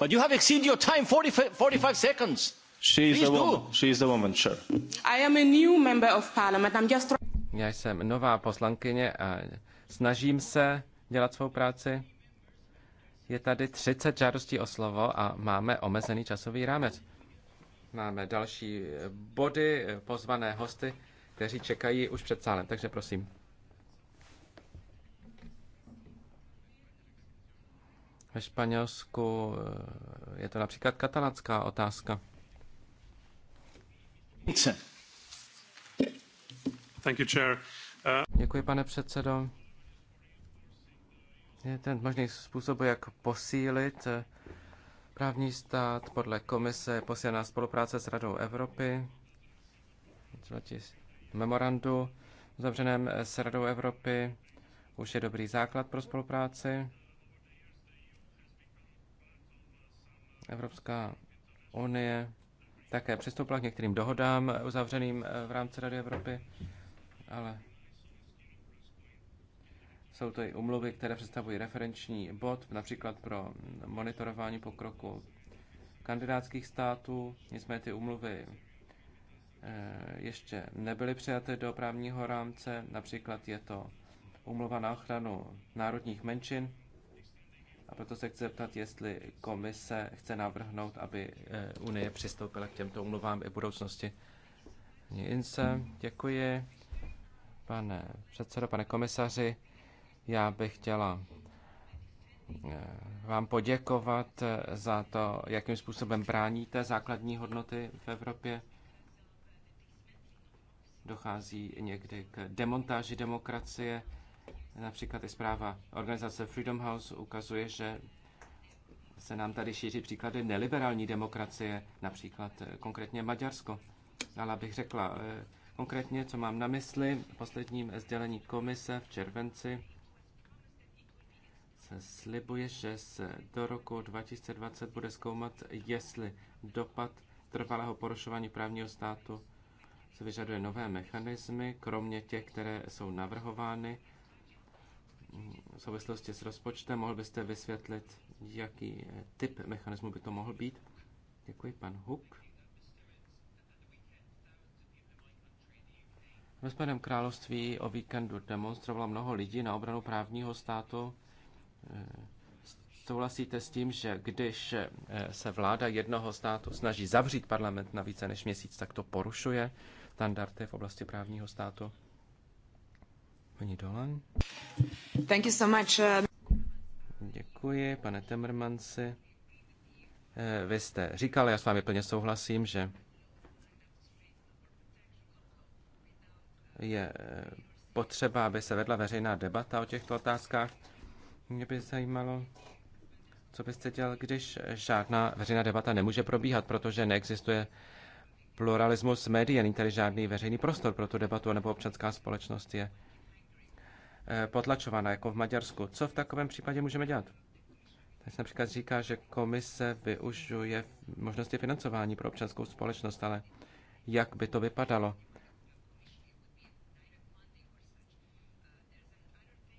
But you have exceeded your time, 40, 45 seconds. She is, the woman. She is the woman, sure. I am a new member of parliament. I'm just... Já jsem nová poslankyně a snažím se dělat svou práci. Je tady 30 žádostí o slovo a máme omezený časový rámec. Máme další body, eh, pozvané hosty, kteří čekají už před sálem, takže prosím. Ve Španělsku eh, je to například katalánská otázka. Thank you, chair. Uh... Děkuji, pane předsedo. Je ten možný způsob, jak posílit eh, právní stát podle komise posílená spolupráce s Radou Evropy. Memorandu zavřeném s Radou Evropy už je dobrý základ pro spolupráci. Evropská unie také přistoupila k některým dohodám uzavřeným eh, v rámci Rady Evropy, ale jsou to i umluvy, které představují referenční bod, například pro monitorování pokroku kandidátských států. Nicméně ty umluvy eh, ještě nebyly přijaty do právního rámce, například je to umluva na ochranu národních menšin, a proto se chci zeptat, jestli komise chce navrhnout, aby eh, Unie přistoupila k těmto umluvám i v budoucnosti. Ince, děkuji. Pane předsedo, pane komisaři, já bych chtěla eh, vám poděkovat eh, za to, jakým způsobem bráníte základní hodnoty v Evropě. Dochází někdy k demontáži demokracie Například i zpráva organizace Freedom House ukazuje, že se nám tady šíří příklady neliberální demokracie, například eh, konkrétně Maďarsko. Ale abych řekla eh, konkrétně, co mám na mysli, v posledním sdělení komise v červenci se slibuje, že se do roku 2020 bude zkoumat, jestli dopad trvalého porušování právního státu se vyžaduje nové mechanismy, kromě těch, které jsou navrhovány v souvislosti s rozpočtem. Mohl byste vysvětlit, jaký typ mechanismu by to mohl být? Děkuji, pan Huk. Ve Spojeném království o víkendu demonstrovalo mnoho lidí na obranu právního státu. Eh, souhlasíte s tím, že když eh, se vláda jednoho státu snaží zavřít parlament na více než měsíc, tak to porušuje standardy v oblasti právního státu? Paní Dolan. Thank you so much. Uh, Děkuji, pane Temmermansi. Eh, vy jste říkal, já s vámi plně souhlasím, že je eh, potřeba, aby se vedla veřejná debata o těchto otázkách. Mě by zajímalo, co byste dělal, když žádná veřejná debata nemůže probíhat, protože neexistuje pluralismus médií, není tady žádný veřejný prostor pro tu debatu, nebo občanská společnost je Eh, potlačována, jako v Maďarsku. Co v takovém případě můžeme dělat? Tady například říká, že komise využuje možnosti financování pro občanskou společnost, ale jak by to vypadalo?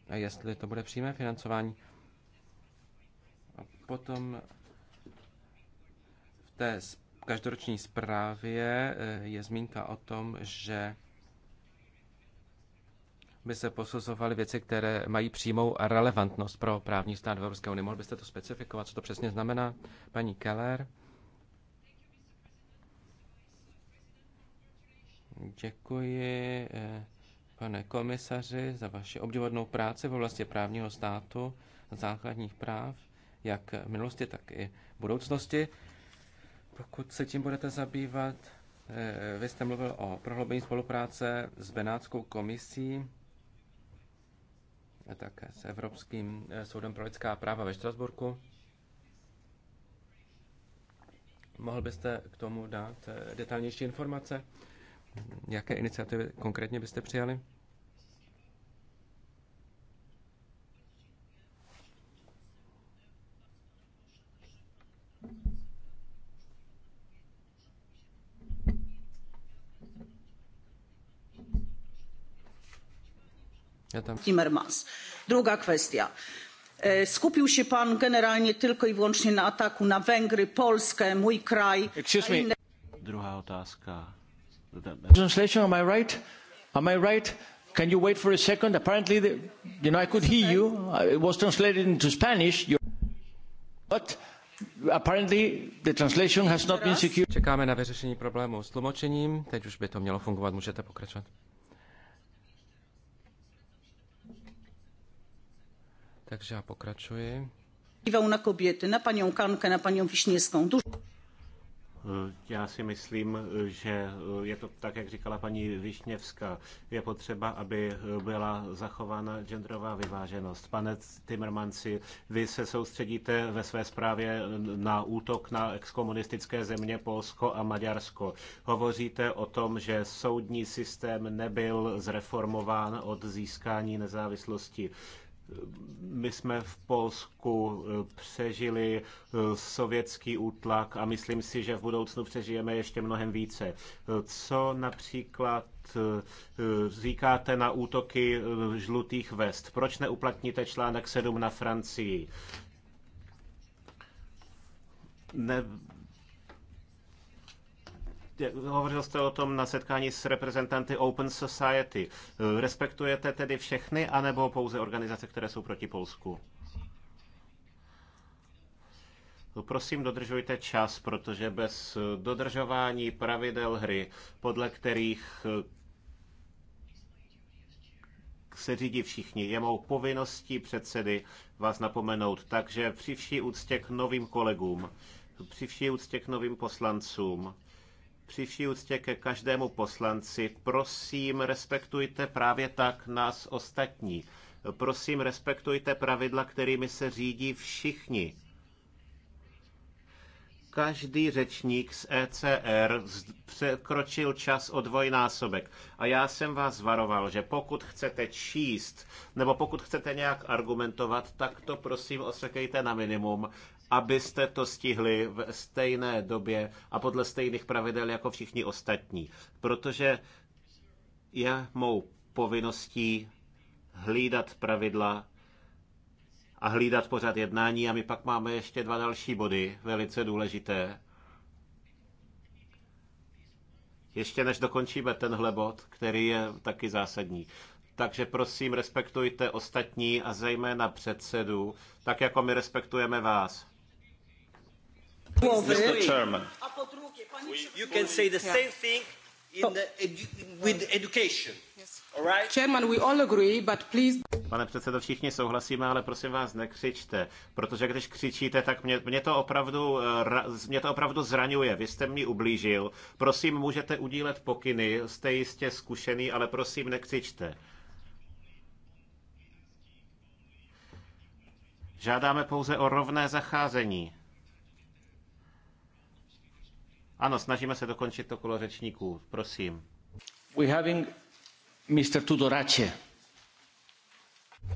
A jestli to bude přímé financování? A potom v té každoroční zprávě eh, je zmínka o tom, že by se posuzovaly věci, které mají přímou relevantnost pro právní stát v Evropské unii. Mohl byste to specifikovat, co to přesně znamená, paní Keller? Děkuji, eh, pane komisaři, za vaši obdivodnou práci v oblasti právního státu a základních práv, jak v minulosti, tak i v budoucnosti. Pokud se tím budete zabývat, eh, vy jste mluvil o prohloubení spolupráce s Benátskou komisí také s Evropským eh, soudem pro lidská práva ve Štrasburku. Mohl byste k tomu dát eh, detailnější informace? Jaké iniciativy konkrétně byste přijali? Já tam... Timmermans. Druga kwestia. E, skupił się pan generalnie tylko i wyłącznie na ataku na Węgry, Polskę, mój kraj. Excuse me. Inne... Druhá otázka. Translation, am I right? Am I right? Can you wait for a second? Apparently, the, you know, I could hear you. It was translated into Spanish. You, but apparently the translation has not been secured. Čekáme na vyřešení problému s tlumočením. Teď už by to mělo fungovat. Můžete pokračovat. Takže já pokračuji. Na koběty, na paní Kanke, na paní Višněvskou. Eh, já si myslím, že eh, je to tak, jak říkala paní Višněvská. Je potřeba, aby eh, byla zachována genderová vyváženost. Pane Timmermansi, vy se soustředíte ve své zprávě na útok na exkomunistické země Polsko a Maďarsko. Hovoříte o tom, že soudní systém nebyl zreformován od získání nezávislosti my jsme v Polsku eh, přežili eh, sovětský útlak a myslím si, že v budoucnu přežijeme ještě mnohem více. Eh, co například říkáte na útoky žlutých vest? Proč neuplatníte článek 7 na Francii? Ne, Hovořil jste o tom na setkání s reprezentanty Open Society. Respektujete tedy všechny, anebo pouze organizace, které jsou proti Polsku? Prosím, dodržujte čas, protože bez dodržování pravidel hry, podle kterých eh, se řídí všichni. Je mou povinností předsedy vás napomenout. Takže při vší úctě k novým kolegům, při vší úctě k novým poslancům, při vší úctě ke každému poslanci, prosím, respektujte právě tak nás ostatní. Prosím, respektujte pravidla, kterými se řídí všichni. Každý řečník z ECR překročil čas o dvojnásobek. A já jsem vás varoval, že pokud chcete číst nebo pokud chcete nějak argumentovat, tak to prosím osekejte na minimum abyste to stihli v stejné době a podle stejných pravidel jako všichni ostatní. Protože je mou povinností hlídat pravidla a hlídat pořád jednání a my pak máme ještě dva další body, velice důležité. Ještě než dokončíme tenhle bod, který je taky zásadní. Takže prosím, respektujte ostatní a zejména předsedu, tak jako my respektujeme vás. Pane předsedo, všichni souhlasíme, ale prosím vás, nekřičte, protože když křičíte, tak mě, mě, to opravdu, eh, mě to opravdu zraňuje. Vy jste mě ublížil. Prosím, můžete udílet pokyny, jste jistě zkušený, ale prosím, nekřičte. Žádáme pouze o rovné zacházení. Ano, snažíme se dokončit to kolo řečníků. Prosím. We having Mr. Tudorace.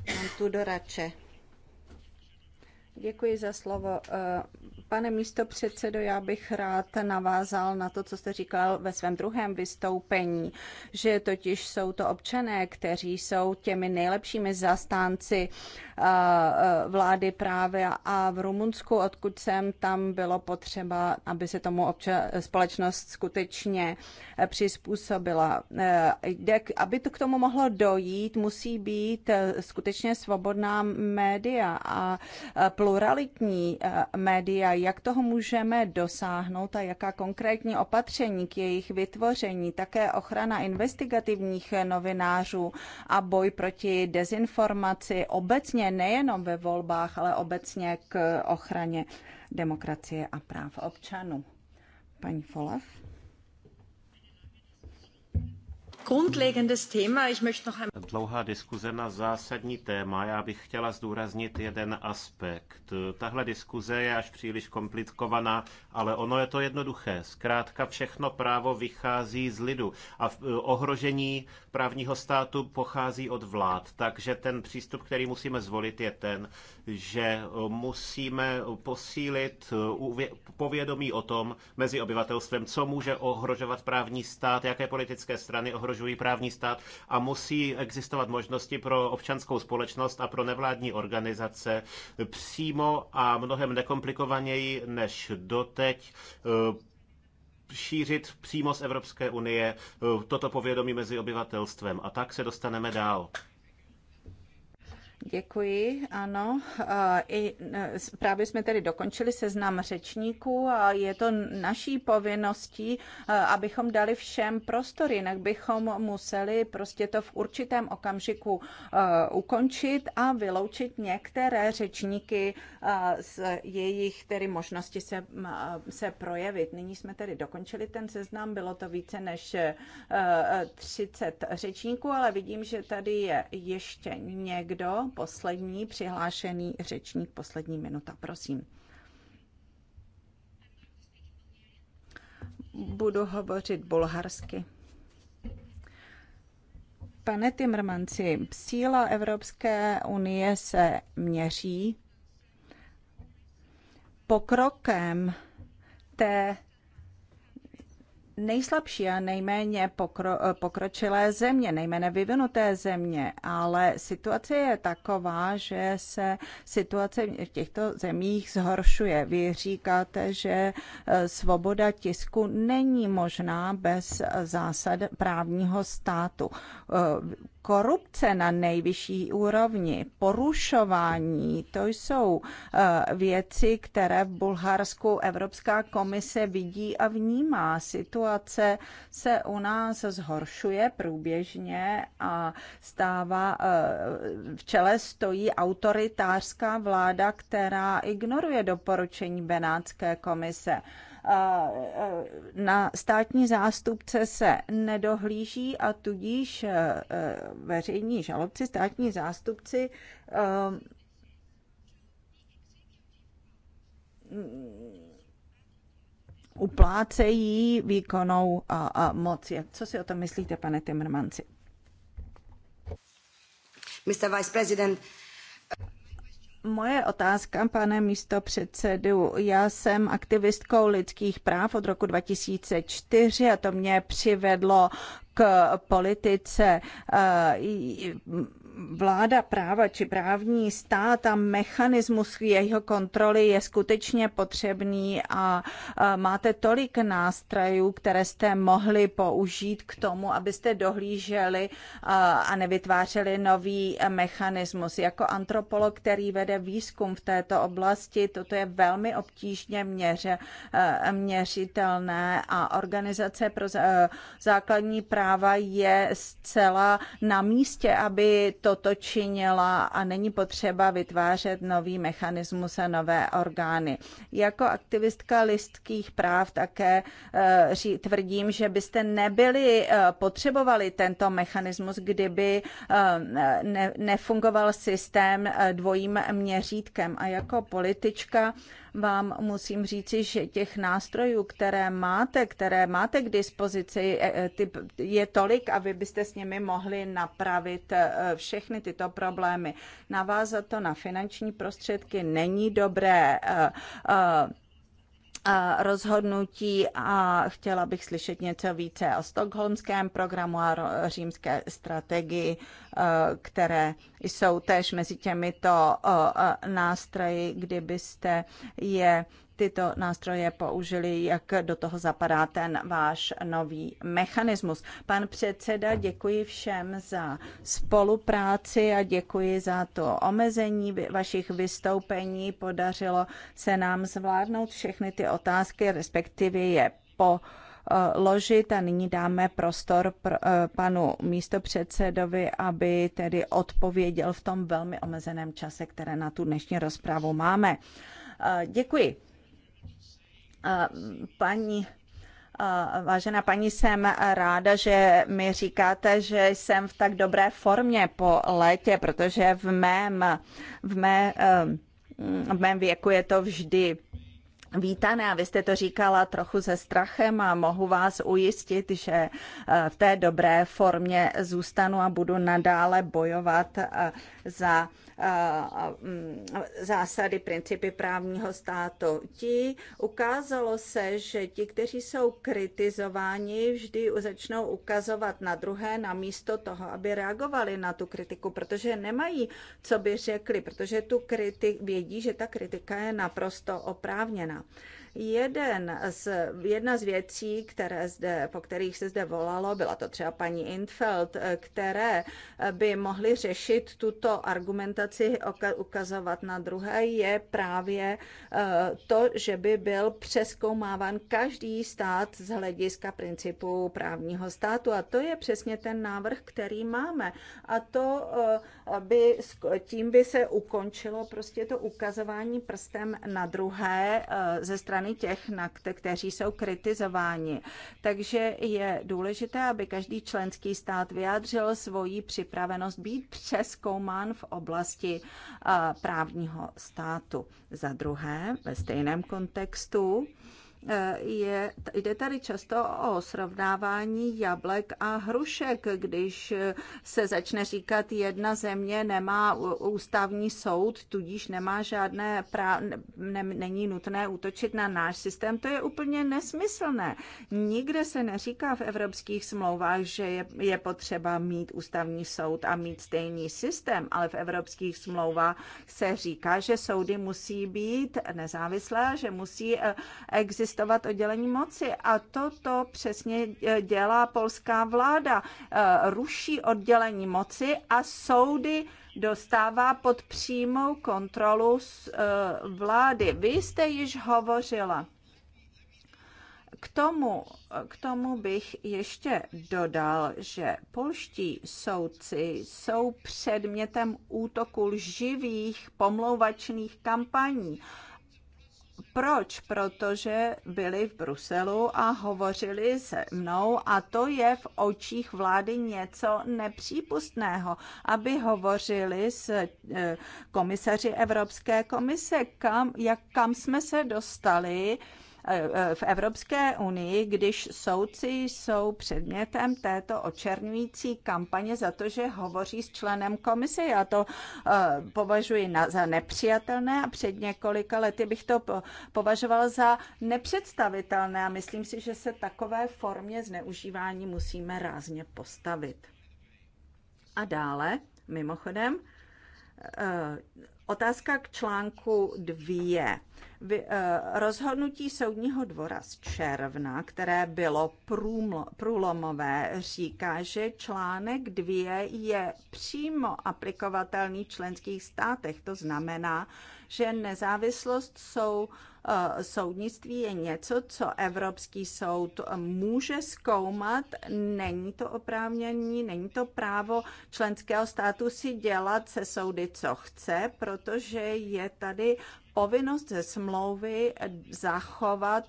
Pan Tudorace. Děkuji za slovo. Eh, pane místo předsedo, já bych rád navázal na to, co jste říkal ve svém druhém vystoupení, že totiž jsou to občané, kteří jsou těmi nejlepšími zastánci eh, eh, vlády právě a v Rumunsku, odkud jsem, tam bylo potřeba, aby se tomu obča- společnost skutečně přizpůsobila. Aby to k tomu mohlo dojít, musí být skutečně svobodná média a plus pluralitní eh, média, jak toho můžeme dosáhnout a jaká konkrétní opatření k jejich vytvoření, také ochrana investigativních novinářů a boj proti dezinformaci obecně, nejenom ve volbách, ale obecně k ochraně demokracie a práv občanů. Paní Folev. Dlouhá diskuze na zásadní téma. Já bych chtěla zdůraznit jeden aspekt. Tahle diskuze je až příliš komplikovaná, ale ono je to jednoduché. Zkrátka všechno právo vychází z lidu a eh, ohrožení právního státu pochází od vlád. Takže ten přístup, který musíme zvolit, je ten, že eh, musíme posílit eh, povědomí o tom mezi obyvatelstvem, co může ohrožovat právní stát, jaké politické strany ohrožují ohrožují právní stát a musí existovat možnosti pro občanskou společnost a pro nevládní organizace přímo a mnohem nekomplikovaněji než doteď eh, šířit přímo z Evropské unie eh, toto povědomí mezi obyvatelstvem. A tak se dostaneme dál. Děkuji, ano. I, e, právě jsme tedy dokončili seznam řečníků a je to naší povinností, e, abychom dali všem prostor, jinak bychom museli prostě to v určitém okamžiku e, ukončit a vyloučit některé řečníky z jejich tedy možnosti se, se projevit. Nyní jsme tedy dokončili ten seznam, bylo to více než 30 řečníků, ale vidím, že tady je ještě někdo, poslední přihlášený řečník, poslední minuta, prosím. Budu hovořit bulharsky. Pane Timrmanci, síla Evropské unie se měří pokrokem té nejslabší a nejméně pokro, pokročilé země, nejméně vyvinuté země, ale situace je taková, že se situace v těchto zemích zhoršuje. Vy říkáte, že e, svoboda tisku není možná bez zásad právního státu e, korupce na nejvyšší úrovni, porušování, to jsou eh, věci, které v Bulharsku Evropská komise vidí a vnímá. Situace se u nás zhoršuje průběžně a stává, eh, v čele stojí autoritářská vláda, která ignoruje doporučení Benátské komise. Eh, na státní zástupce se nedohlíží a tudíž eh, veřejní žalobci, státní zástupci eh, uplácejí výkonou a, a moc. Co si o tom myslíte, pane Timmermansi? Mr. Vice President, Moje otázka, pane místo předsedu. Já jsem aktivistkou lidských práv od roku 2004 a to mě přivedlo k politice. Eh, vláda práva či právní stát a mechanismus jeho kontroly je skutečně potřebný a máte tolik nástrojů, které jste mohli použít k tomu, abyste dohlíželi a nevytvářeli nový mechanismus. Jako antropolog, který vede výzkum v této oblasti, toto je velmi obtížně měře, měřitelné a organizace pro základní práva je zcela na místě, aby to toto činila a není potřeba vytvářet nový mechanismus a nové orgány. Jako aktivistka listkých práv také eh, tvrdím, že byste nebyli eh, potřebovali tento mechanismus, kdyby eh, nefungoval systém dvojím měřítkem. A jako politička vám musím říci, že těch nástrojů, které máte, které máte k dispozici, e, e, je tolik a byste s nimi mohli napravit e, všechny tyto problémy. Navázat to na finanční prostředky není dobré rozhodnutí a chtěla bych slyšet něco více o stokholmském programu a římské strategii, e, které jsou též mezi těmito e, nástroji, kdybyste je tyto nástroje použili, jak do toho zapadá ten váš nový mechanismus. Pan předseda, děkuji všem za spolupráci a děkuji za to omezení vašich vystoupení. Podařilo se nám zvládnout všechny ty otázky, respektive je po eh, ložit a nyní dáme prostor pr- eh, panu místopředsedovi, aby tedy odpověděl v tom velmi omezeném čase, které na tu dnešní rozpravu máme. Eh, děkuji. Paní Vážená paní, jsem ráda, že mi říkáte, že jsem v tak dobré formě po létě, protože v mém, v mé, eh, v mém věku je to vždy vítané a vy jste to říkala trochu se strachem a mohu vás ujistit, že eh, v té dobré formě zůstanu a budu nadále bojovat eh, za Mm, zásady, principy právního státu. Ti ukázalo se, že ti, kteří jsou kritizováni, vždy začnou ukazovat na druhé, na místo toho, aby reagovali na tu kritiku, protože nemají, co by řekli, protože tu kritik, vědí, že ta kritika je naprosto oprávněná. Jeden z, jedna z věcí, které zde, po kterých se zde volalo, byla to třeba paní Infeld, které by mohly řešit tuto argumentaci, ukazovat na druhé, je právě eh, to, že by byl přeskoumáván každý stát z hlediska principu právního státu. A to je přesně ten návrh, který máme. A to eh, by, tím by se ukončilo prostě to ukazování prstem na druhé eh, ze strany strany těch, na kteří jsou kritizováni. Takže je důležité, aby každý členský stát vyjádřil svoji připravenost být přeskoumán v oblasti právního státu. Za druhé, ve stejném kontextu, je, jde tady často o srovnávání jablek a hrušek, když se začne říkat, jedna země nemá ústavní soud, tudíž nemá žádné práv, ne, není nutné útočit na náš systém. To je úplně nesmyslné. Nikde se neříká v evropských smlouvách, že je, je potřeba mít ústavní soud a mít stejný systém, ale v evropských smlouvách se říká, že soudy musí být nezávislé, že musí eh, existovat existovat oddělení moci. A toto přesně eh, dělá polská vláda. Eh, ruší oddělení moci a soudy dostává pod přímou kontrolu eh, vlády. Vy jste již hovořila. K tomu, k tomu bych ještě dodal, že polští soudci jsou předmětem útoku živých pomlouvačných kampaní. Uh, proč? Protože byli v Bruselu a hovořili se mnou a to je v očích vlády něco nepřípustného, aby hovořili s eh, komisaři Evropské komise, kam, jak, kam jsme se dostali, Eh, eh, v Evropské unii, když soudci jsou předmětem této očernující kampaně za to, že hovoří s členem komise. Já to eh, považuji za nepřijatelné a před několika lety bych to považoval za nepředstavitelné a myslím si, že se takové formě zneužívání musíme rázně postavit. A dále, mimochodem, Otázka k článku 2. Eh, rozhodnutí soudního dvora z června, které bylo průlomové, říká, že článek 2 je přímo aplikovatelný v členských státech. To znamená, že nezávislost jsou eh, soudnictví je něco, co Evropský soud může zkoumat. Není to oprávnění, není to právo členského státu si dělat se soudy, co chce, protože je tady povinnost ze smlouvy zachovat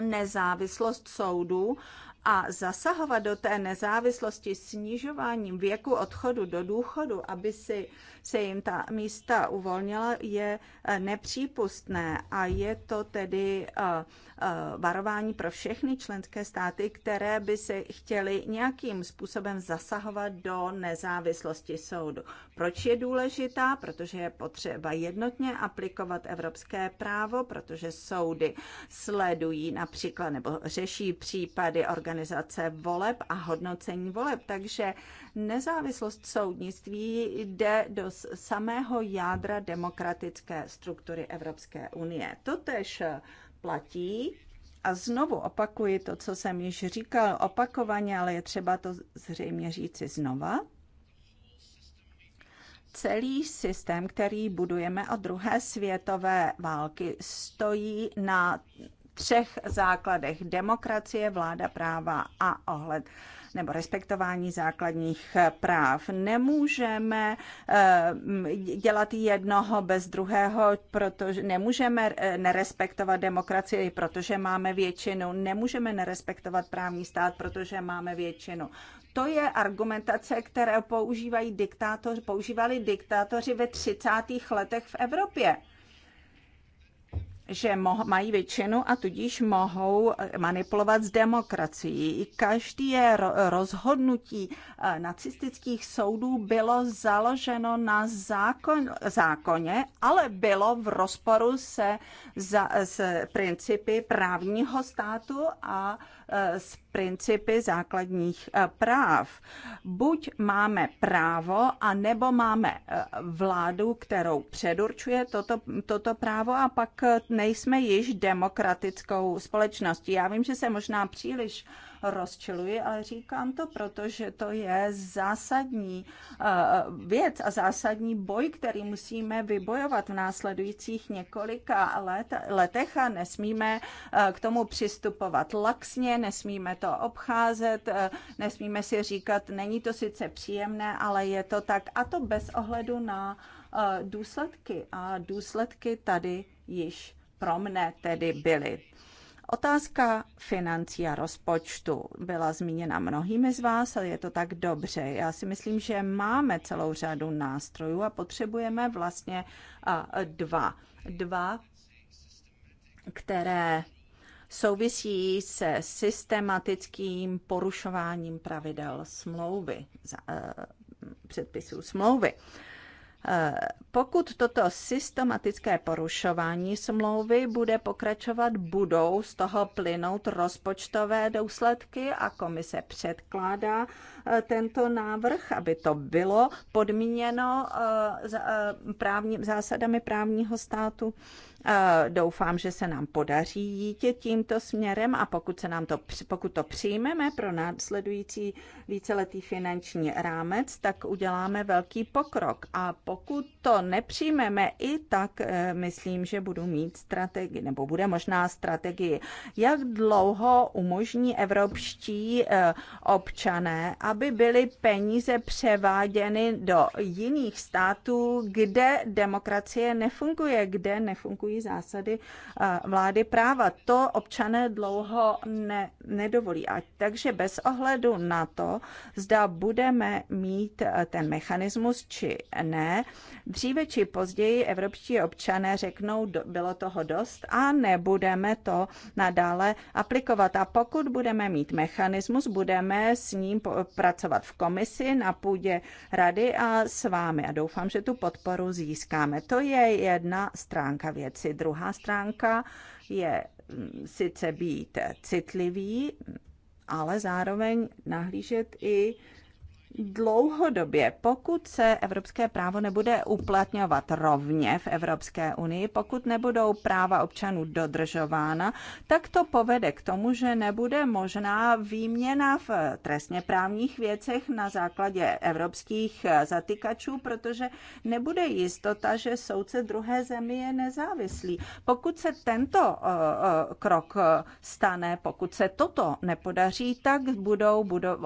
nezávislost soudu a zasahovat do té nezávislosti snižováním věku odchodu do důchodu, aby si se jim ta místa uvolnila, je eh, nepřípustné a je to tedy eh, eh, varování pro všechny členské státy, které by se chtěly nějakým způsobem zasahovat do nezávislosti soudu. Proč je důležitá? Protože je potřeba jednotně aplikovat evropské právo, protože soudy sledují například nebo řeší případy organizace voleb a hodnocení voleb, takže nezávislost soudnictví jde do z samého jádra demokratické struktury Evropské unie. To tež platí a znovu opakuji to, co jsem již říkal opakovaně, ale je třeba to zřejmě říci znova. Celý systém, který budujeme od druhé světové války, stojí na třech základech. Demokracie, vláda práva a ohled nebo respektování základních eh, práv. Nemůžeme eh, dělat jednoho bez druhého, protože nemůžeme eh, nerespektovat demokracii, protože máme většinu, nemůžeme nerespektovat právní stát, protože máme většinu. To je argumentace, které používají diktátoři, používali diktátoři ve 30. letech v Evropě že mají většinu a tudíž mohou eh, manipulovat s demokracií. Každý je rozhodnutí eh, nacistických soudů bylo založeno na zákon, zákoně, ale bylo v rozporu se za, s principy právního státu a eh, s principy základních eh, práv. Buď máme právo, a nebo máme eh, vládu, kterou předurčuje toto, toto právo a pak eh, nejsme již demokratickou společností. Já vím, že se možná příliš rozčiluji, ale říkám to, protože to je zásadní eh, věc a zásadní boj, který musíme vybojovat v následujících několika let, letech a nesmíme eh, k tomu přistupovat laxně, nesmíme to obcházet, eh, nesmíme si říkat, není to sice příjemné, ale je to tak a to bez ohledu na důsledky. A důsledky tady již pro mne tedy byly. Otázka financí a rozpočtu byla zmíněna mnohými z vás, ale je to tak dobře. Já si myslím, že máme celou řadu nástrojů a potřebujeme vlastně dva. Dva, které souvisí se systematickým porušováním pravidel smlouvy, eh, předpisů smlouvy. Pokud toto systematické porušování smlouvy bude pokračovat, budou z toho plynout rozpočtové důsledky a komise předkládá eh, tento návrh, aby to bylo podmíněno eh, eh, právní, zásadami právního státu Eh, doufám, že se nám podaří jít tímto směrem a pokud, se nám to, pokud to přijmeme pro následující víceletý finanční rámec, tak uděláme velký pokrok. A pokud to nepřijmeme i tak, eh, myslím, že budu mít strategii, nebo bude možná strategii, jak dlouho umožní evropští eh, občané, aby byly peníze převáděny do jiných států, kde demokracie nefunguje, kde nefungují dodržují zásady eh, vlády práva. To občané dlouho ne, nedovolí. A takže bez ohledu na to, zda budeme mít eh, ten mechanismus či ne, dříve či později evropští občané řeknou, bylo toho dost a nebudeme to nadále aplikovat. A pokud budeme mít mechanismus, budeme s ním pracovat v komisi na půdě rady a s vámi. A doufám, že tu podporu získáme. To je jedna stránka věci věci. Druhá stránka je mm, sice být citlivý, ale zároveň nahlížet i dlouhodobě, pokud se evropské právo nebude uplatňovat rovně v Evropské unii, pokud nebudou práva občanů dodržována, tak to povede k tomu, že nebude možná výměna v trestně právních věcech na základě evropských zatykačů, protože nebude jistota, že soudce druhé zemi je nezávislý. Pokud se tento eh, eh, krok eh, stane, pokud se toto nepodaří, tak budou, budou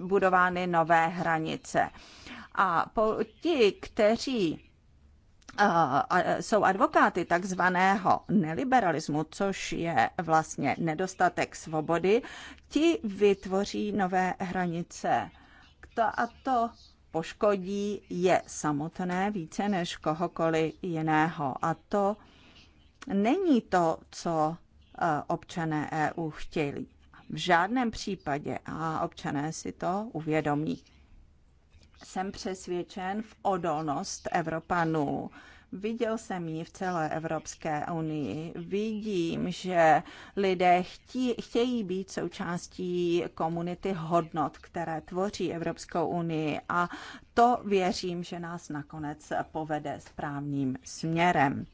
budovány nové hranice. A po, ti, kteří eh, jsou advokáty takzvaného neliberalismu, což je vlastně nedostatek svobody, ti vytvoří nové hranice. To a to poškodí je samotné více než kohokoliv jiného. A to není to, co eh, občané EU chtějí v žádném případě a občané si to uvědomí. Jsem přesvědčen v odolnost Evropanů. Viděl jsem ji v celé Evropské unii. Vidím, že lidé chtí, chtějí být součástí komunity hodnot, které tvoří Evropskou unii a to věřím, že nás nakonec povede správným směrem.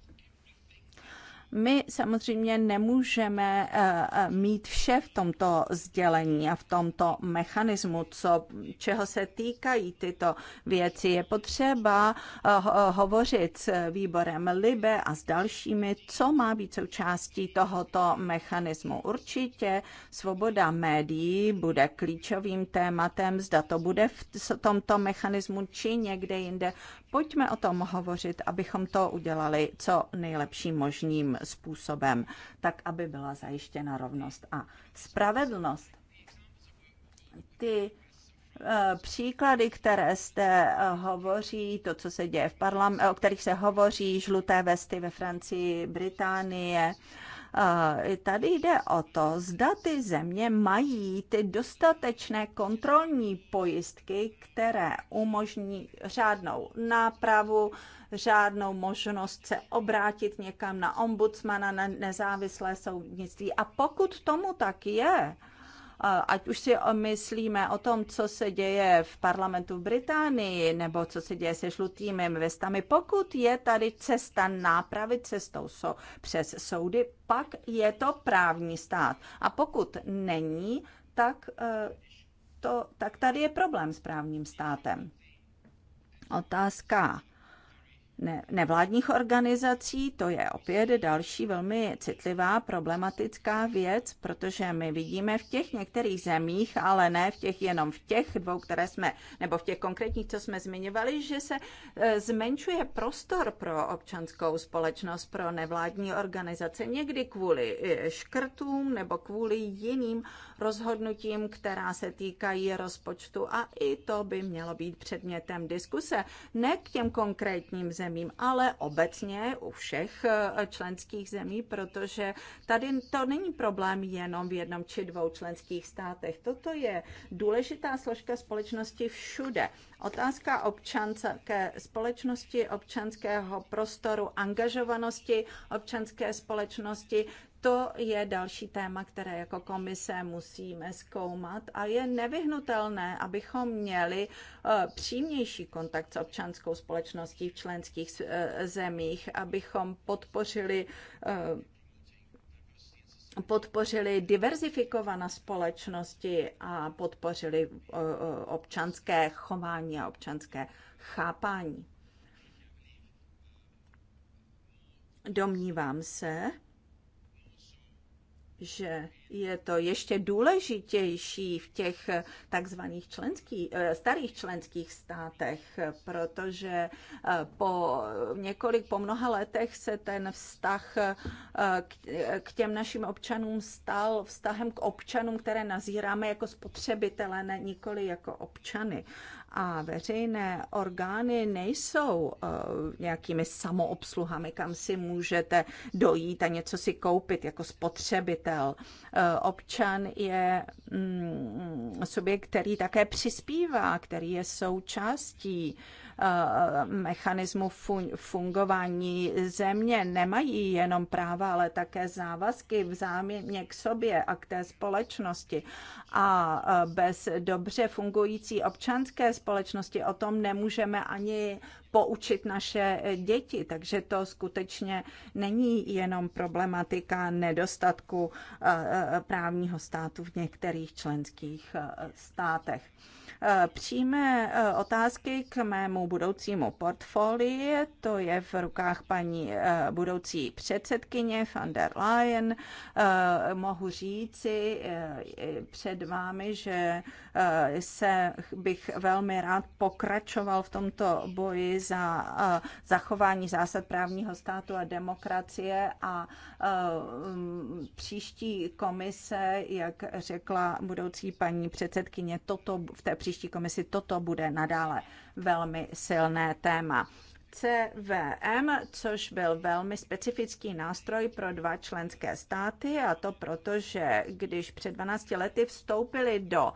My samozřejmě nemůžeme eh, eh, mít vše v tomto sdělení a v tomto mechanismu, co, čeho se týkají tyto věci. Je potřeba eh, hovořit s výborem Libe a s dalšími, co má být součástí tohoto mechanismu. Určitě svoboda médií bude klíčovým tématem, zda to bude v tomto mechanismu či někde jinde. Pojďme o tom hovořit, abychom to udělali co nejlepším možným způsobem, tak aby byla zajištěna rovnost a spravedlnost. Ty eh, příklady, které jste eh, hovoří, to, co se děje v parlamentu, o kterých se hovoří, žluté vesty ve Francii, Británie, Eh, tady jde o to, zda ty země mají ty dostatečné kontrolní pojistky, které umožní řádnou nápravu, žádnou možnost se obrátit někam na ombudsmana, na nezávislé soudnictví. A pokud tomu tak je, ať už si myslíme o tom, co se děje v parlamentu v Británii, nebo co se děje se žlutými vestami, pokud je tady cesta nápravy cestou so, přes soudy, pak je to právní stát. A pokud není, tak, eh, to, tak tady je problém s právním státem. Otázka nevládních organizací. To je opět další velmi citlivá, problematická věc, protože my vidíme v těch některých zemích, ale ne v těch jenom v těch dvou, které jsme, nebo v těch konkrétních, co jsme zmiňovali, že se e, zmenšuje prostor pro občanskou společnost, pro nevládní organizace, někdy kvůli e, škrtům nebo kvůli jiným rozhodnutím, která se týkají rozpočtu a i to by mělo být předmětem diskuse, ne k těm konkrétním zemím, zemím, ale obecně u všech eh, členských zemí, protože tady to není problém jenom v jednom či dvou členských státech. Toto je důležitá složka společnosti všude. Otázka občanské společnosti, občanského prostoru, angažovanosti občanské společnosti, to je další téma, které jako komise musíme zkoumat a je nevyhnutelné, abychom měli eh, přímější kontakt s občanskou společností v členských eh, zemích, abychom podpořili eh, podpořili diverzifikované společnosti a podpořili občanské chování a občanské chápání. Domnívám se, že je to ještě důležitější v těch takzvaných členských, eh, starých členských státech, protože eh, po několik, po mnoha letech se ten vztah eh, k těm našim občanům stal vztahem k občanům, které nazíráme jako spotřebitele, ne nikoli jako občany a veřejné orgány nejsou eh, nějakými samoobsluhami, kam si můžete dojít a něco si koupit jako spotřebitel. Eh, občan je mm, subjekt, který také přispívá, který je součástí Eh, mechanismu fungování země. Nemají jenom práva, ale také závazky záměně k sobě a k té společnosti. A eh, bez dobře fungující občanské společnosti o tom nemůžeme ani poučit naše děti. Takže to skutečně není jenom problematika nedostatku eh, právního státu v některých členských státech. Eh, přímé eh, otázky k mému budoucímu portfolii, to je v rukách paní eh, budoucí předsedkyně van der Leyen. Mohu říci před vámi, že se bych velmi rád pokračoval v tomto boji za zachování zásad právního státu a demokracie a příští komise, jak řekla budoucí paní předsedkyně, toto v té příští příští komisi toto bude nadále velmi silné téma. CVM, což byl velmi specifický nástroj pro dva členské státy, a to proto, že když před 12 lety vstoupili do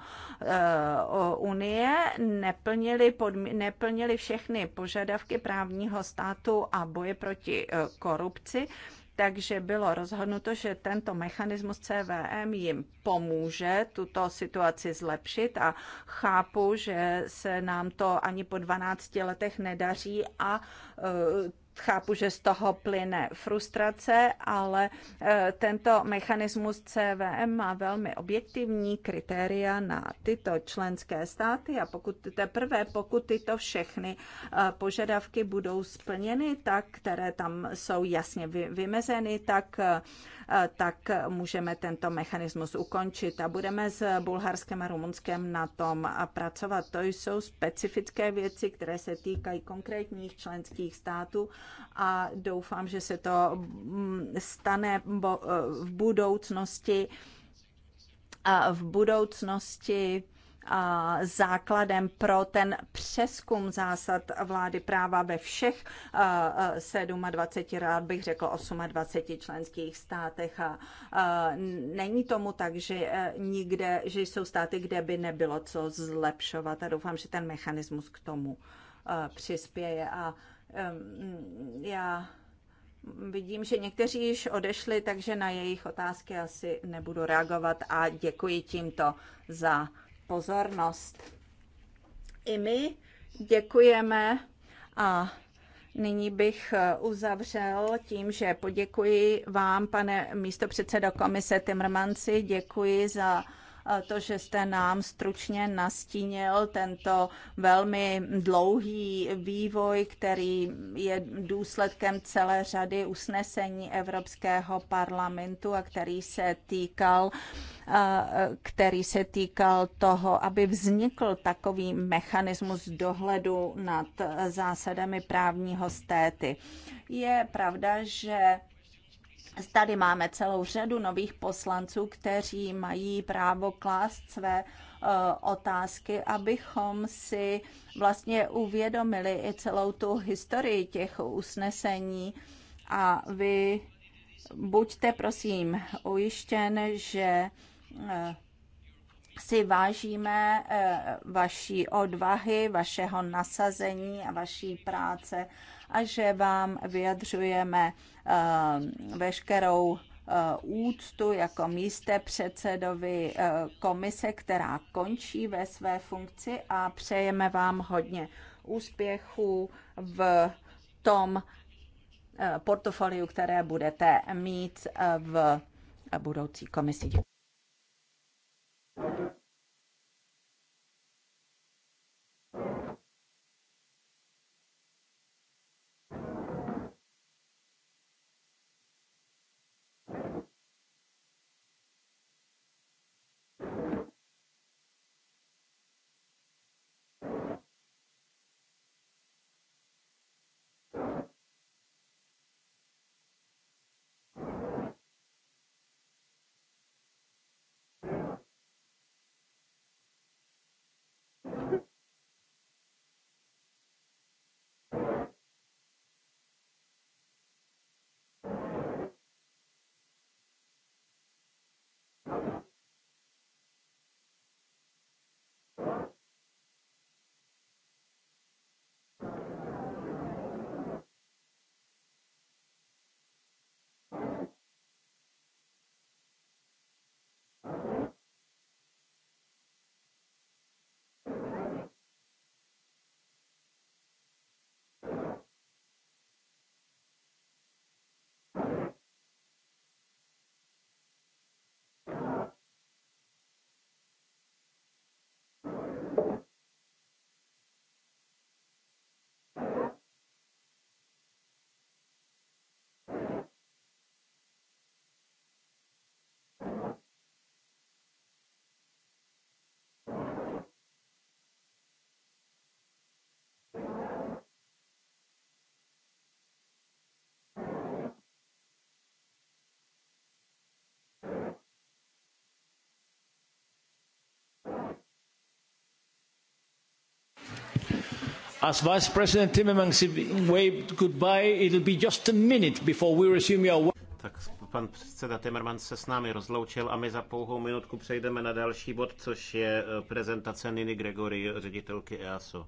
uh, Unie, neplnili, podmi- neplnili všechny požadavky právního státu a boje proti uh, korupci takže bylo rozhodnuto, že tento mechanismus CVM jim pomůže tuto situaci zlepšit a chápu, že se nám to ani po 12 letech nedaří a e, chápu, že z toho plyne frustrace, ale eh, tento mechanismus CVM má velmi objektivní kritéria na tyto členské státy a pokud teprve, pokud tyto všechny eh, požadavky budou splněny, tak které tam jsou jasně vymezeny, tak eh, tak můžeme tento mechanismus ukončit a budeme s Bulharskem a Rumunskem na tom pracovat. To jsou specifické věci, které se týkají konkrétních členských států a doufám, že se to mm, stane eh, v budoucnosti. A v budoucnosti základem pro ten přeskum zásad vlády práva ve všech 27, rád bych řekl 28 členských státech. A není tomu tak, že eh, nikde, že jsou státy, kde by nebylo co zlepšovat a doufám, že ten mechanismus k tomu eh, přispěje. A já vidím, že někteří již odešli, takže na jejich otázky asi nebudu reagovat a děkuji tímto za pozornost. I my děkujeme a Nyní bych eh, uzavřel tím, že poděkuji vám, pane místopředsedo komise Timrmanci, děkuji za to, že jste nám stručně nastínil tento velmi dlouhý vývoj, který je důsledkem celé řady usnesení Evropského parlamentu a který se týkal který se týkal toho, aby vznikl takový mechanismus dohledu nad zásadami právního stéty. Je pravda, že Tady máme celou řadu nových poslanců, kteří mají právo klást své e, otázky, abychom si vlastně uvědomili i celou tu historii těch usnesení. A vy buďte prosím ujištěn, že e, si vážíme e, vaší odvahy, vašeho nasazení a vaší práce a že vám vyjadřujeme eh, veškerou eh, úctu jako místě předsedovi eh, komise, která končí ve své funkci a přejeme vám hodně úspěchů v tom portfoliu, které budete mít v budoucí komisi. As Vice President Timmermans waved goodbye, it'll be just a minute before we resume your tak pan předseda Timmermans se s námi rozloučil a my za pouhou minutku přejdeme na další bod, což je eh, prezentace Niny Gregory, ředitelky EASO.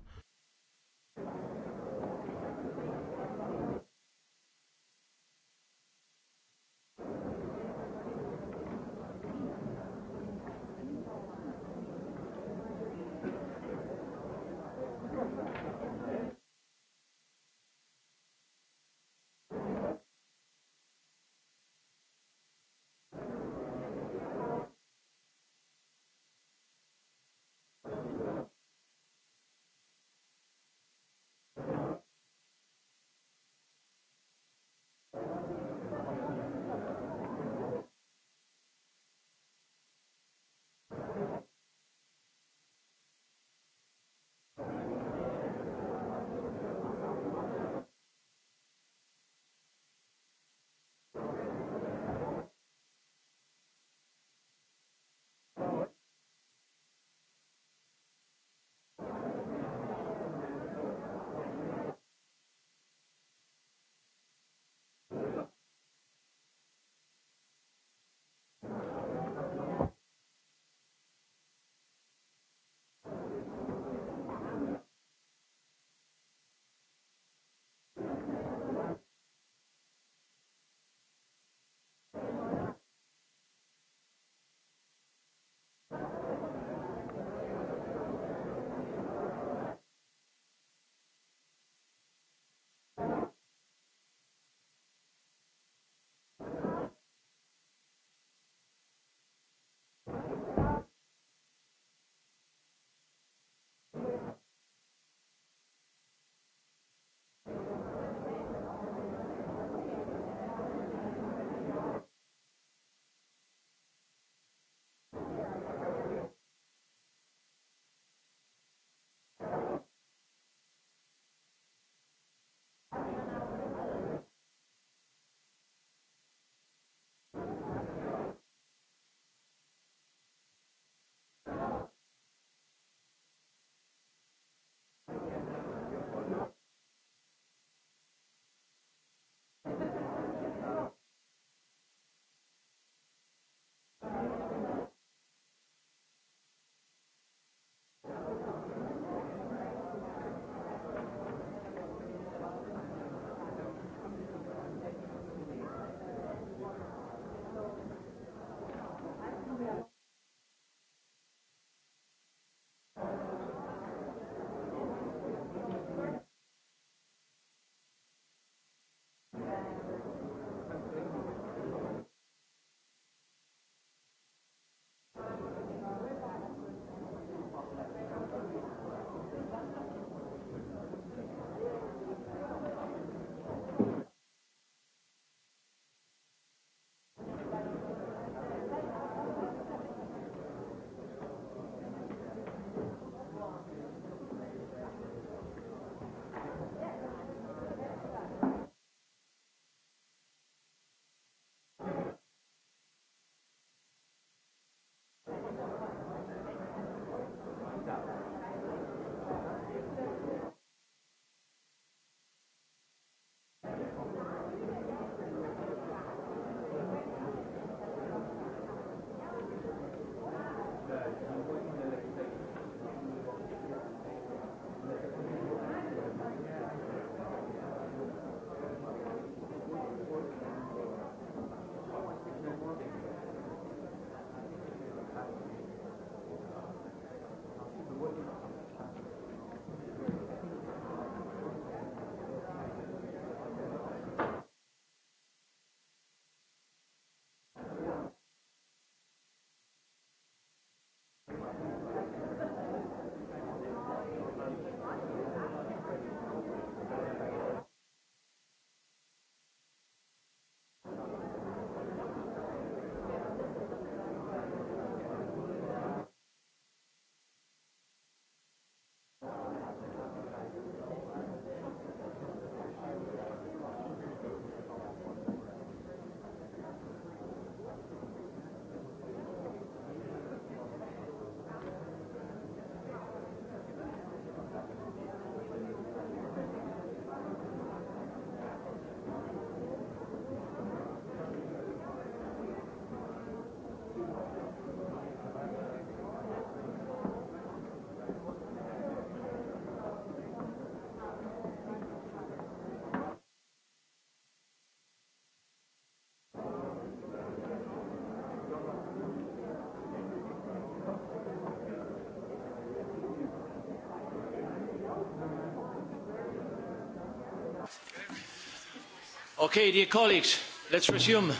Okay, dear colleagues, let's resume.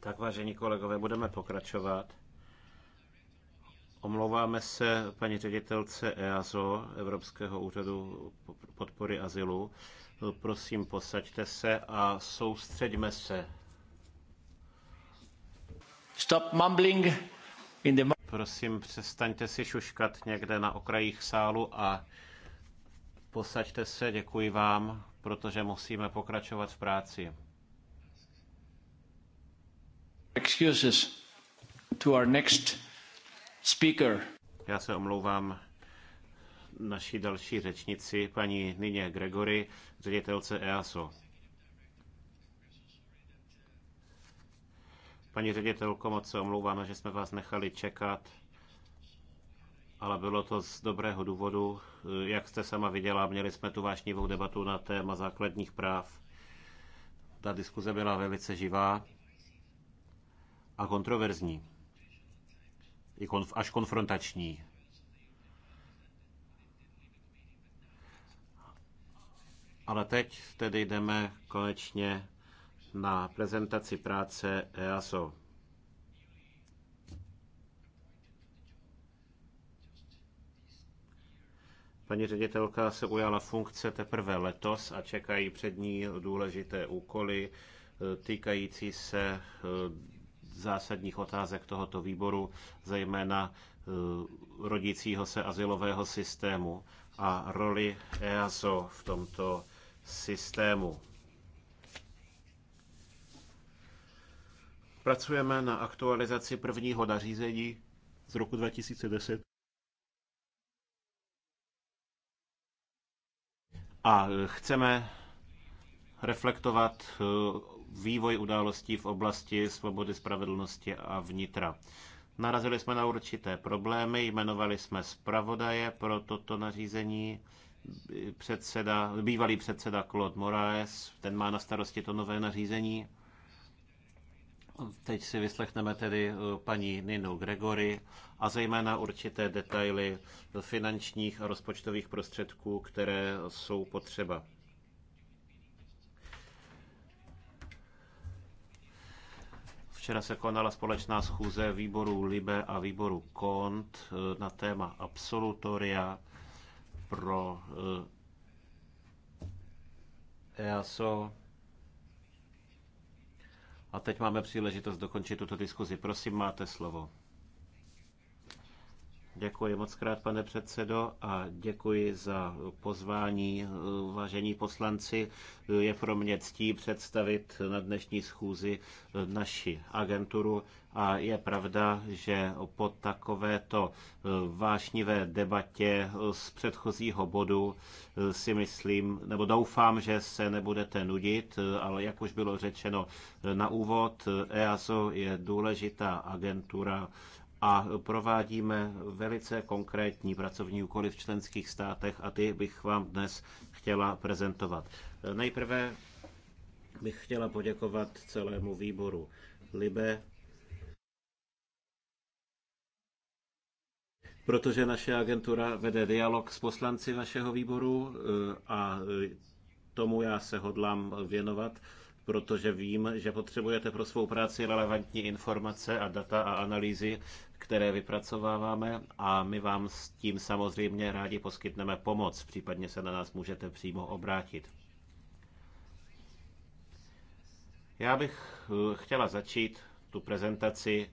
Tak vážení kolegové, budeme pokračovat. Omlouváme se paní ředitelce EASO, Evropského úřadu podpory azylu. Prosím, posaďte se a soustředíme se. Stop mumbling in the... Prosím, přestaňte si šuškat někde na okrajích sálu a Posaďte se, děkuji vám, protože musíme pokračovat v práci. Excuses to our next speaker. Já se omlouvám naší další řečnici, paní Nyně Gregory, ředitelce EASO. Paní ředitelko, moc se omlouváme, že jsme vás nechali čekat ale bylo to z dobrého důvodu. Jak jste sama viděla, měli jsme tu vášnivou debatu na téma základních práv. Ta diskuze byla velice živá a kontroverzní. I konf- až konfrontační. Ale teď tedy jdeme konečně na prezentaci práce EASO. Paní ředitelka se ujala funkce teprve letos a čekají před ní důležité úkoly e, týkající se e, zásadních otázek tohoto výboru, zejména e, rodícího se asilového systému a roli EASO v tomto systému. Pracujeme na aktualizaci prvního nařízení z roku 2010 A chceme reflektovat eh, vývoj událostí v oblasti svobody, spravedlnosti a vnitra. Narazili jsme na určité problémy, jmenovali jsme zpravodaje pro toto nařízení. Předseda, bývalý předseda Claude Moraes, ten má na starosti to nové nařízení. Teď si vyslechneme tedy eh, paní Ninu Gregory a zejména určité detaily finančních a rozpočtových prostředků, které jsou potřeba. Včera se konala společná schůze výboru Libe a výboru Kont eh, na téma absolutoria pro eh, EASO a teď máme příležitost dokončit tuto diskuzi. Prosím, máte slovo. Děkuji moc krát, pane předsedo, a děkuji za pozvání. Vážení poslanci, je pro mě ctí představit na dnešní schůzi naši agenturu a je pravda, že po takovéto vášnivé debatě z předchozího bodu si myslím, nebo doufám, že se nebudete nudit, ale jak už bylo řečeno na úvod, EASO je důležitá agentura, a provádíme velice konkrétní pracovní úkoly v členských státech a ty bych vám dnes chtěla prezentovat. Nejprve bych chtěla poděkovat celému výboru Libe, protože naše agentura vede dialog s poslanci vašeho výboru e, a tomu já se hodlám věnovat protože vím, že potřebujete pro svou práci relevantní informace a data a analýzy, které vypracováváme a my vám s tím samozřejmě rádi poskytneme pomoc, případně se na nás můžete přímo obrátit. Já bych eh, chtěla začít tu prezentaci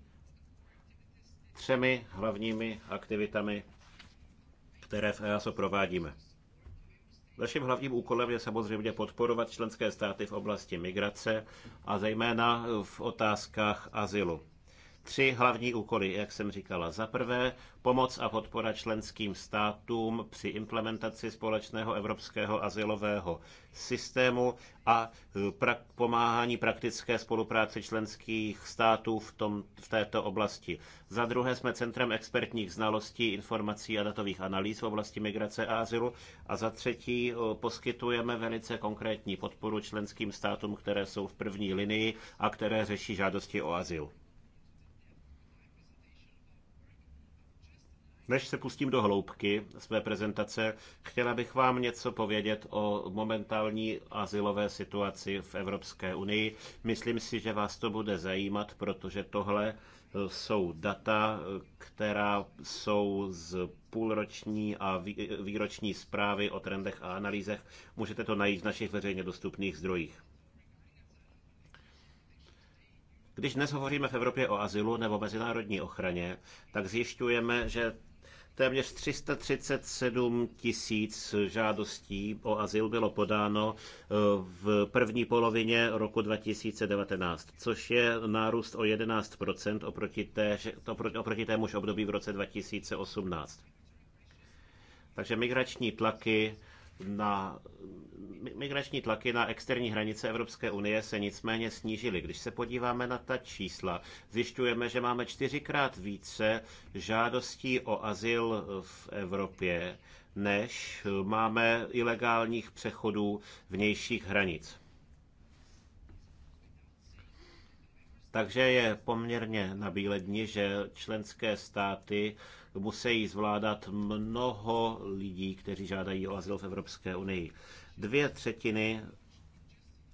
třemi hlavními aktivitami, které v EASO provádíme. Naším hlavním úkolem je samozřejmě podporovat členské státy v oblasti migrace a zejména v otázkách azylu tři hlavní úkoly, jak jsem říkala. Za prvé, pomoc a podpora členským státům při implementaci společného evropského asilového systému a eh, pra- pomáhání praktické spolupráce členských států v, tom, v této oblasti. Za druhé, jsme centrem expertních znalostí, informací a datových analýz v oblasti migrace a azylu. A za třetí, eh, poskytujeme velice konkrétní podporu členským státům, které jsou v první linii a které řeší žádosti o azyl. Než se pustím do hloubky své prezentace, chtěla bych vám něco povědět o momentální asilové situaci v Evropské unii. Myslím si, že vás to bude zajímat, protože tohle jsou data, která jsou z půlroční a výroční zprávy o trendech a analýzech. Můžete to najít v našich veřejně dostupných zdrojích. Když dnes hovoříme v Evropě o azylu nebo mezinárodní ochraně, tak zjišťujeme, že Téměř 337 tisíc žádostí o azyl bylo podáno eh, v první polovině roku 2019, což je nárůst o 11 oproti, té, oproti témuž období v roce 2018. Takže migrační tlaky na migrační tlaky na externí hranice Evropské unie se nicméně snížily. Když se podíváme na ta čísla, zjišťujeme, že máme čtyřikrát více žádostí o azyl v Evropě, než máme ilegálních přechodů vnějších hranic. Takže je poměrně nabíledni, že členské státy musí zvládat mnoho lidí, kteří žádají o azyl v Evropské unii. Dvě třetiny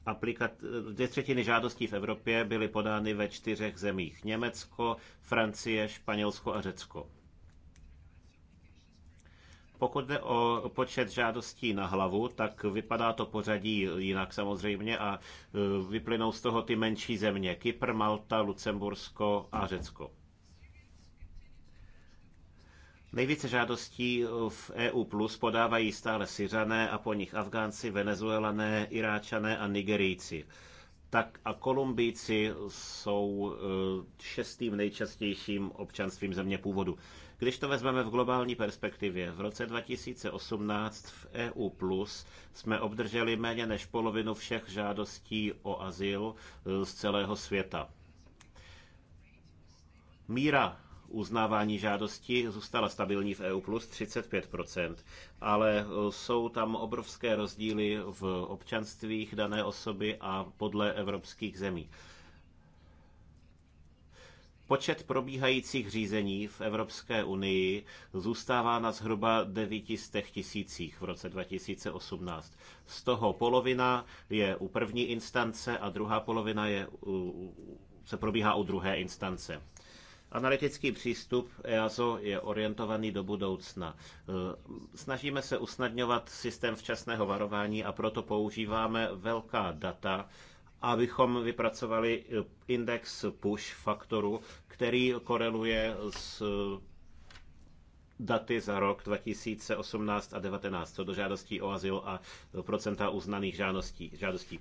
aplikat, dvě třetiny žádostí v Evropě byly podány ve čtyřech zemích. Německo, Francie, Španělsko a Řecko. Pokud jde o počet žádostí na hlavu, tak vypadá to pořadí jinak samozřejmě a e, vyplynou z toho ty menší země. Kypr, Malta, Lucembursko a Řecko. Nejvíce žádostí v EU Plus podávají stále Syřané a po nich Afgánci, Venezuelané, Iráčané a Nigerijci. Tak a Kolumbijci jsou eh, šestým nejčastějším občanstvím země původu. Když to vezmeme v globální perspektivě, v roce 2018 v EU Plus jsme obdrželi méně než polovinu všech žádostí o azyl eh, z celého světa. Míra uznávání žádostí zůstala stabilní v EU plus 35%, ale jsou tam obrovské rozdíly v občanstvích dané osoby a podle evropských zemí. Počet probíhajících řízení v Evropské unii zůstává na zhruba 900 tisících v roce 2018. Z toho polovina je u první instance a druhá polovina je u, se probíhá u druhé instance. Analytický přístup EASO je orientovaný do budoucna. E, snažíme se usnadňovat systém včasného varování a proto používáme velká data, abychom vypracovali index push faktoru, který koreluje s daty za rok 2018 a 2019, co do žádostí o azyl a procenta uznaných žádostí. žádostí.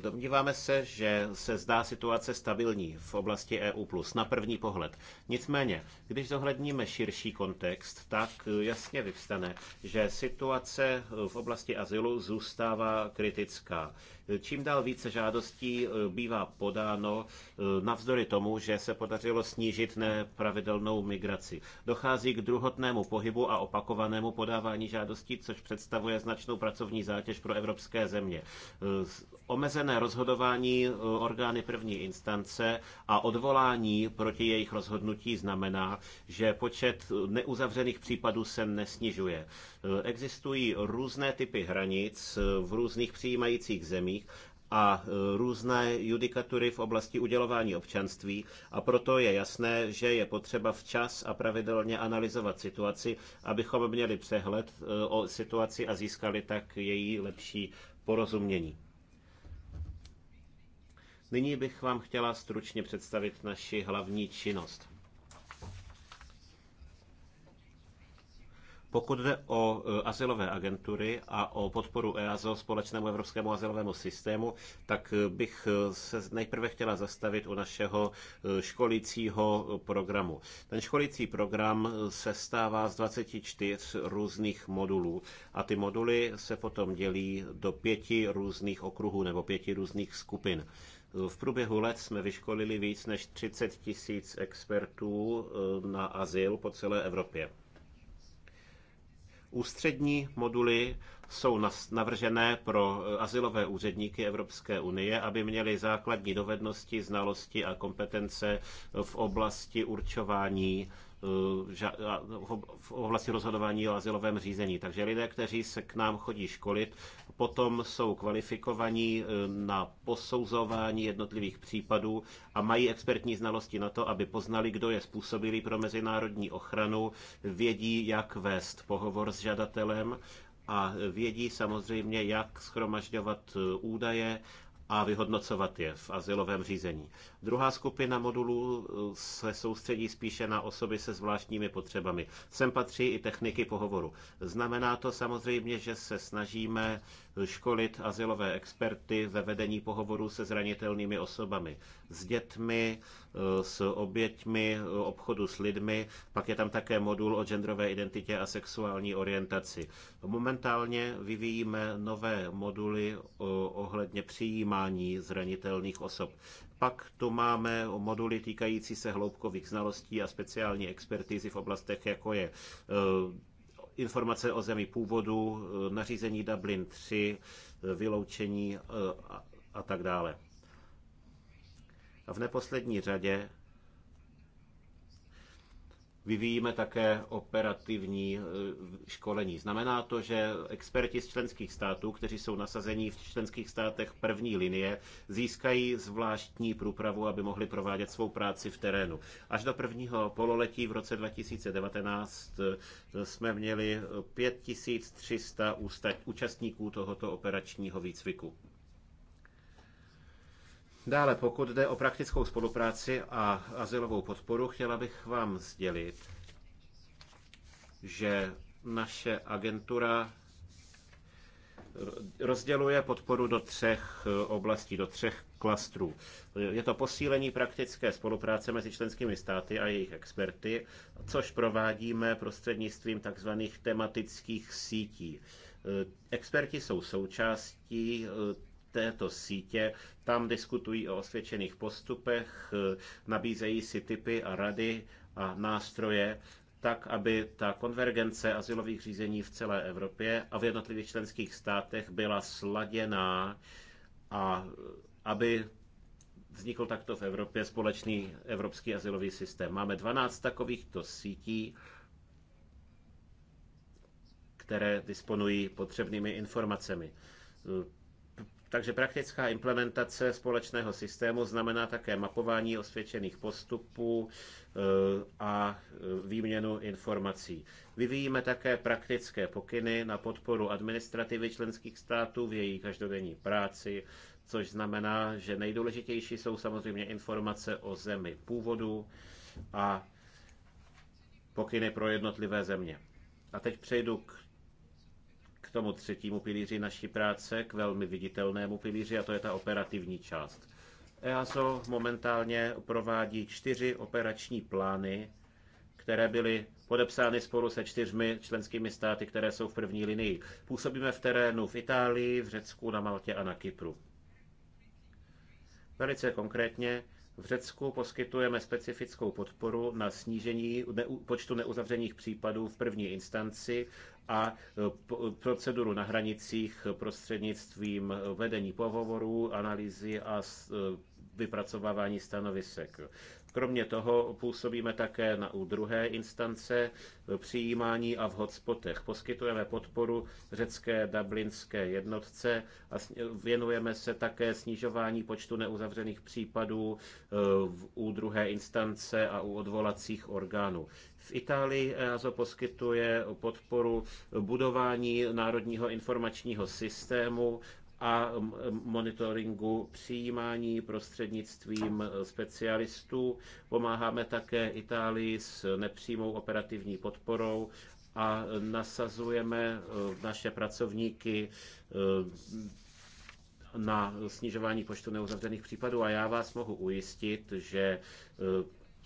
Domníváme se, že se zdá situace stabilní v oblasti EU+, na první pohled. Nicméně, když zohledníme širší kontext, tak jasně vyvstane, že situace v oblasti azylu zůstává kritická. Čím dál více žádostí eh, bývá podáno eh, navzdory tomu, že se podařilo snížit nepravidelnou migraci. Dochází k druhotnému pohybu a opakovanému podávání žádostí, což představuje značnou pracovní zátěž pro evropské země. Omez eh, omezené rozhodování e, orgány první instance a odvolání proti jejich rozhodnutí znamená, že počet neuzavřených případů se nesnižuje. E, existují různé typy hranic e, v různých přijímajících zemích a různé judikatury v oblasti udělování občanství a proto je jasné, že je potřeba včas a pravidelně analyzovat situaci, abychom měli přehled o situaci a získali tak její lepší porozumění. Nyní bych vám chtěla stručně představit naši hlavní činnost. Pokud jde o e, asilové agentury a o podporu EASO společnému evropskému asilovému systému, tak e, bych e, se nejprve chtěla zastavit u našeho školícího programu. Ten školící program se stává z 24 různých modulů a ty moduly se potom dělí do pěti různých okruhů nebo pěti různých skupin. V průběhu let jsme vyškolili víc než 30 tisíc expertů eh, na azyl po celé Evropě. Ústřední moduly jsou navržené pro eh, asilové úředníky Evropské unie, aby měli základní dovednosti, znalosti a kompetence v oblasti určování eh, v oblasti rozhodování o asilovém řízení. Takže lidé, kteří se k nám chodí školit, potom jsou kvalifikovaní eh, na posouzování jednotlivých případů a mají expertní znalosti na to, aby poznali, kdo je způsobilý pro mezinárodní ochranu, vědí, jak vést pohovor s žadatelem a vědí samozřejmě, jak schromažďovat eh, údaje a vyhodnocovat je v asilovém řízení. Druhá skupina modulů eh, se soustředí spíše na osoby se zvláštními potřebami. Sem patří i techniky pohovoru. Znamená to samozřejmě, že se snažíme školit asilové experty ve vedení pohovorů se zranitelnými osobami, s dětmi, eh, s oběťmi eh, obchodu s lidmi, pak je tam také modul o genderové identitě a sexuální orientaci. Momentálně vyvíjíme nové moduly eh, ohledně přijímání zranitelných osob. Pak tu máme moduly týkající se hloubkových znalostí a speciální expertízy v oblastech, jako je informace o zemi původu, eh, nařízení Dublin 3, eh, vyloučení eh, a tak dále. A v neposlední řadě vyvíjíme také operativní eh, školení. Znamená to, že experti z členských států, kteří jsou nasazení v členských státech první linie, získají zvláštní průpravu, aby mohli provádět svou práci v terénu. Až do prvního pololetí v roce 2019 eh, jsme měli 5300 účastníků tohoto operačního výcviku. Dále, pokud jde o praktickou spolupráci a azylovou podporu, chtěla bych vám sdělit, že naše agentura rozděluje podporu do třech eh, oblastí, do třech klastrů. Je to posílení praktické spolupráce mezi členskými státy a jejich experty, což provádíme prostřednictvím tzv. tematických sítí. Eh, experti jsou součástí eh, této sítě. Tam diskutují o osvědčených postupech, nabízejí si typy a rady a nástroje, tak, aby ta konvergence asilových řízení v celé Evropě a v jednotlivých členských státech byla sladěná a aby vznikl takto v Evropě společný evropský asilový systém. Máme 12 takovýchto sítí, které disponují potřebnými informacemi. Takže praktická implementace společného systému znamená také mapování osvědčených postupů eh, a eh, výměnu informací. Vyvíjíme také praktické pokyny na podporu administrativy členských států v její každodenní práci, což znamená, že nejdůležitější jsou samozřejmě informace o zemi původu a pokyny pro jednotlivé země. A teď přejdu k tomu třetímu pilíři naší práce, k velmi viditelnému pilíři, a to je ta operativní část. EASO momentálně provádí čtyři operační plány, které byly podepsány spolu se čtyřmi členskými státy, které jsou v první linii. Působíme v terénu v Itálii, v Řecku, na Maltě a na Kypru. Velice konkrétně v Řecku poskytujeme specifickou podporu na snížení počtu neuzavřených případů v první instanci a e, proceduru na hranicích prostřednictvím vedení pohovorů, analýzy a e, vypracovávání stanovisek. Kromě toho působíme také na u druhé instance eh, přijímání a v hotspotech. Poskytujeme podporu řecké dublinské jednotce a eh, věnujeme se také snižování počtu neuzavřených případů eh, u druhé instance a u odvolacích orgánů. V Itálii EASO poskytuje podporu budování národního informačního systému a monitoringu přijímání prostřednictvím specialistů. Pomáháme také Itálii s nepřímou operativní podporou a nasazujeme e, naše pracovníky e, na snižování počtu neuzavřených případů a já vás mohu ujistit, že e,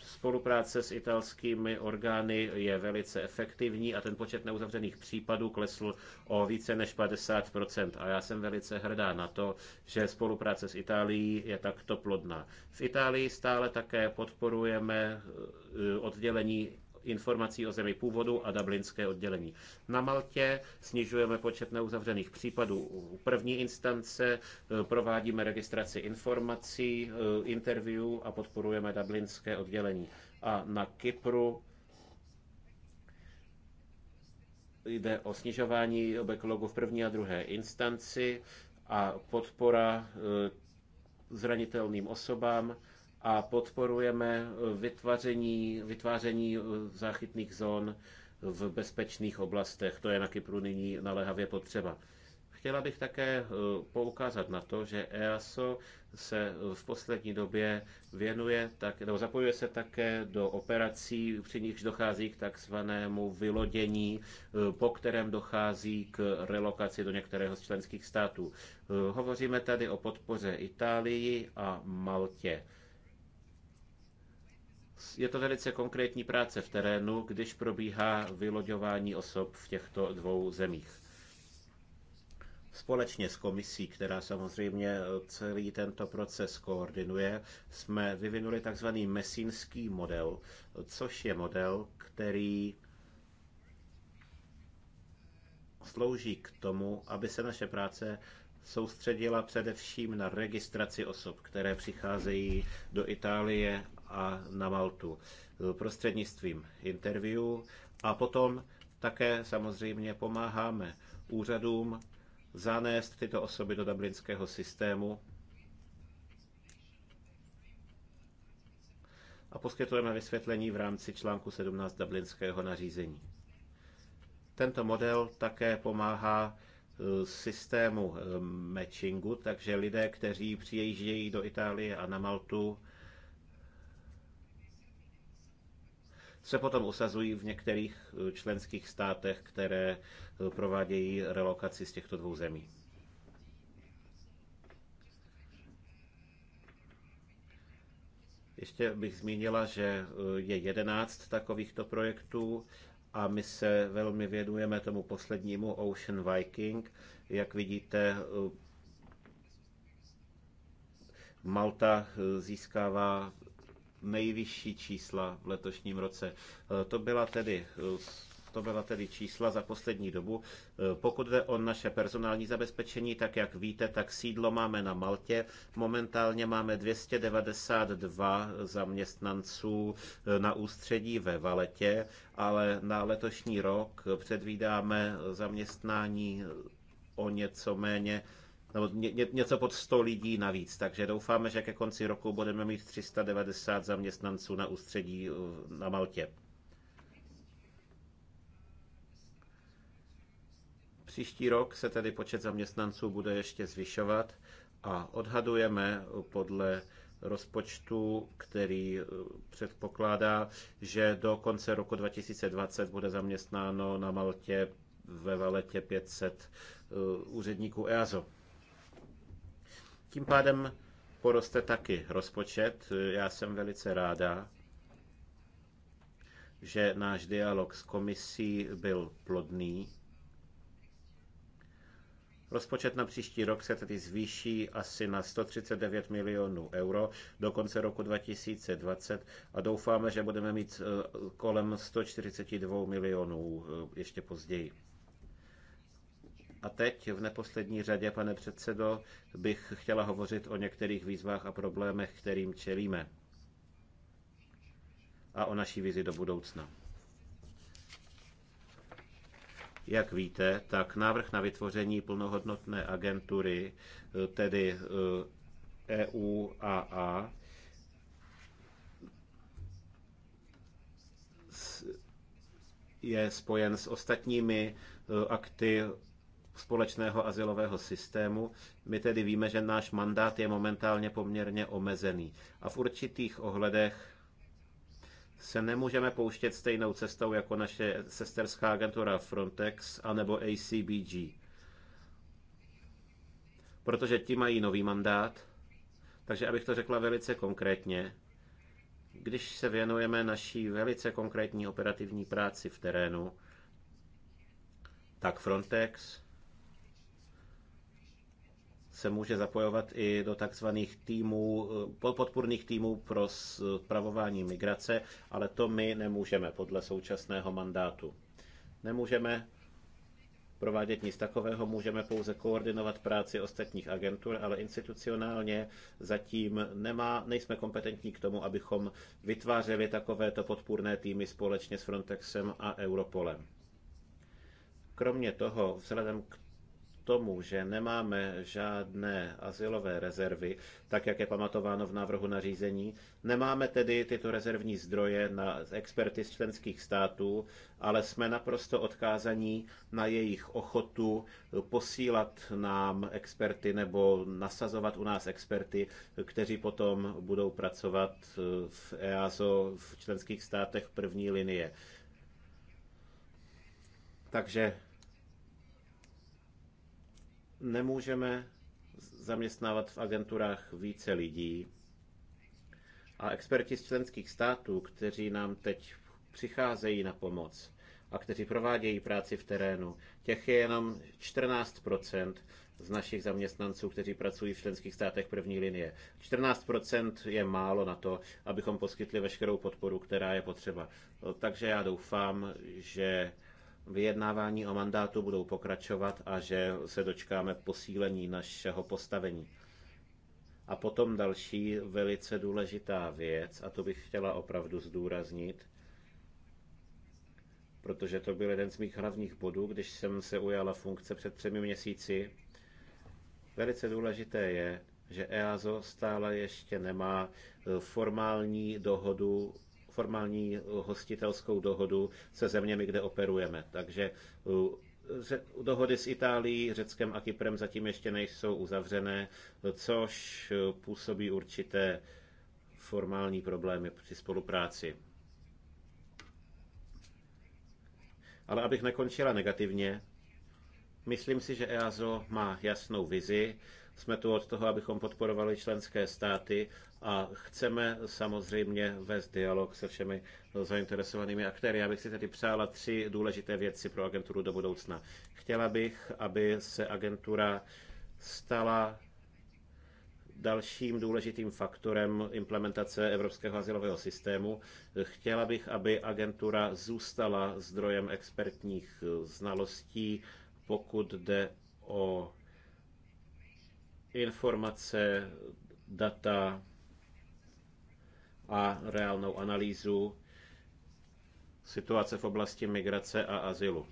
Spolupráce s italskými orgány je velice efektivní a ten počet neuzavřených případů klesl o více než 50 A já jsem velice hrdá na to, že spolupráce s Itálií je takto plodná. V Itálii stále také podporujeme eh, oddělení informací o zemi původu a dublinské oddělení. Na Maltě snižujeme počet neuzavřených případů u první instance, e, provádíme registraci informací, e, interview a podporujeme dublinské oddělení. A na Kypru jde o snižování backlogu v první a druhé instanci a podpora e, zranitelným osobám a podporujeme eh, vytváření, vytváření eh, záchytných zón v bezpečných oblastech. To je na Kypru nyní naléhavě potřeba. Chtěla bych také eh, poukázat na to, že EASO se v poslední době věnuje, tak, nebo zapojuje se také do operací, při nichž dochází k takzvanému vylodění, po kterém dochází k relokaci do některého z členských států. Hovoříme tady o podpoře Itálii a Maltě je to velice konkrétní práce v terénu, když probíhá vyloďování osob v těchto dvou zemích. Společně s komisí, která samozřejmě celý tento proces koordinuje, jsme vyvinuli tzv. mesínský model, což je model, který slouží k tomu, aby se naše práce soustředila především na registraci osob, které přicházejí do Itálie a na Maltu e, prostřednictvím interview a potom také samozřejmě pomáháme úřadům zanést tyto osoby do dublinského systému a poskytujeme vysvětlení v rámci článku 17 dublinského nařízení. Tento model také pomáhá e, systému e, matchingu, takže lidé, kteří přijíždějí do Itálie a na Maltu, se potom usazují v některých eh, členských státech, které eh, provádějí relokaci z těchto dvou zemí. Ještě bych zmínila, že eh, je 11 takovýchto projektů a my se velmi věnujeme tomu poslednímu Ocean Viking. Jak vidíte, Malta získává nejvyšší čísla v letošním roce. Eh, to byla tedy eh, to byla tedy čísla za poslední dobu. Eh, pokud jde o naše personální zabezpečení, tak jak víte, tak sídlo máme na Maltě. Momentálně máme 292 zaměstnanců na ústředí ve Valetě, ale na letošní rok předvídáme zaměstnání o něco méně nebo ně, něco pod 100 lidí navíc. Takže doufáme, že ke konci roku budeme mít 390 zaměstnanců na ústředí uh, na Maltě. Příští rok se tedy počet zaměstnanců bude ještě zvyšovat a odhadujeme podle rozpočtu, který uh, předpokládá, že do konce roku 2020 bude zaměstnáno na Maltě ve Valetě 500 uh, úředníků EASO. Tím pádem poroste taky rozpočet. Já jsem velice ráda, že náš dialog s komisí byl plodný. Rozpočet na příští rok se tedy zvýší asi na 139 milionů euro do konce roku 2020 a doufáme, že budeme mít eh, kolem 142 milionů eh, ještě později. A teď v neposlední řadě, pane předsedo, bych chtěla hovořit o některých výzvách a problémech, kterým čelíme a o naší vizi do budoucna. Jak víte, tak návrh na vytvoření plnohodnotné agentury, tedy EUAA, eh, e je spojen s ostatními eh, akty společného asilového systému. My tedy víme, že náš mandát je momentálně poměrně omezený a v určitých ohledech se nemůžeme pouštět stejnou cestou jako naše sesterská agentura Frontex anebo ACBG. Protože ti mají nový mandát, takže abych to řekla velice konkrétně, když se věnujeme naší velice konkrétní operativní práci v terénu, tak Frontex se může zapojovat i do takzvaných týmů, eh, podpůrných týmů pro spravování migrace, ale to my nemůžeme podle současného mandátu. Nemůžeme provádět nic takového, můžeme pouze koordinovat práci ostatních agentur, ale institucionálně zatím nemá, nejsme kompetentní k tomu, abychom vytvářeli takovéto podpůrné týmy společně s Frontexem a Europolem. Kromě toho, vzhledem k tomu, že nemáme žádné asilové rezervy, tak jak je pamatováno v návrhu nařízení, nemáme tedy tyto rezervní zdroje na experty z členských států, ale jsme naprosto odkázaní na jejich ochotu posílat nám experty nebo nasazovat u nás experty, kteří potom budou pracovat v EASO v členských státech první linie. Takže nemůžeme zaměstnávat v agenturách více lidí. A experti z členských států, kteří nám teď přicházejí na pomoc a kteří provádějí práci v terénu, těch je jenom 14 z našich zaměstnanců, kteří pracují v členských státech první linie. 14% je málo na to, abychom poskytli veškerou podporu, která je potřeba. Takže já doufám, že vyjednávání o mandátu budou pokračovat a že se dočkáme posílení našeho postavení. A potom další velice důležitá věc, a to bych chtěla opravdu zdůraznit, protože to byl jeden z mých hlavních bodů, když jsem se ujala funkce před třemi měsíci. Velice důležité je, že EASO stále ještě nemá formální dohodu formální eh, hostitelskou dohodu se zeměmi, kde operujeme. Takže eh, dohody s Itálií, Řeckem a Kyprem zatím ještě nejsou uzavřené, což eh, působí určité formální problémy při spolupráci. Ale abych nekončila negativně, myslím si, že EASO má jasnou vizi, jsme tu od toho, abychom podporovali členské státy a chceme samozřejmě vést dialog se všemi zainteresovanými aktéry. Já bych si tedy přála tři důležité věci pro agenturu do budoucna. Chtěla bych, aby se agentura stala dalším důležitým faktorem implementace evropského asilového systému. Chtěla bych, aby agentura zůstala zdrojem expertních znalostí, pokud jde o informace, data a reálnou analýzu situace v oblasti migrace a azylu.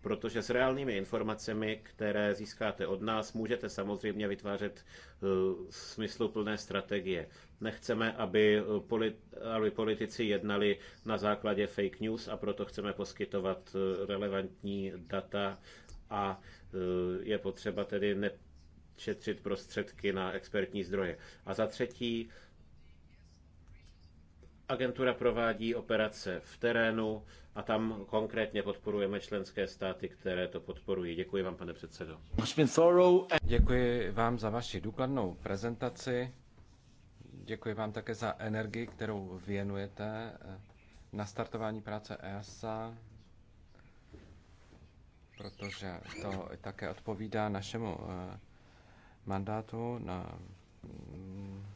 Protože s reálnými informacemi, které získáte od nás, můžete samozřejmě vytvářet eh, smysluplné strategie. Nechceme, eh, aby, politici jednali na základě fake news a proto chceme poskytovat eh, relevantní data a Eh, je potřeba tedy nečetřit prostředky na expertní zdroje. A za třetí, agentura provádí operace v terénu a tam konkrétně podporujeme členské státy, které to podporují. Děkuji vám, pane předsedo. Děkuji vám za vaši důkladnou prezentaci. Děkuji vám také za energii, kterou věnujete na startování práce EASA protože to také odpovídá našemu eh, mandátu na mm,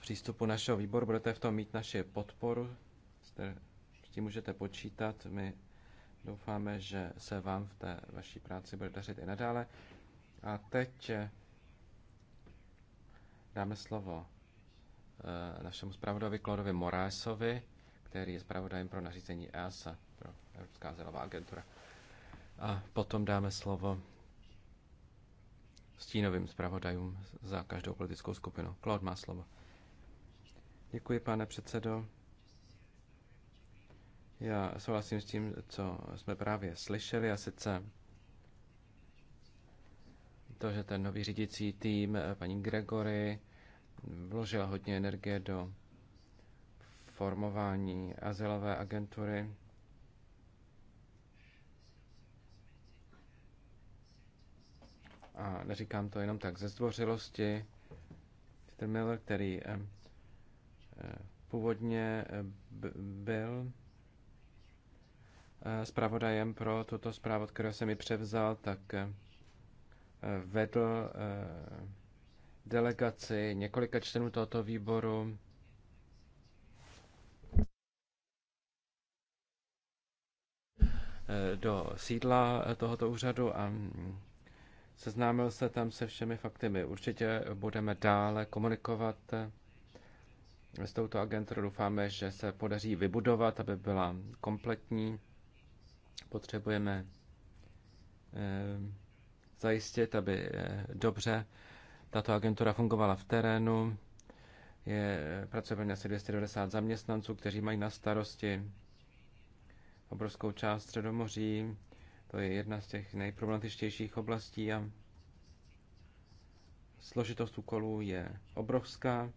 přístupu našeho výboru. Budete v tom mít naši podporu, s tím můžete počítat. My doufáme, že se vám v té vaší práci bude dařit i nadále. A teď eh, dáme slovo eh, našemu zpravodajovi Klodovi Morásovi, který je zpravodajem pro nařízení EASA, pro Evropská zelová agentura a potom dáme slovo stínovým zpravodajům za každou politickou skupinu. Claude má slovo. Děkuji, pane předsedo. Já souhlasím s tím, co jsme právě slyšeli, a sice to, že ten nový řídící tým paní Gregory vložila hodně energie do formování azylové agentury. a neříkám to jenom tak ze zdvořilosti, Peter Miller, který eh, eh, původně eh, byl zpravodajem pro tuto zprávu, od kterého jsem ji převzal, tak vedl delegaci několika členů tohoto výboru. do sídla tohoto úřadu a mm, seznámil se tam se všemi fakty. My určitě budeme dále komunikovat s touto agenturou. Doufáme, že se podaří vybudovat, aby byla kompletní. Potřebujeme eh, zajistit, aby eh, dobře tato agentura fungovala v terénu. Je, eh, pracuje asi 290 zaměstnanců, kteří mají na starosti obrovskou část Středomoří to je jedna z těch nejproblematičtějších oblastí a složitost úkolů je obrovská.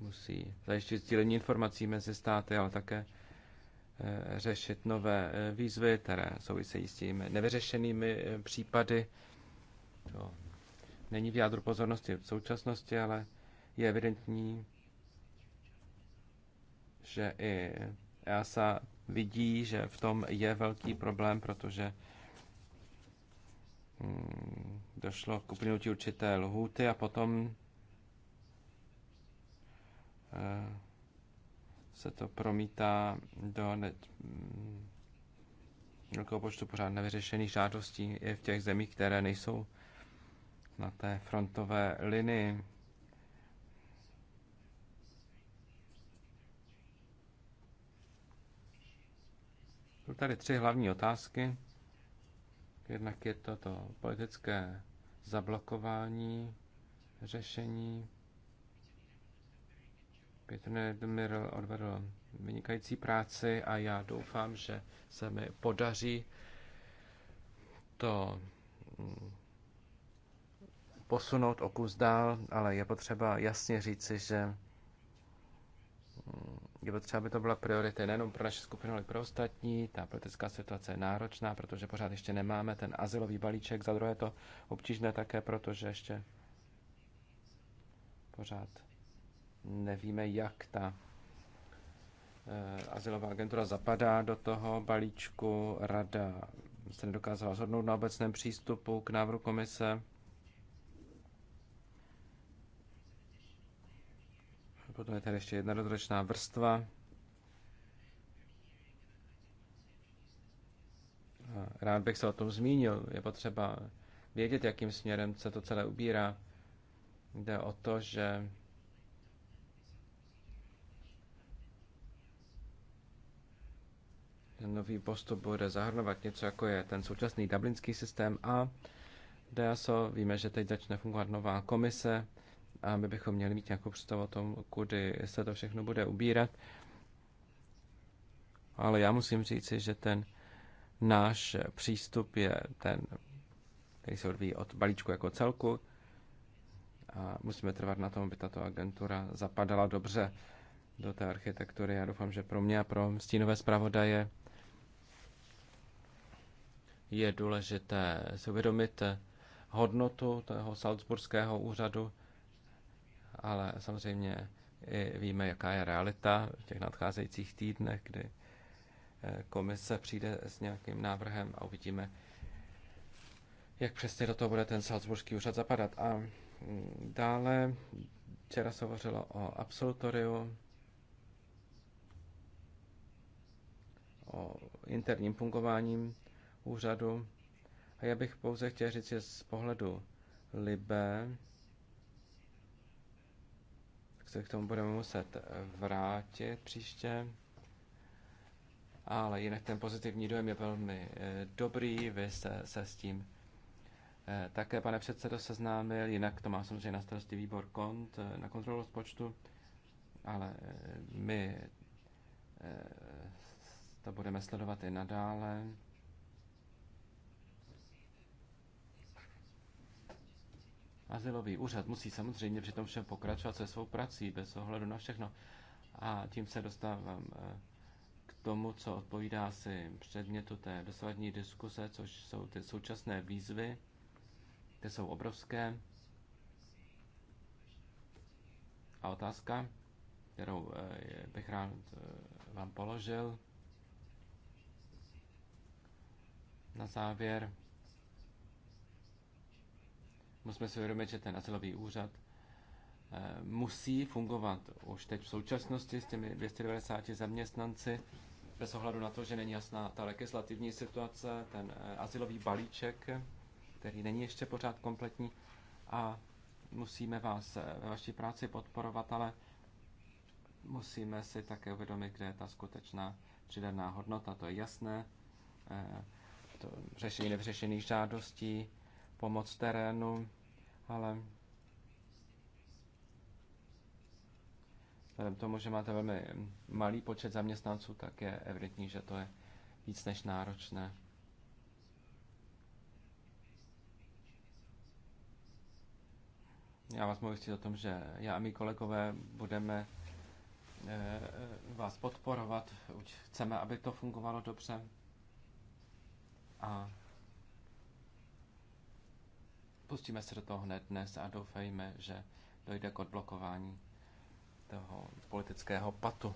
Musí zajištit sdílení informací mezi státy, ale také eh, řešit nové eh, výzvy, které souvisejí s tím nevyřešenými eh, případy. To není v jádru pozornosti v současnosti, ale je evidentní, že i EASA vidí, že v tom je velký problém, protože mm, došlo k uplynutí určité lhůty a potom e, se to promítá do mm, velkého počtu pořád nevyřešených žádostí i v těch zemích, které nejsou na té frontové linii. tady tři hlavní otázky. Jednak je to to politické zablokování řešení. Petr Nedmirl odvedl vynikající práci a já doufám, že se mi podaří to mm, posunout o kus dál, ale je potřeba jasně říci, že mm, je potřeba, aby to byla priority nejenom pro naše skupinu, ale i pro ostatní. Ta politická situace je náročná, protože pořád ještě nemáme ten asilový balíček. Za druhé to obtížné také, protože ještě pořád nevíme, jak ta eh, Azylová agentura zapadá do toho balíčku. Rada se nedokázala zhodnout na obecném přístupu k návrhu komise. Potom je tady ještě jedna rozročná vrstva. Rád bych se o tom zmínil. Je potřeba vědět, jakým směrem se to celé ubírá. Jde o to, že ten nový postup bude zahrnovat něco, jako je ten současný dublinský systém a DSO. Víme, že teď začne fungovat nová komise, a my bychom měli mít nějakou představu o tom, kudy se to všechno bude ubírat. Ale já musím říci, že ten náš přístup je ten, který se odvíjí od balíčku jako celku a musíme trvat na tom, aby tato agentura zapadala dobře do té architektury. Já doufám, že pro mě a pro stínové zpravodaje je důležité si uvědomit hodnotu toho Salzburského úřadu, ale samozřejmě i víme, jaká je realita v těch nadcházejících týdnech, kdy eh, komise přijde s nějakým návrhem a uvidíme, jak přesně do toho bude ten Salzburský úřad zapadat. A mm, dále včera se hovořilo o absolutoriu, o interním fungováním úřadu. A já bych pouze chtěl říct, že z pohledu Libe se k tomu budeme muset eh, vrátit příště. Ale jinak ten pozitivní dojem je velmi eh, dobrý, vy se, se s tím eh, také, pane předsedo, seznámil, jinak to má samozřejmě na starosti výbor kont na kontrolu rozpočtu, ale my to budeme sledovat i nadále. Azylový úřad musí samozřejmě při tom všem pokračovat se svou prací bez ohledu na všechno. A tím se dostávám eh, k tomu, co odpovídá si předmětu té dosavadní diskuse, což jsou ty současné výzvy. Ty jsou obrovské. A otázka, kterou eh, bych rád eh, vám položil na závěr, Musíme si uvědomit, že ten asilový úřad eh, musí fungovat už teď v současnosti s těmi 290 zaměstnanci, bez ohledu na to, že není jasná ta legislativní situace, ten eh, asilový balíček, který není ještě pořád kompletní a musíme vás eh, ve vaší práci podporovat, ale musíme si také uvědomit, kde je ta skutečná přidaná hodnota, to je jasné, to řešení nevřešených žádostí, pomoc terénu, ale vzhledem tomu, že máte velmi malý počet zaměstnanců, tak je evidentní, že to je víc než náročné. Já vás mohu říct, o tom, že já a mý kolegové budeme eh, vás podporovat. Chceme, aby to fungovalo dobře. A Pustíme se do toho hned dnes a doufejme, že dojde k odblokování toho politického patu.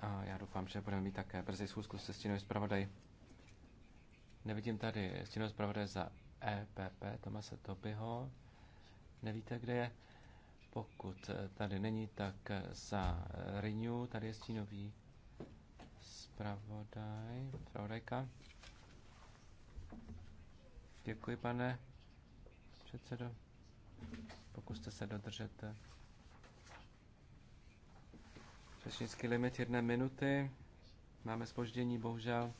A já doufám, že budeme mít také brzy schůzku se stínovým zpravodaj. Nevidím tady stínový zpravodaj za EPP Tomase Tobyho. Nevíte, kde je? Pokud tady není, tak za Renew, tady je stínový zpravodaj, zpravodajka. Děkuji, pane předsedo. Pokuste se dodržet eh, řečnický limit jedné minuty. Máme spoždění, bohužel.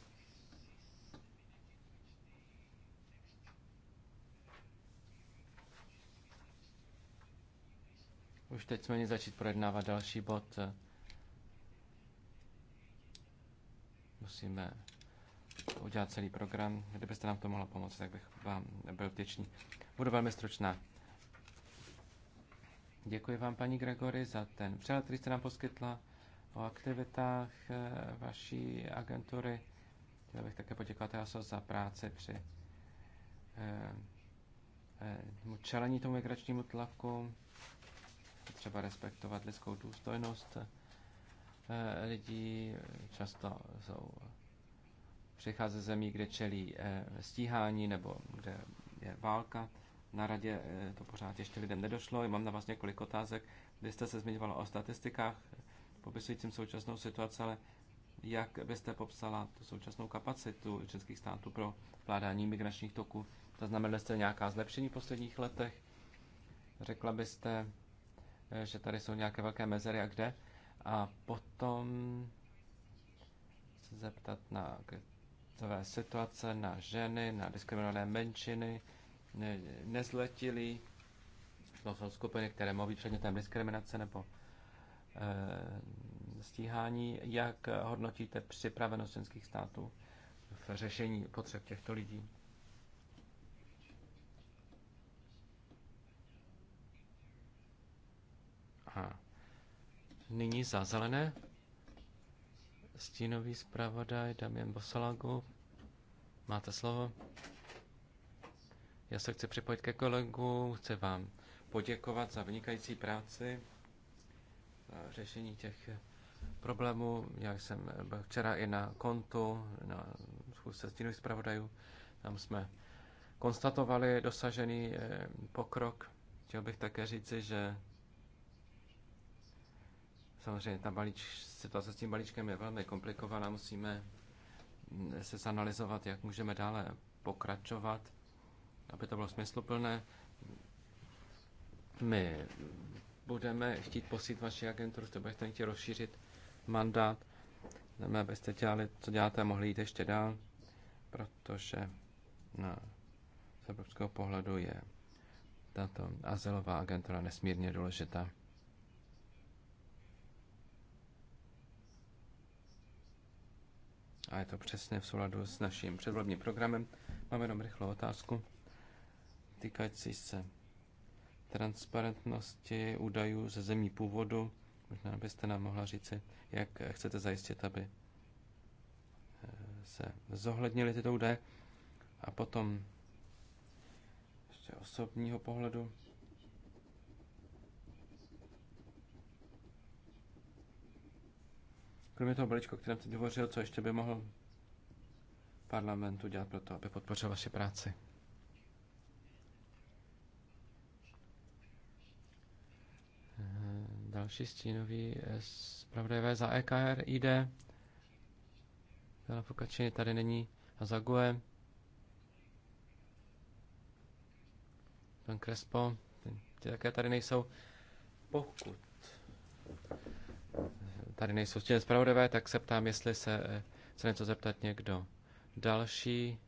Už teď jsme měli začít projednávat další bod. Musíme udělat celý program. Kdybyste nám to mohla pomoct, tak bych vám byl vděčný. Budu velmi stručná. Děkuji vám, paní Gregory, za ten přehled, který jste nám poskytla o aktivitách eh, vaší agentury. Chtěl bych také poděkovat aso za práci při eh, eh čelení tomu migračnímu tlaku. Třeba respektovat lidskou důstojnost eh, lidí. Často jsou přichází zemí, kde čelí stíhání nebo kde je válka. Na radě eh, to pořád ještě lidem nedošlo. Mám na vás několik otázek. Vy jste se zmiňovala o statistikách eh, popisujícím současnou situaci, ale jak byste popsala tu současnou kapacitu českých států pro vládání migračních toků? Zaznamenali jste nějaká zlepšení v posledních letech? Řekla byste, eh, že tady jsou nějaké velké mezery a kde? A potom se zeptat na situace, na ženy, na diskriminované menšiny, nezletili, To jsou skupiny, které mohou být předmětem diskriminace nebo eh, stíhání. Jak hodnotíte připravenost členských států v řešení potřeb těchto lidí? A nyní za zelené stínový zpravodaj Damien Bosalagu. Máte slovo. Já se chci připojit ke kolegům, chci vám poděkovat za vynikající práci, za řešení těch problémů. Já jsem byl včera i na kontu, na schůzce stínových zpravodajů. Tam jsme konstatovali dosažený eh, pokrok. Chtěl bych také říci, že samozřejmě ta balíč, situace s tím balíčkem je velmi komplikovaná. Musíme mm, se zanalizovat, jak můžeme dále pokračovat aby to bylo smysluplné. My budeme chtít posít vaši agenturu, to budete chtít rozšířit mandát. Chceme, abyste dělali, co děláte, mohli jít ještě dál, protože na, z evropského pohledu je tato azylová agentura nesmírně důležitá. A je to přesně v souladu s naším předvolebním programem. Máme jenom rychlou otázku týkající se transparentnosti údajů ze zemí původu. Možná byste nám mohla říci, jak chcete zajistit, aby eh, se zohlednili tyto údaje. A potom ještě osobního pohledu. Kromě toho balíčku, o kterém teď hovořil, co ještě by mohl parlamentu dělat pro to, aby podpořil vaši práci? další stínový eh, zpravodajové za EKR ID. Na Pukačiny tady není a Zague. Pan Krespo, ty také tady nejsou. Pokud tady nejsou stíny zpravodajové, tak se ptám, jestli se eh, chce něco zeptat někdo další.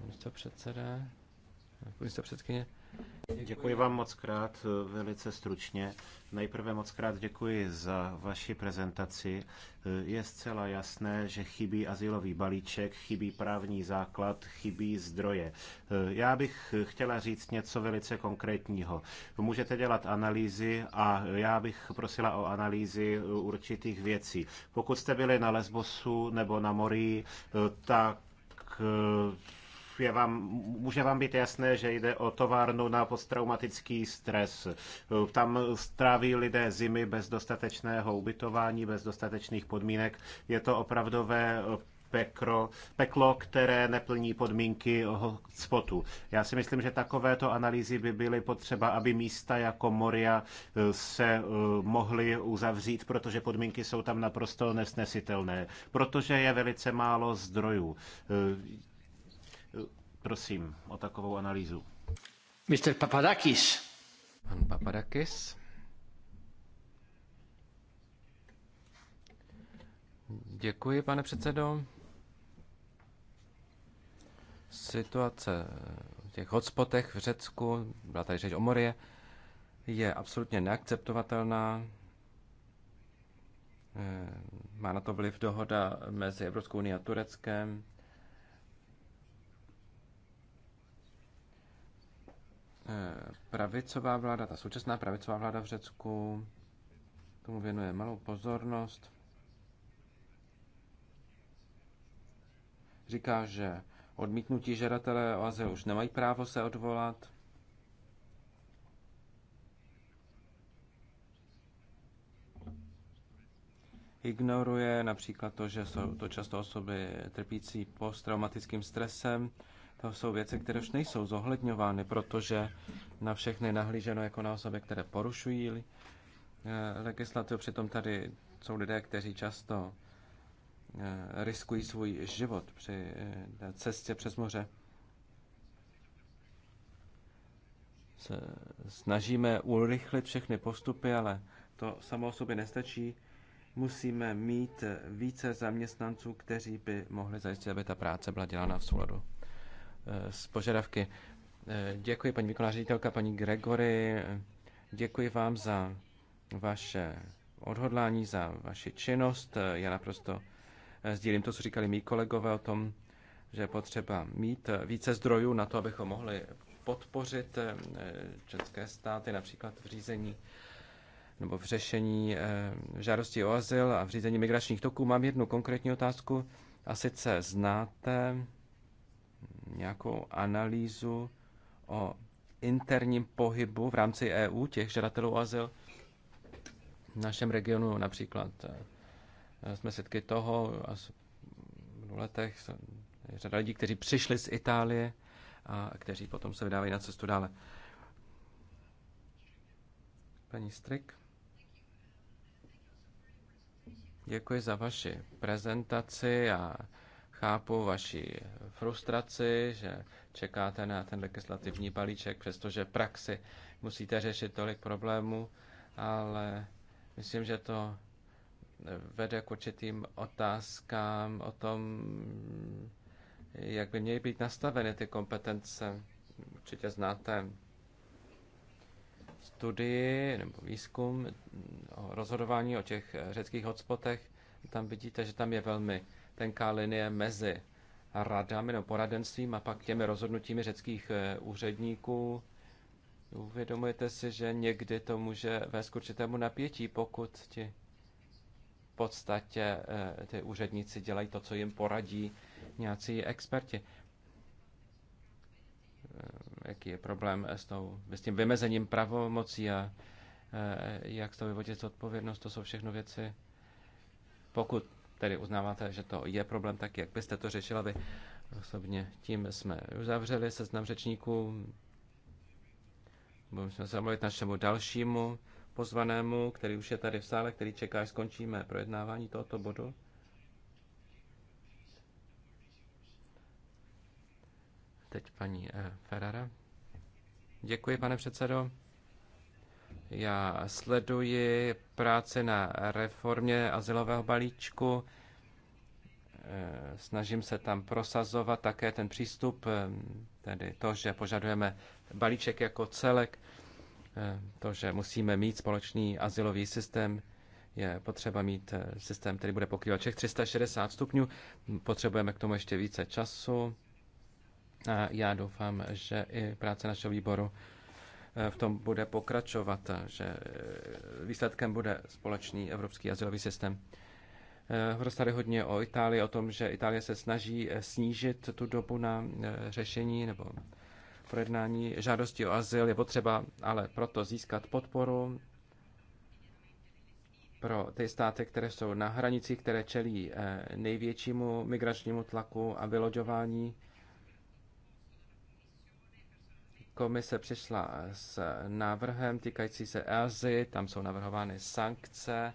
Místo předseda, místo předsedkyně. Děkuji vám moc krát, velice stručně. Nejprve moc krát děkuji za vaši prezentaci. Je zcela jasné, že chybí asilový balíček, chybí právní základ, chybí zdroje. Já bych chtěla říct něco velice konkrétního. Můžete dělat analýzy a já bych prosila o analýzy určitých věcí. Pokud jste byli na Lesbosu nebo na Morii, tak je vám, může vám být jasné, že jde o továrnu na posttraumatický stres. Tam stráví lidé zimy bez dostatečného ubytování, bez dostatečných podmínek. Je to opravdové pekro, peklo, které neplní podmínky spotu. Já si myslím, že takovéto analýzy by byly potřeba, aby místa jako Moria eh, se eh, mohly uzavřít, protože podmínky jsou tam naprosto nesnesitelné, protože je velice málo zdrojů eh, Prosím o takovou analýzu. Mr. Papadakis. Pan Papadakis. Děkuji, pane předsedo. Situace v těch hotspotech v Řecku, byla tady řeč o Morie, je absolutně neakceptovatelná. Eh, má na to vliv dohoda mezi Evropskou unii a Tureckem. Eh, pravicová vláda, ta současná pravicová vláda v Řecku tomu věnuje malou pozornost. Říká, že odmítnutí žadatelé o azyl už nemají právo se odvolat. Ignoruje například to, že jsou to často osoby trpící posttraumatickým stresem, to jsou věci, které už nejsou zohledňovány, protože na všechny nahlíženo jako na osoby, které porušují eh, legislativu. Přitom tady jsou lidé, kteří často eh, riskují svůj život při eh, cestě přes moře. Se snažíme urychlit všechny postupy, ale to samo o sobě nestačí. Musíme mít více zaměstnanců, kteří by mohli zajistit, aby ta práce byla dělána v souladu z eh, požadavky. Eh, děkuji, paní výkonná ředitelka, paní Gregory. Děkuji vám za vaše odhodlání, za vaši činnost. Eh, já naprosto sdílím to, co říkali mý kolegové o tom, že je potřeba mít více zdrojů na to, abychom mohli podpořit české státy například v řízení nebo v řešení žádostí o azyl a v řízení migračních toků. Mám jednu konkrétní otázku a sice znáte nějakou analýzu o interním pohybu v rámci EU těch žadatelů o azyl. V našem regionu například eh, jsme svědky toho, a v letech řada lidí, kteří přišli z Itálie a kteří potom se vydávají na cestu dále. Paní Strik. Děkuji za vaši prezentaci a Chápu vaši frustraci, že čekáte na ten legislativní balíček, přestože praxi musíte řešit tolik problémů, ale myslím, že to vede k určitým otázkám o tom, jak by měly být nastaveny ty kompetence. Určitě znáte studii nebo výzkum o rozhodování o těch řeckých hotspotech. Tam vidíte, že tam je velmi tenká linie mezi radami nebo poradenstvím a pak těmi rozhodnutími řeckých eh, úředníků. Uvědomujete si, že někdy to může vést k určitému napětí, pokud ti v podstatě eh, ty úředníci dělají to, co jim poradí nějací experti. Eh, jaký je problém s, tou, s tím vymezením pravomocí a jak z toho vyvodit odpovědnost, to jsou všechno věci. Pokud tedy uznáváte, že to je problém, tak jak byste to řešila vy osobně. Tím jsme uzavřeli seznam řečníků. Budeme se mluvit našemu dalšímu pozvanému, který už je tady v sále, který čeká, až skončíme projednávání tohoto bodu. Teď paní eh, Ferrara. Děkuji, pane předsedo. Já sleduji práci na reformě asilového balíčku. Eh, snažím se tam prosazovat také ten přístup, eh, tedy to, že požadujeme balíček jako celek, eh, to, že musíme mít společný asilový systém, je potřeba mít systém, který bude pokrývat všech 360 stupňů. Potřebujeme k tomu ještě více času. A já doufám, že i práce našeho výboru Eh, v tom bude pokračovat, že eh, výsledkem bude společný evropský asilový systém. Hovořil eh, tady hodně o Itálii, o tom, že Itálie se snaží snížit tu dobu na řešení nebo projednání žádosti o azyl. Je potřeba ale proto získat podporu pro ty státy, které jsou na hranicích, které čelí největšímu migračnímu tlaku a vyloďování komise přišla s návrhem týkající se EASY, tam jsou navrhovány sankce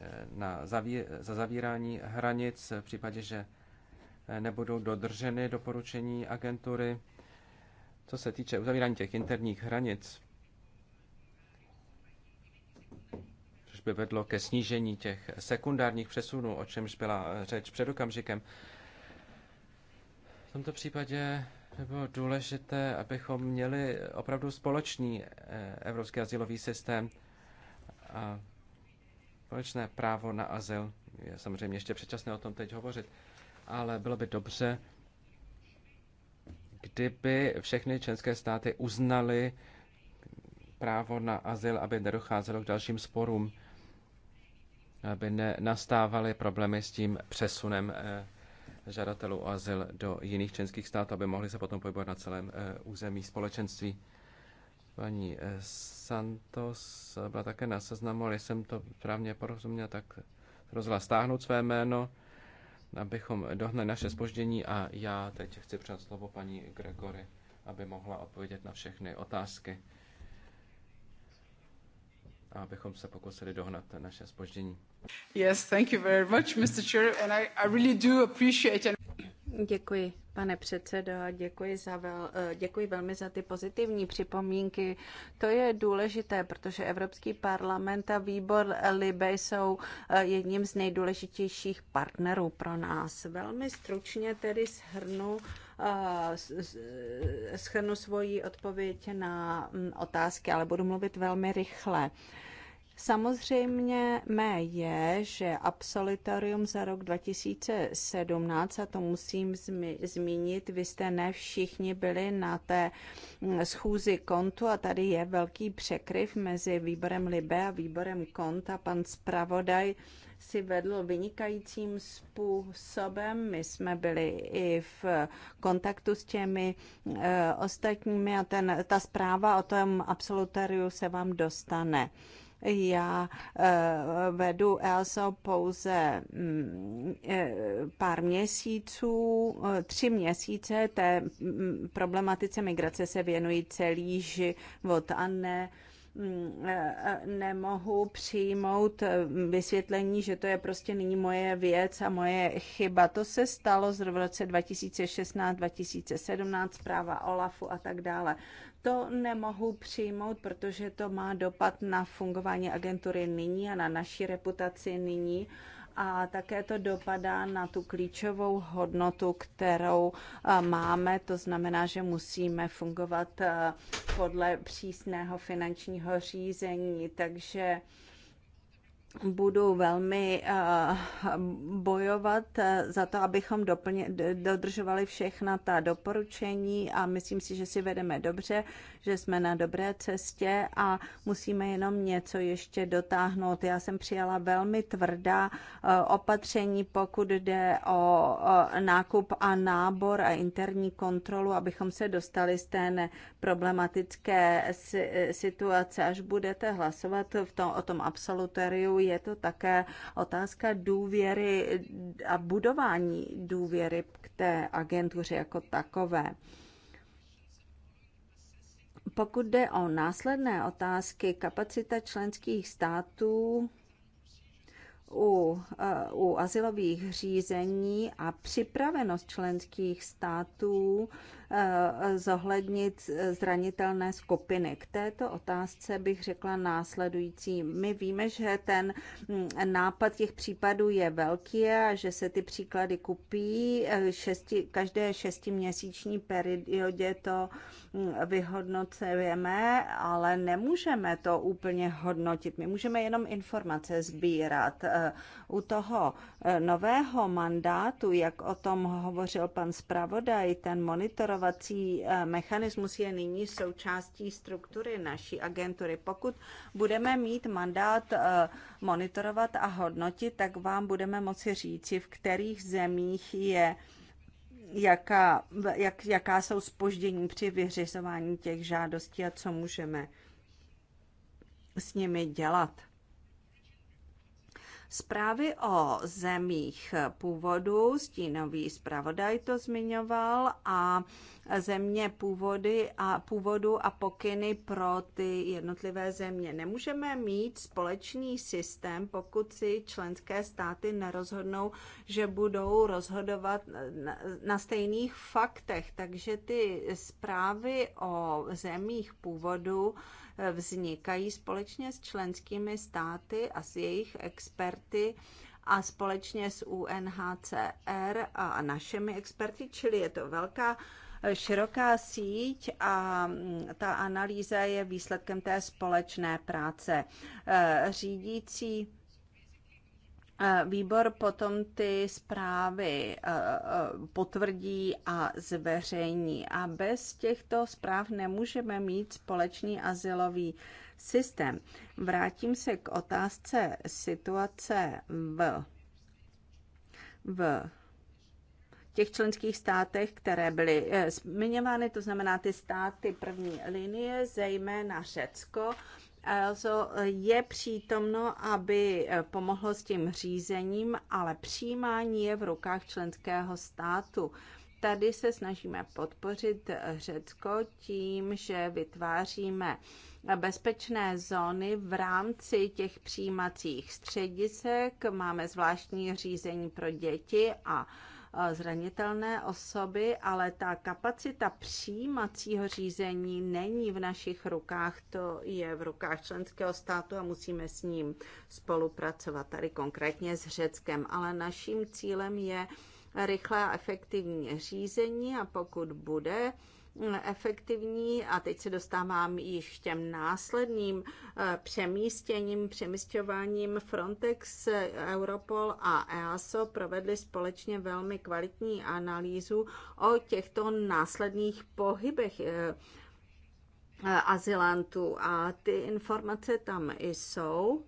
eh, na zaví, za zavírání hranic v případě, že eh, nebudou dodrženy doporučení agentury. Co se týče uzavírání těch interních hranic, což by vedlo ke snížení těch sekundárních přesunů, o čemž byla eh, řeč před okamžikem, v tomto případě bylo důležité, abychom měli opravdu společný eh, evropský asilový systém a společné právo na azyl. Je samozřejmě ještě předčasné o tom teď hovořit, ale bylo by dobře, kdyby všechny členské státy uznaly právo na azyl, aby nedocházelo k dalším sporům, aby nenastávaly problémy s tím přesunem eh, žadatelů o azyl do jiných členských států, aby mohli se potom pohybovat na celém eh, území společenství. Paní eh, Santos byla také na seznamu, ale jsem to právně porozuměl, tak rozhodla stáhnout své jméno, abychom dohnali naše spoždění a já teď chci přát slovo paní Gregory, aby mohla odpovědět na všechny otázky a abychom se pokusili dohnat naše spoždění. Yes, thank you very much, Mr. Chair, and I, I really do appreciate and... Děkuji, pane předsedo, děkuji, za vel, eh, děkuji velmi za ty pozitivní připomínky. To je důležité, protože Evropský parlament a výbor Libe jsou eh, jedním z nejdůležitějších partnerů pro nás. Velmi stručně tedy shrnu schrnu svoji odpověď na mm, otázky, ale budu mluvit velmi rychle. Samozřejmě mé je, že absolutorium za rok 2017, a to musím zmi- zmínit, vy jste ne všichni byli na té mm, schůzi kontu a tady je velký překryv mezi výborem Libe a výborem konta. Pan zpravodaj si vedl vynikajícím způsobem. My jsme byli i v kontaktu s těmi eh, ostatními a ten, ta zpráva o tom absolutoriu se vám dostane. Já eh, vedu ELSO pouze mm, eh, pár měsíců, tři měsíce té mm, problematice migrace se věnují celý život a ne Mm, e, e, nemohu přijmout e, vysvětlení, že to je prostě nyní moje věc a moje chyba. To se stalo z roce 2016, 2017, zpráva OLAFu a tak dále. To nemohu přijmout, protože to má dopad na fungování agentury nyní a na naší reputaci nyní a také to dopadá na tu klíčovou hodnotu, kterou eh, máme. To znamená, že musíme fungovat eh, podle přísného finančního řízení. Takže budu velmi eh, bojovat eh, za to, abychom doplně, dodržovali všechna ta doporučení a myslím si, že si vedeme dobře, že jsme na dobré cestě a musíme jenom něco ještě dotáhnout. Já jsem přijala velmi tvrdá eh, opatření, pokud jde o nákup a nábor a interní kontrolu, abychom se dostali z té problematické situace. Až budete hlasovat v tom, o tom absolutoriu, je to také otázka důvěry a budování důvěry k té agentuře jako takové. Pokud jde o následné otázky, kapacita členských států u, eh, u asilových řízení a připravenost členských států Eh, zohlednit zranitelné skupiny. K této otázce bych řekla následující. My víme, že ten mm, nápad těch případů je velký a že se ty příklady kupí. Eh, šesti, každé šestiměsíční periodě to mm, vyhodnocujeme, ale nemůžeme to úplně hodnotit. My můžeme jenom informace sbírat. Eh, u toho nového mandátu, jak o tom hovořil pan zpravodaj, ten monitorování vzdělávací eh, mechanismus je nyní součástí struktury naší agentury. Pokud budeme mít mandát eh, monitorovat a hodnotit, tak vám budeme moci říci, v kterých zemích je jaká, jak, jaká jsou spoždění při vyřizování těch žádostí a co můžeme s nimi dělat. Zprávy o zemích původu, stínový zpravodaj to zmiňoval, a země původy a původu a pokyny pro ty jednotlivé země. Nemůžeme mít společný systém, pokud si členské státy nerozhodnou, že budou rozhodovat na stejných faktech. Takže ty zprávy o zemích původu vznikají společně s členskými státy a s jejich experty a společně s UNHCR a našimi experty, čili je to velká eh, široká síť a mm, ta analýza je výsledkem té společné práce. Eh, řídící E, výbor potom ty zprávy e, e, potvrdí a zveřejní. A bez těchto zpráv nemůžeme mít společný asilový systém. Vrátím se k otázce situace v, v těch členských státech, které byly zmiňovány, to znamená ty státy první linie, zejména Řecko, Elzo, je přítomno, aby eh, pomohlo s tím řízením, ale přijímání je v rukách členského státu. Tady se snažíme podpořit eh, Řecko tím, že vytváříme eh, bezpečné zóny v rámci těch přijímacích středisek. Máme zvláštní řízení pro děti a Eh, zranitelné osoby, ale ta kapacita přijímacího řízení není v našich rukách, to je v rukách členského státu a musíme s ním spolupracovat, tady konkrétně s Řeckem. Ale naším cílem je rychlé a efektivní řízení a pokud bude efektivní a teď se dostávám již těm následným eh, přemístěním, přemístěváním Frontex, eh, Europol a EASO provedli společně velmi kvalitní analýzu o těchto následných pohybech eh, azylantů a ty informace tam jsou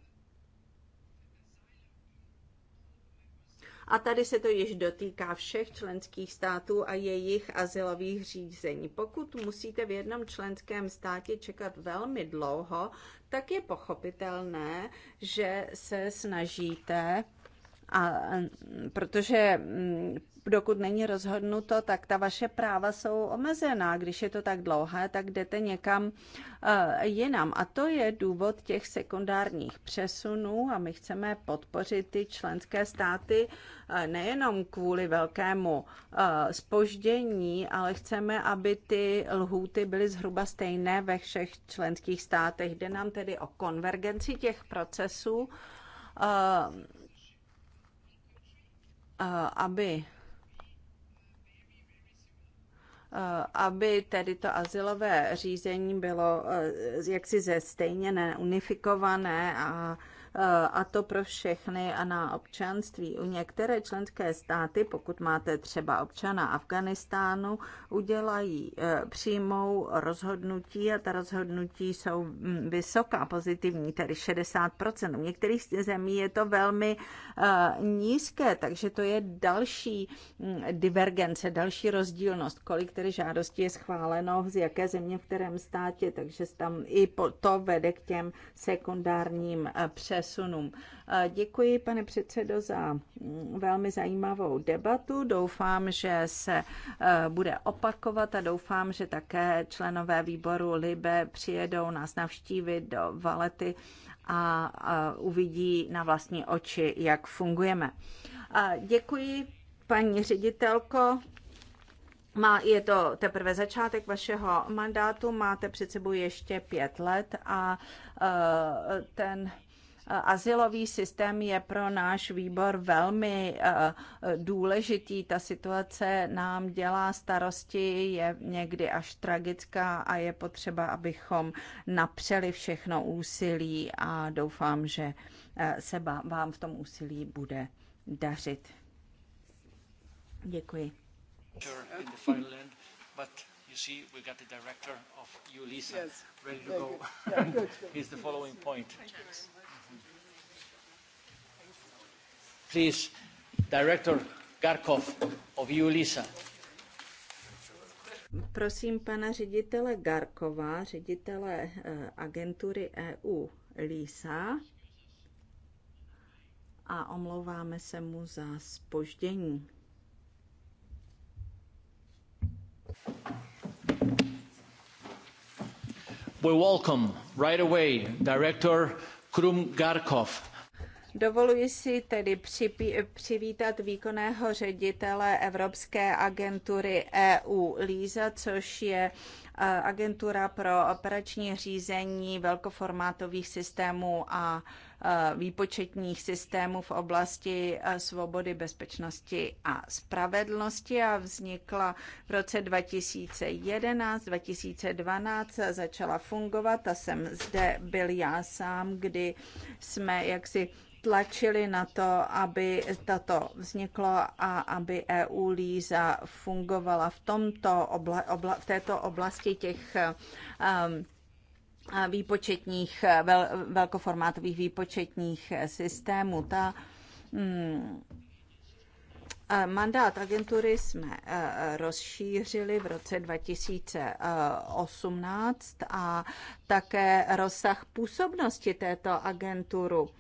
A tady se to již dotýká všech členských států a jejich asilových řízení. Pokud musíte v jednom členském státě čekat velmi dlouho, tak je pochopitelné, že se snažíte a mm, protože mm, dokud není rozhodnuto, tak ta vaše práva jsou omezená. Když je to tak dlouhé, tak jdete někam eh, jinam. A to je důvod těch sekundárních přesunů a my chceme podpořit ty členské státy eh, nejenom kvůli velkému spoždění, eh, ale chceme, aby ty lhůty byly zhruba stejné ve všech členských státech. Jde nám tedy o konvergenci těch procesů Eh, aby eh, aby tedy to asilové řízení bylo eh, jaksi ze stejně neunifikované a a to pro všechny a na občanství. U některé členské státy, pokud máte třeba občana Afganistánu, udělají, eh, přímou rozhodnutí a ta rozhodnutí jsou mm, vysoká, pozitivní, tedy 60%. U některých zemí je to velmi eh, nízké, takže to je další mm, divergence, další rozdílnost, kolik tedy žádostí je schváleno, z jaké země, v kterém státě, takže tam i to vede k těm sekundárním eh, přes přesunům. Děkuji, pane předsedo, za mm, velmi zajímavou debatu. Doufám, že se e, bude opakovat a doufám, že také členové výboru Libe přijedou nás navštívit do Valety a, uvidí na vlastní oči, jak fungujeme. děkuji, paní ředitelko. Má, je to teprve začátek vašeho mandátu, máte před sebou ještě pět let a uh, ten Eh, Azylový systém je pro náš výbor velmi eh, důležitý. Ta situace nám dělá starosti, je někdy až tragická a je potřeba, abychom napřeli všechno úsilí a doufám, že eh, se vám v tom úsilí bude dařit. Děkuji. You see, we got the director of ULISA yes. ready to go. Yeah, good, good. [laughs] Here's the following point. Thank you very much. Please, Director Garkov of EULISA. Prosím pana ředitele Garkova, ředitele eh, agentury EU LISA a omlouváme se mu za spoždění. We welcome right away Director Krum Garkov Dovoluji si tedy připí, přivítat výkonného ředitele Evropské agentury EU LISA, což je eh, agentura pro operační řízení velkoformátových systémů a eh, výpočetních systémů v oblasti eh, svobody, bezpečnosti a spravedlnosti a vznikla v roce 2011-2012, začala fungovat a jsem zde byl já sám, kdy jsme jaksi tlačili na to, aby tato vzniklo a aby EU Líza fungovala v, tomto obla, obla, v této oblasti těch um, výpočetních, vel, velkoformátových výpočetních systémů. Ta, um, Mandát agentury jsme eh, rozšířili v roce 2018 a také rozsah působnosti této agenturu,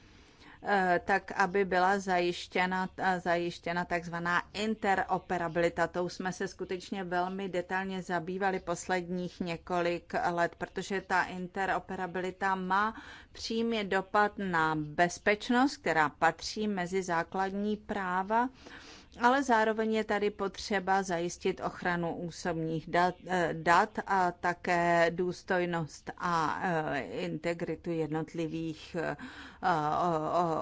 Eh, tak aby byla zajištěna, eh, zajištěna takzvaná interoperabilita. Tou jsme se skutečně velmi detailně zabývali posledních několik let, protože ta interoperabilita má přímý dopad na bezpečnost, která patří mezi základní práva ale zároveň je tady potřeba zajistit ochranu osobních dat, eh, dat a také důstojnost a integritu jednotlivých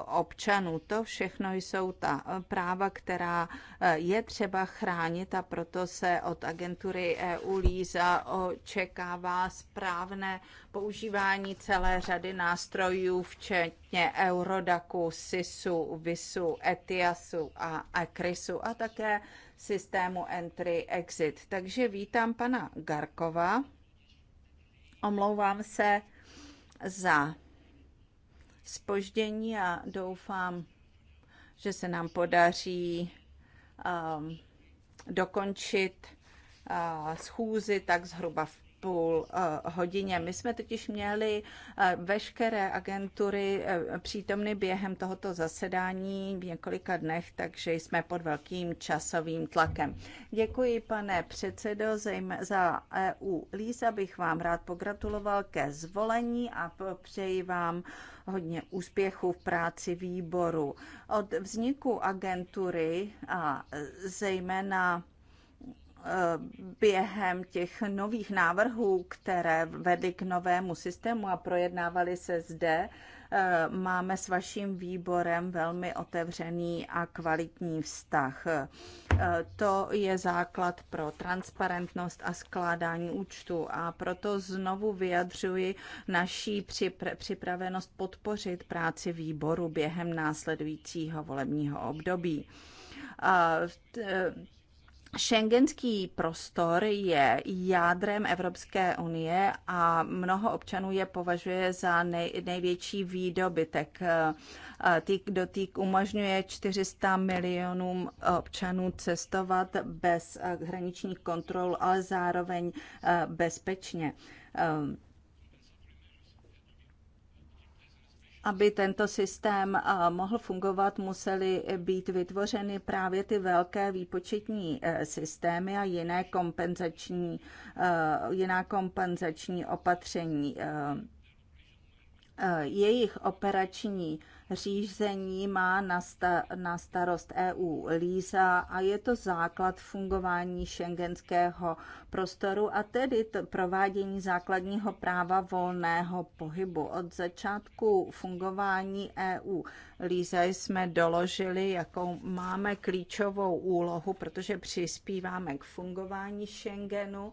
občanů. To všechno jsou ta práva, která e, je třeba chránit a proto se od agentury EU Líza očekává správné používání celé řady nástrojů, včetně Eurodaku, SISu, VISu, ETIASu a ECRISu a také systému entry-exit. Takže vítám pana Garkova. Omlouvám se za spoždění a doufám, že se nám podaří um, dokončit uh, schůzi tak zhruba v půl eh, hodině. My jsme totiž měli eh, veškeré agentury eh, přítomny během tohoto zasedání v několika dnech, takže jsme pod velkým časovým tlakem. Děkuji, pane předsedo, za EU Líza bych vám rád pogratuloval ke zvolení a přeji vám hodně úspěchu v práci výboru. Od vzniku agentury a zejména Eh, během těch nových návrhů, které vedly k novému systému a projednávaly se zde, eh, máme s vaším výborem velmi otevřený a kvalitní vztah. Eh, to je základ pro transparentnost a skládání účtu a proto znovu vyjadřuji naší připra- připravenost podpořit práci výboru během následujícího volebního období Schengenský prostor je jádrem Evropské unie a mnoho občanů je považuje za nej, největší výdobytek. Eh, týk dotýk umožňuje 400 milionům občanů cestovat bez eh, hraničních kontrol, ale zároveň eh, bezpečně. aby tento systém mohl fungovat, musely být vytvořeny právě ty velké výpočetní e, systémy a jiné kompenzační, e, jiná kompenzační opatření. E, jejich operační řízení má na, sta, na starost EU Líza a je to základ fungování šengenského prostoru a tedy to provádění základního práva volného pohybu. Od začátku fungování EU Líza jsme doložili, jakou máme klíčovou úlohu, protože přispíváme k fungování Schengenu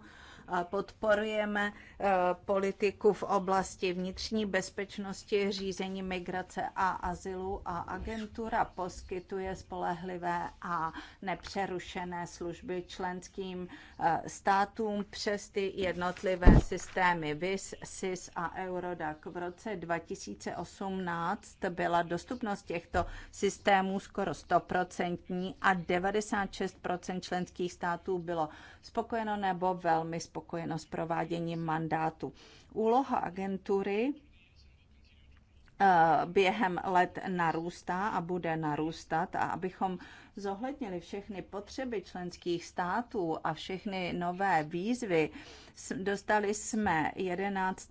Podporujeme eh, politiku v oblasti vnitřní bezpečnosti, řízení migrace a azylu a agentura poskytuje spolehlivé a nepřerušené služby členským eh, státům přes ty jednotlivé systémy VIS, SIS a Eurodac. V roce 2018 byla dostupnost těchto systémů skoro 100% a 96% členských států bylo spokojeno nebo velmi spokojeno spokojeno s prováděním mandátu. Úloha agentury eh, během let narůstá a bude narůstat a abychom zohlednili všechny potřeby členských států a všechny nové výzvy, dostali jsme 11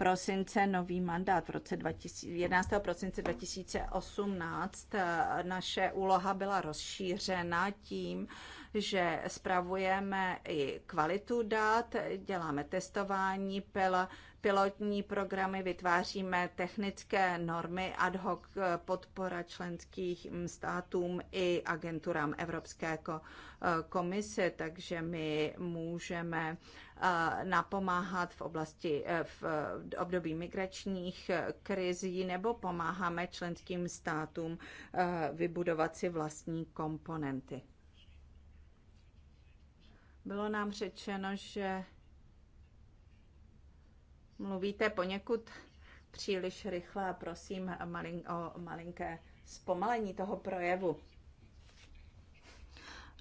prosince nový mandát. V roce 2011. prosince 2018 eh, naše úloha byla rozšířena tím, že spravujeme i kvalitu dat, děláme testování, pil, pilotní programy, vytváříme technické normy ad hoc eh, podpora členských mm, státům i agenturám Evropské eh, komise, takže my můžeme Eh, napomáhat v oblasti eh, v eh, období migračních krizí nebo pomáháme členským státům vybudovat si vlastní komponenty. Bylo nám řečeno, že mluvíte poněkud příliš rychle a prosím o malinké zpomalení toho projevu.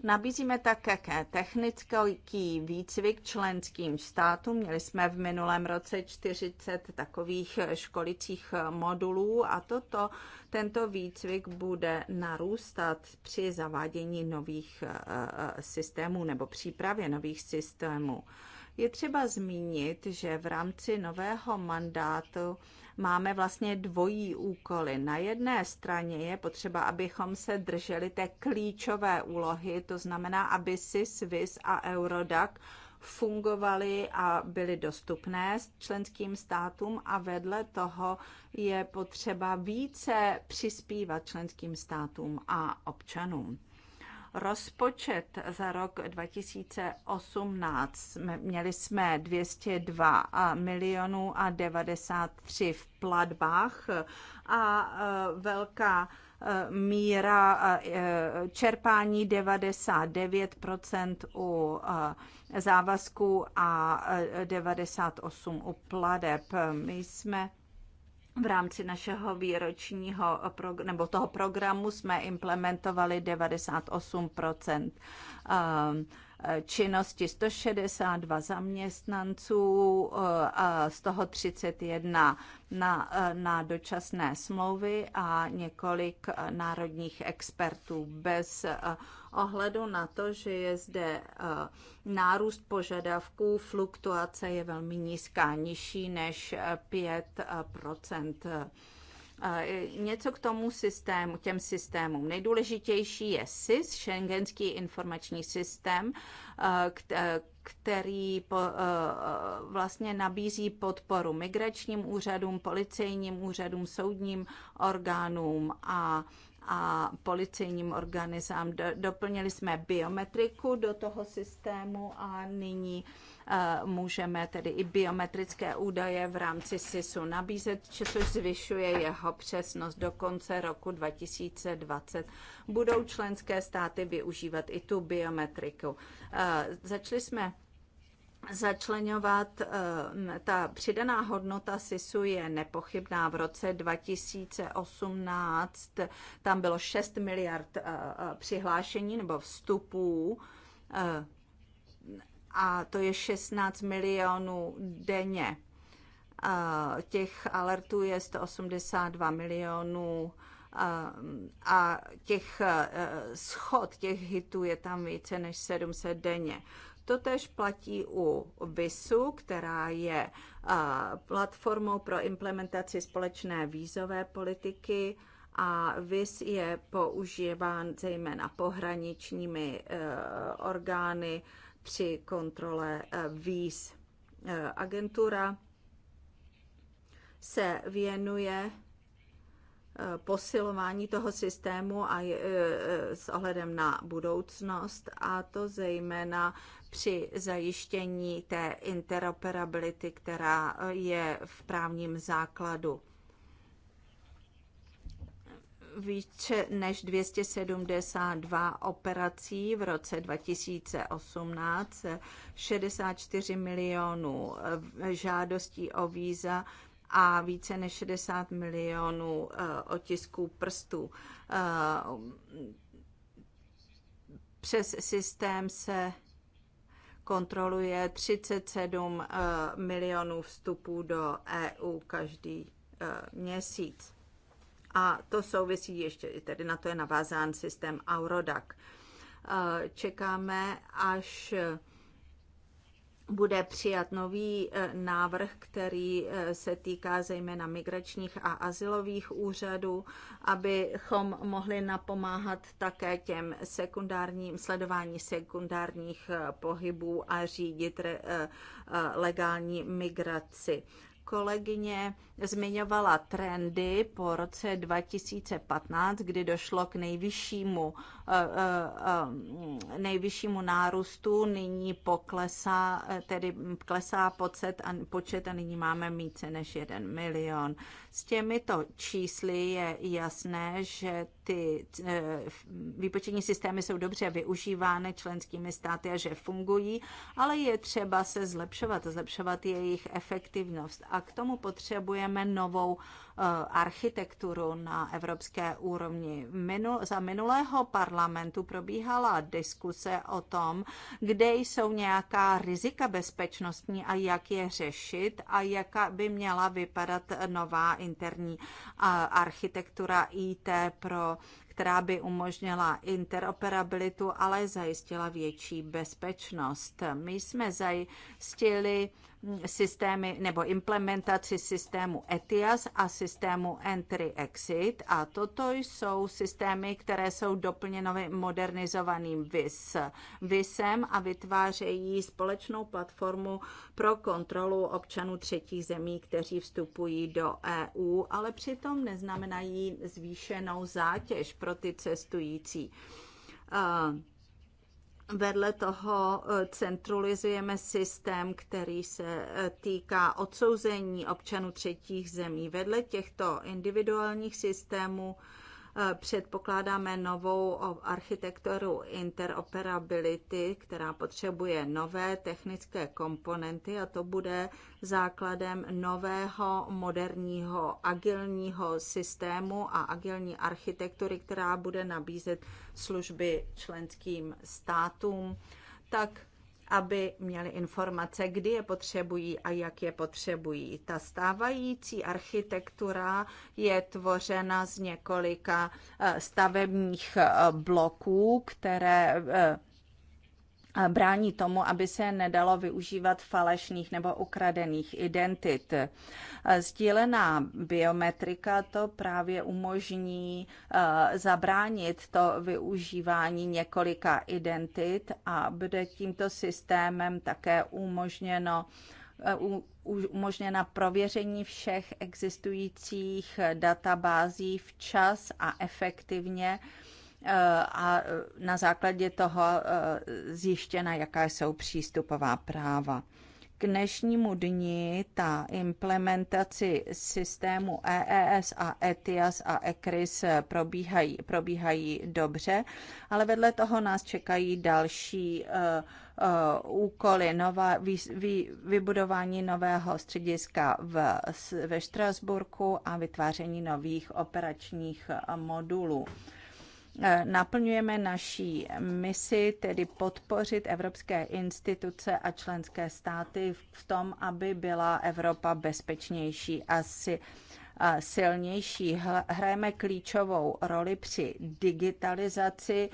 Nabízíme také technický výcvik členským státům. Měli jsme v minulém roce 40 takových školicích modulů a toto, tento výcvik bude narůstat při zavádění nových eh, eh, systémů nebo přípravě nových systémů. Je třeba zmínit, že v rámci nového mandátu máme vlastně dvojí úkoly. Na jedné straně je potřeba, abychom se drželi té klíčové úlohy, to znamená, aby si Swiss a Eurodac fungovaly a byly dostupné členským státům a vedle toho je potřeba více přispívat členským státům a občanům rozpočet za rok 2018. Měli jsme 202 milionů a 93 v platbách a e, velká e, míra e, čerpání 99% u závazků a 98% u pladeb. My jsme v rámci našeho výročního nebo toho programu jsme implementovali 98 ehm, činnosti 162 zaměstnanců, eh, z toho 31 na, eh, na dočasné smlouvy a několik eh, národních expertů bez ohledu na to, že je zde eh, nárůst požadavků, fluktuace je velmi nízká, nižší než 5 eh, eh, Něco k tomu systému, těm systémům. Nejdůležitější je SIS, Schengenský informační systém, který po, vlastně nabízí podporu migračním úřadům, policejním úřadům, soudním orgánům a a policejním organizám. Doplnili jsme biometriku do toho systému a nyní eh, můžeme tedy i biometrické údaje v rámci SISu nabízet, což zvyšuje jeho přesnost do konce roku 2020. Budou členské státy využívat i tu biometriku. Eh, začali jsme začlenovat. Eh, ta přidaná hodnota SISu je nepochybná. V roce 2018 tam bylo 6 miliard eh, eh, přihlášení nebo vstupů a to je 16 milionů denně. Těch alertů je 182 milionů a těch schod, těch hitů je tam více než 700 denně. Totež platí u BISu, která je platformou pro implementaci společné vízové politiky a VIS je používán zejména pohraničními e, orgány při kontrole e, víz. E, agentura se věnuje posilování toho systému a je, s ohledem na budoucnost, a to zejména při zajištění té interoperability, která eh, je v právním základu více než 272 operací v roce 2018, 64 eh, milionů eh, žádostí o víza a více než 60 milionů otisků prstů. Přes systém se kontroluje 37 eh, milionů vstupů do EU každý eh, měsíc. A to souvisí ještě, tedy na to je navázán systém Aurodac. Eh, čekáme, až bude přijat nový eh, návrh, který eh, se týká zejména migračních a asilových úřadů, abychom mohli napomáhat také těm sekundárním sledování sekundárních eh, pohybů a řídit legální migraci kolegyně zmiňovala trendy po roce 2015, kdy došlo k nejvyššímu Eh, eh, eh, nejvyššímu nárůstu, nyní poklesá, tedy klesá počet a, počet a nyní máme více než 1 milion. S těmito čísly je jasné, že ty výpočetní systémy jsou dobře využívány členskými státy a že fungují, ale je třeba se zlepšovat, zlepšovat jejich efektivnost. A k tomu potřebujeme novou Eh, architekturu na evropské úrovni. Minul, za minulého parlamentu probíhala diskuse o tom, kde jsou nějaká rizika bezpečnostní a jak je řešit a jaká by měla vypadat nová interní eh, architektura IT pro která by umožnila interoperabilitu, ale zajistila větší bezpečnost. My jsme zajistili systémy nebo implementaci systému ETIAS a systému Entry-Exit. A toto jsou systémy, které jsou doplněny modernizovaným VIS, VISem a vytvářejí společnou platformu pro kontrolu občanů třetích zemí, kteří vstupují do EU, ale přitom neznamenají zvýšenou zátěž pro ty cestující. Uh, Vedle toho e, centralizujeme systém, který se e, týká odsouzení občanů třetích zemí. Vedle těchto individuálních systémů Eh, předpokládáme novou architekturu interoperability, která potřebuje nové technické komponenty a to bude základem nového moderního agilního systému a agilní architektury, která bude nabízet služby členským státům tak aby měli informace, kdy je potřebují a jak je potřebují. Ta stávající architektura je tvořena z několika eh, stavebních eh, bloků, které eh, brání tomu, aby se nedalo využívat falešných nebo ukradených identit. Sdílená biometrika to právě umožní e, zabránit to využívání několika identit a bude tímto systémem také umožněno e, umožněna prověření všech existujících databází včas a efektivně a e, na základě toho e, zjištěna, jaká jsou přístupová práva k dnešnímu dni ta implementaci systému EES a ETIAS a ECRIS e probíhají, probíhají dobře, ale vedle toho nás čekají další uh, úkoly, nová, vy, vy, vybudování nového střediska v, ve Štrasburku a vytváření nových operačních modulů. Eh, naplňujeme naší misi, tedy podpořit evropské instituce a členské státy v tom, aby byla Evropa bezpečnější. Asi silnější. Hrajeme klíčovou roli při digitalizaci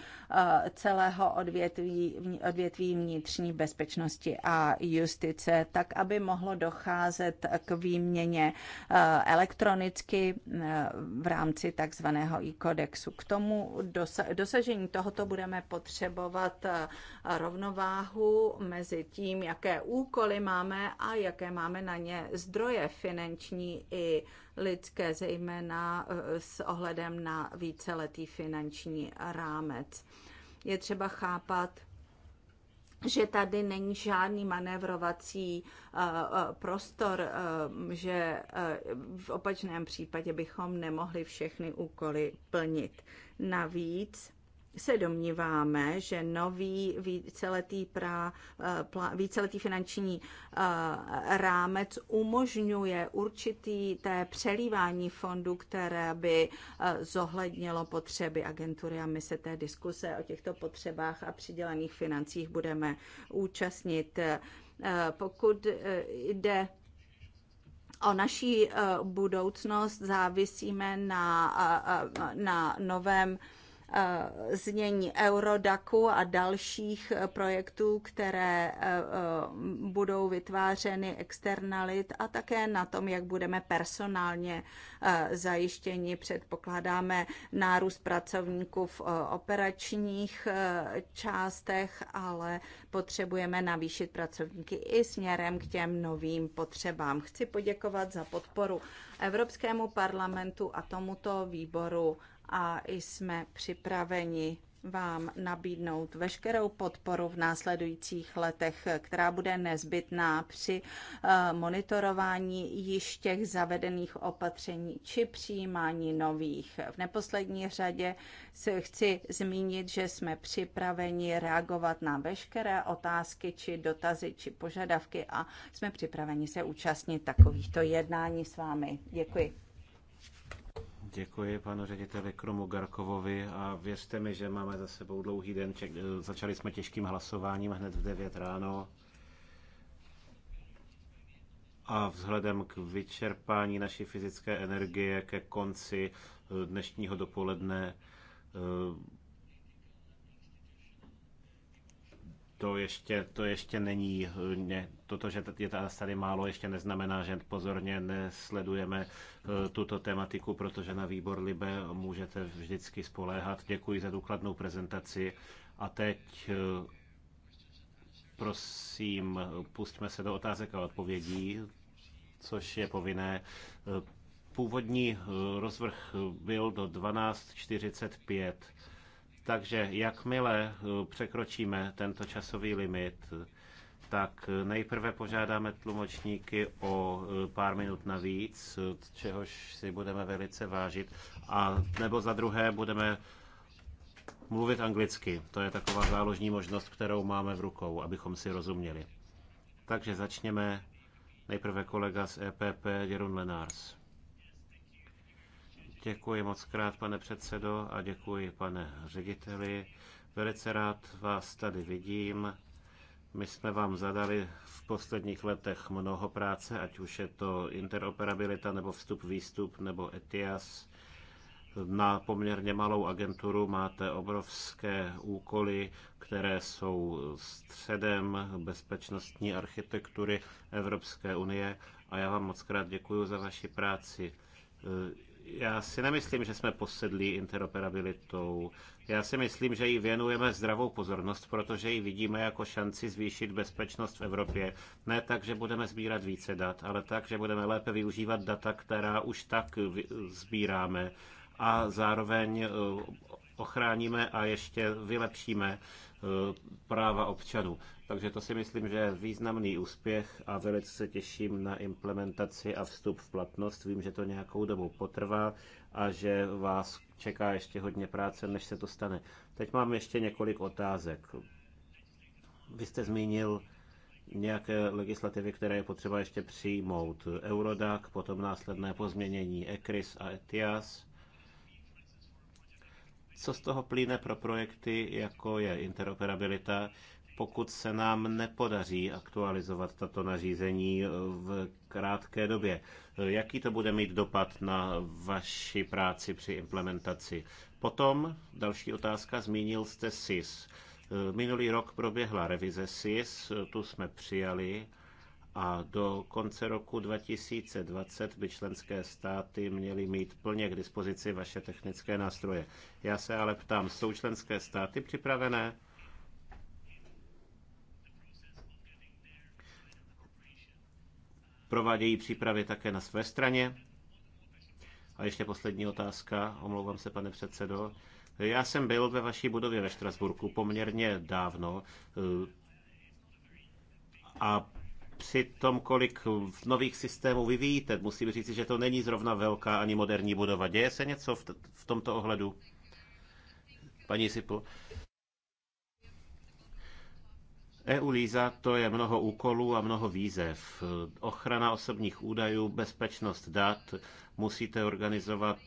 celého odvětví, odvětví vnitřní bezpečnosti a justice, tak aby mohlo docházet k výměně elektronicky v rámci takzvaného e-kodexu. K tomu dosažení tohoto budeme potřebovat rovnováhu mezi tím, jaké úkoly máme a jaké máme na ně zdroje finanční i lidské, zejména eh, s ohledem na víceletý finanční rámec. Je třeba chápat, že tady není žádný manévrovací eh, eh, prostor, že v opačném případě bychom nemohli všechny úkoly plnit. Navíc se domníváme, že nový víceletý, pra, eh, víceletý finanční eh, rámec umožňuje určitý té přelívání fondů, které by eh, zohlednilo potřeby agentury a my se té diskuse o těchto potřebách a přidělených financích budeme účastnit. Pokud jde o naší budoucnost, závisíme na, na novém Eh, znění Eurodaku a dalších eh, projektů, které eh, budou vytvářeny externalit a také na tom, jak budeme personálně zajištěni. Předpokládáme nárůst pracovníků v operačních částech, ale potřebujeme navýšit pracovníky i směrem k těm novým potřebám. Chci poděkovat za podporu Evropskému parlamentu a tomuto výboru a jsme připraveni vám nabídnout veškerou podporu v následujících letech, která bude nezbytná při eh, monitorování již těch zavedených opatření či přijímání nových. V neposlední řadě se chci zmínit, že jsme připraveni reagovat na veškeré otázky či dotazy či požadavky a jsme připraveni se účastnit takovýchto jednání s vámi. Děkuji. Děkuji panu řediteli Kromu Garkovovi a věřte mi, že máme za sebou dlouhý den. Ček, eh, začali jsme těžkým hlasováním hned v 9 ráno. A vzhledem k vyčerpání naší fyzické energie ke konci eh, dnešního dopoledne eh, to ještě, to ještě není, ne, toto, že je tady málo, ještě neznamená, že pozorně nesledujeme eh, tuto tematiku, protože na výbor Libe můžete vždycky spoléhat. Děkuji za důkladnou prezentaci. A teď eh, prosím, pustíme se do otázek a odpovědí, což je povinné. Eh, původní rozvrh byl do 12.45 takže jakmile eh, překročíme tento časový limit, tak eh, nejprve požádáme tlumočníky o eh, pár minut navíc, čehož si budeme velice vážit. A nebo za druhé budeme mluvit anglicky. To je taková záložní možnost, kterou máme v rukou, abychom si rozuměli. Takže začněme nejprve kolega z EPP, Jeroen Lenars. Děkuji moc krát, pane předsedo, a děkuji, pane řediteli. Velice rád vás tady vidím. My jsme vám zadali v posledních letech mnoho práce, ať už je to interoperabilita nebo vstup-výstup nebo ETIAS. Na poměrně malou agenturu máte obrovské úkoly, které jsou středem bezpečnostní architektury Evropské unie a já vám moc krát děkuji za vaši práci. Já si nemyslím, že jsme posedlí interoperabilitou. Já si myslím, že jí věnujeme zdravou pozornost, protože ji vidíme jako šanci zvýšit bezpečnost v Evropě. Ne tak, že budeme sbírat více dat, ale tak, že budeme lépe využívat data, která už tak sbíráme a zároveň eh, ochráníme a ještě vylepšíme Eh, práva občanů. Takže to si myslím, že je významný úspěch a velice se těším na implementaci a vstup v platnost. Vím, že to nějakou dobu potrvá a že vás čeká ještě hodně práce, než se to stane. Teď mám ještě několik otázek. Vy jste zmínil nějaké legislativy, které je potřeba ještě přijmout. Eurodac, potom následné pozměnění ECRIS a ETIAS co z toho plyne pro projekty, jako je interoperabilita, pokud se nám nepodaří aktualizovat tato nařízení v krátké době. Jaký to bude mít dopad na vaši práci při implementaci? Potom další otázka, zmínil jste SIS. Minulý rok proběhla revize SIS, tu jsme přijali a do konce roku 2020 by členské státy měly mít plně k dispozici vaše technické nástroje. Já se ale ptám, jsou členské státy připravené? Provádějí přípravy také na své straně? A ještě poslední otázka, omlouvám se, pane předsedo. Já jsem byl ve vaší budově ve Štrasburku poměrně dávno eh, a při tom, kolik nových systémů vyvíjíte, musím říct, že to není zrovna velká ani moderní budova. Děje se něco v, v tomto ohledu? Paní Sipl. EU Líza to je mnoho úkolů a mnoho výzev. Ochrana osobních údajů, bezpečnost dat, musíte organizovat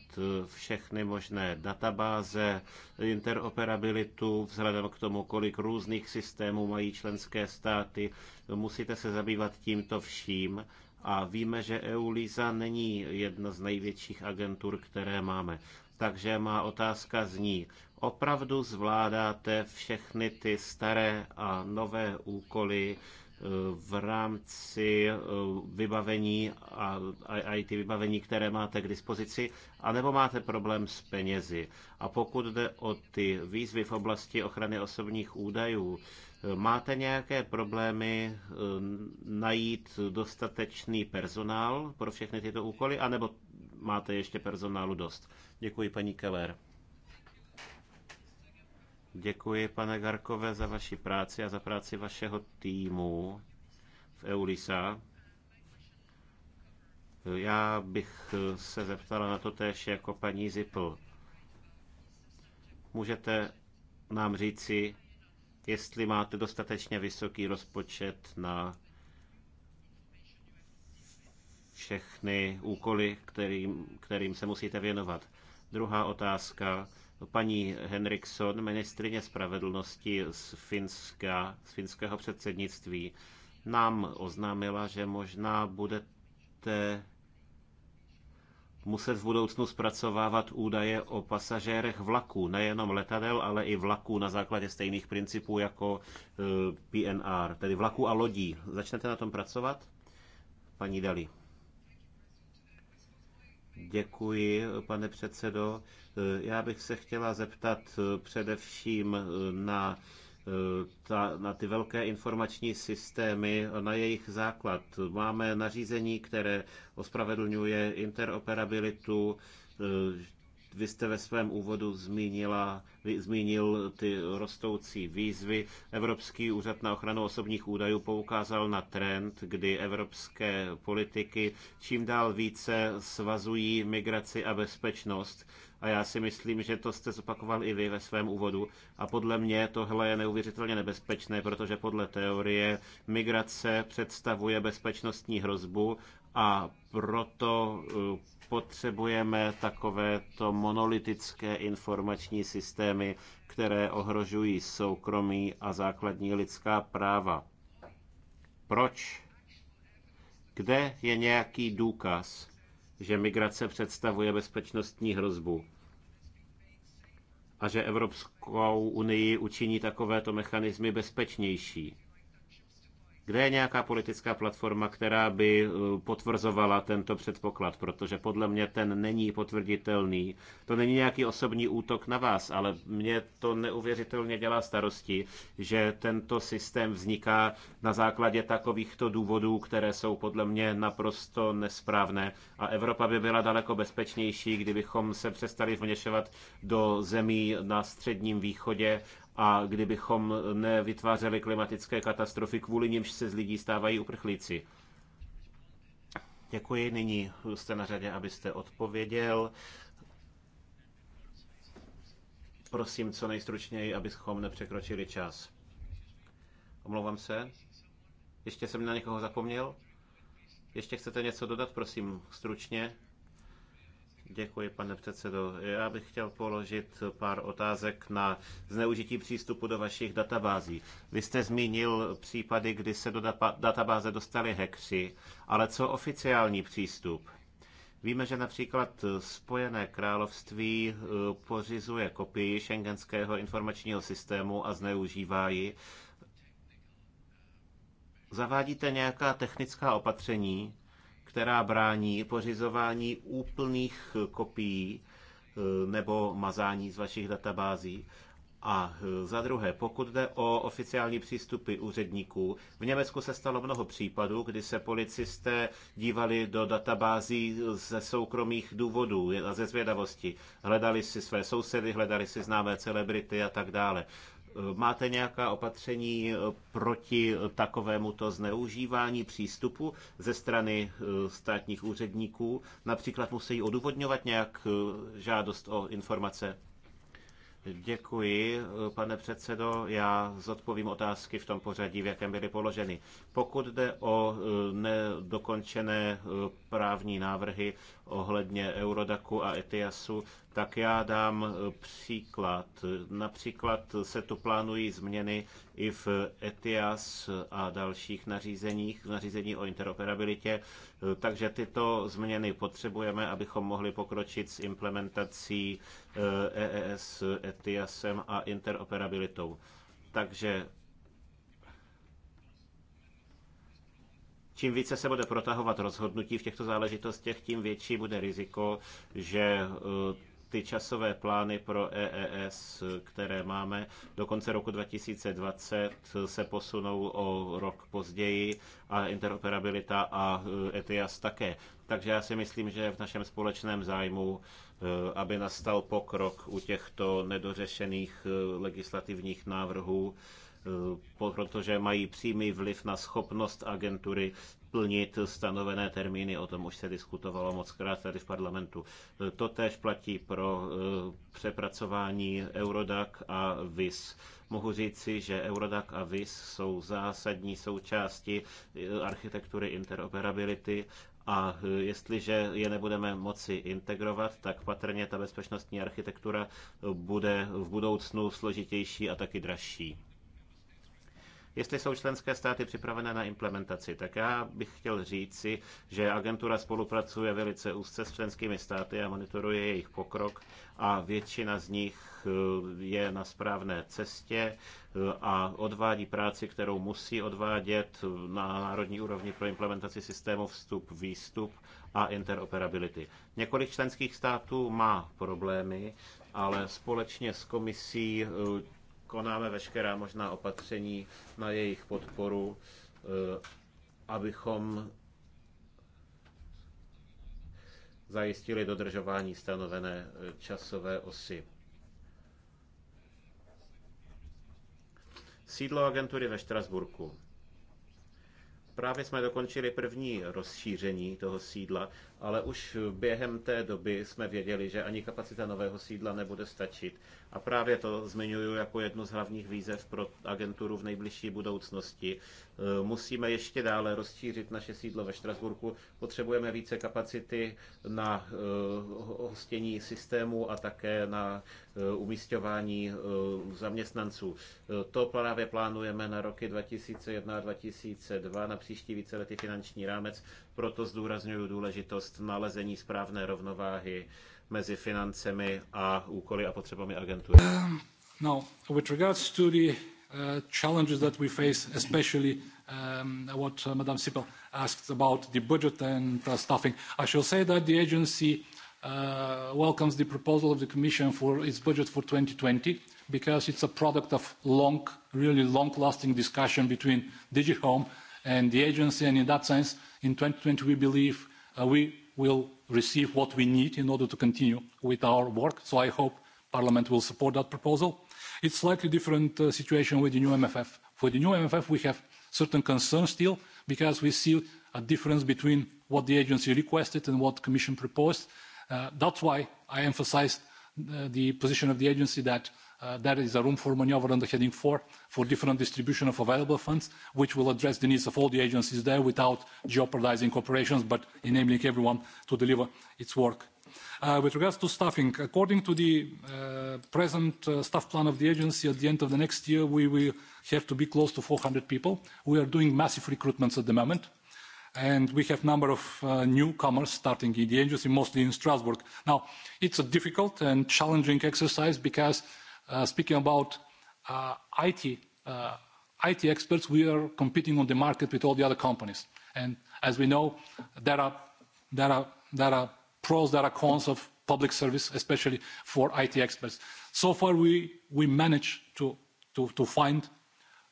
všechny možné databáze, interoperabilitu, vzhledem k tomu, kolik různých systémů mají členské státy. Musíte se zabývat tímto vším a víme, že EU Líza není jedna z největších agentur, které máme. Takže má otázka zní, opravdu zvládáte všechny ty staré a nové úkoly eh, v rámci eh, vybavení a IT vybavení, které máte k dispozici, anebo máte problém s penězi. A pokud jde o ty výzvy v oblasti ochrany osobních údajů, eh, máte nějaké problémy najít dostatečný personál pro všechny tyto úkoly, anebo máte ještě personálu dost? Děkuji, paní Keller. Děkuji, pane Garkové, za vaši práci a za práci vašeho týmu v EULISA. Já bych se zeptala na to též jako paní Zipl. Můžete nám říci, jestli máte dostatečně vysoký rozpočet na všechny úkoly, kterým, kterým se musíte věnovat. Druhá otázka. Paní Henriksson, ministrině spravedlnosti z, Finska, z finského předsednictví, nám oznámila, že možná budete muset v budoucnu zpracovávat údaje o pasažérech vlaků, nejenom letadel, ale i vlaků na základě stejných principů jako eh, PNR, tedy vlaků a lodí. Začnete na tom pracovat? Paní Dali. Děkuji, pane předsedo. Já bych se chtěla zeptat eh, především eh, na, eh, ta, na ty velké informační systémy, na jejich základ. Máme nařízení, které ospravedlňuje interoperabilitu vy jste ve svém úvodu zmínila, zmínil ty rostoucí výzvy. Evropský úřad na ochranu osobních údajů poukázal na trend, kdy evropské politiky čím dál více svazují migraci a bezpečnost. A já si myslím, že to jste zopakoval i vy ve svém úvodu. A podle mě tohle je neuvěřitelně nebezpečné, protože podle teorie migrace představuje bezpečnostní hrozbu a proto eh, potřebujeme takovéto monolitické informační systémy, které ohrožují soukromí a základní lidská práva. Proč? Kde je nějaký důkaz, že migrace představuje bezpečnostní hrozbu? a že Evropskou unii učiní takovéto mechanismy bezpečnější. Kde je nějaká politická platforma, která by eh, potvrzovala tento předpoklad? Protože podle mě ten není potvrditelný. To není nějaký osobní útok na vás, ale mě to neuvěřitelně dělá starosti, že tento systém vzniká na základě takovýchto důvodů, které jsou podle mě naprosto nesprávné. A Evropa by byla daleko bezpečnější, kdybychom se přestali vněšovat do zemí na středním východě a kdybychom nevytvářeli klimatické katastrofy, kvůli nimž se z lidí stávají uprchlíci. Děkuji, nyní jste na řadě, abyste odpověděl. Prosím, co nejstručněji, abychom nepřekročili čas. Omlouvám se. Ještě jsem na někoho zapomněl? Ještě chcete něco dodat, prosím, stručně? Děkuji, pane předsedo. Já bych chtěl položit pár otázek na zneužití přístupu do vašich databází. Vy jste zmínil případy, kdy se do databáze dostali hekři, ale co oficiální přístup? Víme, že například Spojené království eh, pořizuje kopii šengenského informačního systému a zneužívá ji. Zavádíte nějaká technická opatření, která brání pořizování úplných kopií eh, nebo mazání z vašich databází. A eh, za druhé, pokud jde o oficiální přístupy úředníků, v Německu se stalo mnoho případů, kdy se policisté dívali do databází eh, ze soukromých důvodů a ze zvědavosti. Hledali si své sousedy, hledali si známé celebrity a tak dále. Máte nějaká opatření eh, proti eh, takovémuto zneužívání přístupu ze strany eh, státních úředníků? Například musí odůvodňovat nějak žádost o informace? Děkuji, pane předsedo. Já zodpovím otázky v tom pořadí, v jakém byly položeny. Pokud jde o nedokončené právní návrhy ohledně Eurodaku a Etiasu, tak já dám e, příklad. Například se tu plánují změny i v ETIAS a dalších nařízeních, nařízení o interoperabilitě, e, takže tyto změny potřebujeme, abychom mohli pokročit s implementací EES, e ETIASem a interoperabilitou. Takže čím více se bude protahovat rozhodnutí v těchto záležitostech, tím větší bude riziko, že ty časové plány pro EES, které máme do konce roku 2020, se posunou o rok později a interoperabilita a e, ETIAS také. Takže já si myslím, že v našem společném zájmu, e, aby nastal pokrok u těchto nedořešených e, legislativních návrhů, protože mají přímý vliv na schopnost agentury plnit stanovené termíny, o tom už se diskutovalo moc krát tady v parlamentu. To též platí pro eh, přepracování Eurodac a VIS. Mohu říci, že Eurodac a VIS jsou zásadní součásti eh, architektury interoperability a eh, jestliže je nebudeme moci integrovat, tak patrně ta bezpečnostní architektura bude v budoucnu složitější a taky dražší jestli jsou členské státy připravené na implementaci, tak já bych chtěl říci, že agentura spolupracuje velice úzce s členskými státy a monitoruje jejich pokrok a většina z nich eh, je na správné cestě eh, a odvádí práci, kterou musí odvádět eh, na národní úrovni pro implementaci systému vstup, výstup a interoperability. Několik členských států má problémy, ale společně s komisí konáme veškerá možná opatření na jejich podporu, eh, abychom zajistili dodržování stanovené eh, časové osy. Sídlo agentury ve Štrasburku. Právě jsme dokončili první rozšíření toho sídla ale už během té doby jsme věděli, že ani kapacita nového sídla nebude stačit. A právě to zmiňuju jako jednu z hlavních výzev pro agenturu v nejbližší budoucnosti. E, musíme ještě dále rozšířit naše sídlo ve Štrasburku. Potřebujeme více kapacity na e, hostění systému a také na e, umístování zaměstnanců. To právě plánujeme na roky 2001 a 2002, na příští víceletý finanční rámec. Proto zdůrazňuji důležitost nalezení správné rovnováhy mezi financemi a úkoly a potřebami agentury. no, with regards to the uh, challenges that we face, especially um, what uh, Madame Sipel asked about the budget and uh, staffing, I shall say that the agency uh, welcomes the proposal of the Commission for its budget for 2020 because it's a product of long, really long-lasting discussion between DigiHome and the agency, and in that sense, in 2020 we believe uh, we will receive what we need in order to continue with our work. So I hope Parliament will support that proposal. It's slightly different uh, situation with the new MFF. For the new MFF, we have certain concerns still because we see a difference between what the agency requested and what Commission proposed. Uh, that's why I emphasized uh, the position of the agency that Uh, there is a room for maneuver under heading four for different distribution of available funds, which will address the needs of all the agencies there without jeopardizing operations, but enabling everyone to deliver its work. Uh, with regards to staffing, according to the uh, present uh, staff plan of the agency, at the end of the next year, we will have to be close to 400 people. We are doing massive recruitments at the moment, and we have number of uh, newcomers starting in the agency, mostly in Strasbourg. Now, it's a difficult and challenging exercise because uh, speaking about uh, IT, uh, IT experts, we are competing on the market with all the other companies. And as we know, there are, there are, there are pros, there are cons of public service, especially for IT experts. So far, we, we managed to, to, to find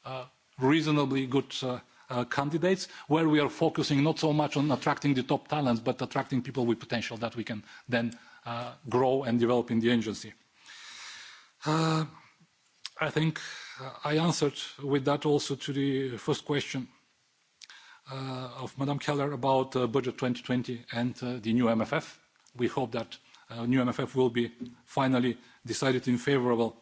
uh, reasonably good uh, uh, candidates where we are focusing not so much on attracting the top talents, but attracting people with potential that we can then uh, grow and develop in the agency. Uh, I think I answered with that also to the first question uh, of Madame Keller about uh, budget 2020 and uh, the new MFF. We hope that uh, new MFF will be finally decided in favorable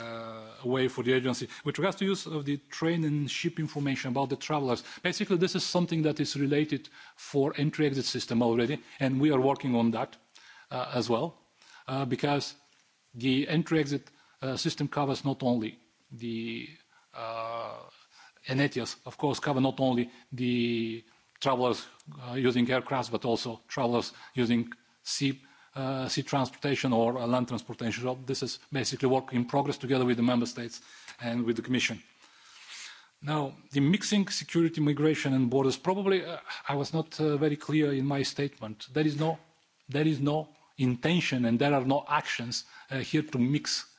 uh, way for the agency. With regards to use of the train and ship information about the travelers, basically this is something that is related for entry-exit system already, and we are working on that uh, as well, uh, because the entry-exit Uh, system covers not only the uh, and ETIAS, of course, cover not only the travelers uh, using aircraft, but also travelers using sea, uh, sea transportation or uh, land transportation. So this is basically work in progress together with the member states and with the Commission. Now, the mixing security, migration and borders, probably uh, I was not uh, very clear in my statement. There is no, there is no intention and there are no actions uh, here to mix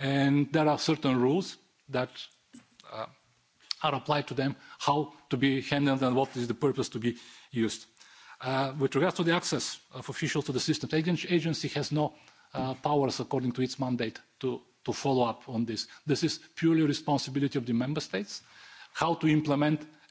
And there are certain rules that uh, are applied to them, how to be handled and what is the purpose to be used. Uh, with regards to the access of officials to the system, the agency has no uh, powers according to its mandate to, to follow up on this. This is purely responsibility of the member states. How to implement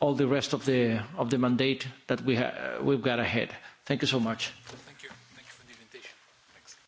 all the rest of the, of the mandate that we we've got ahead. Thank you so much.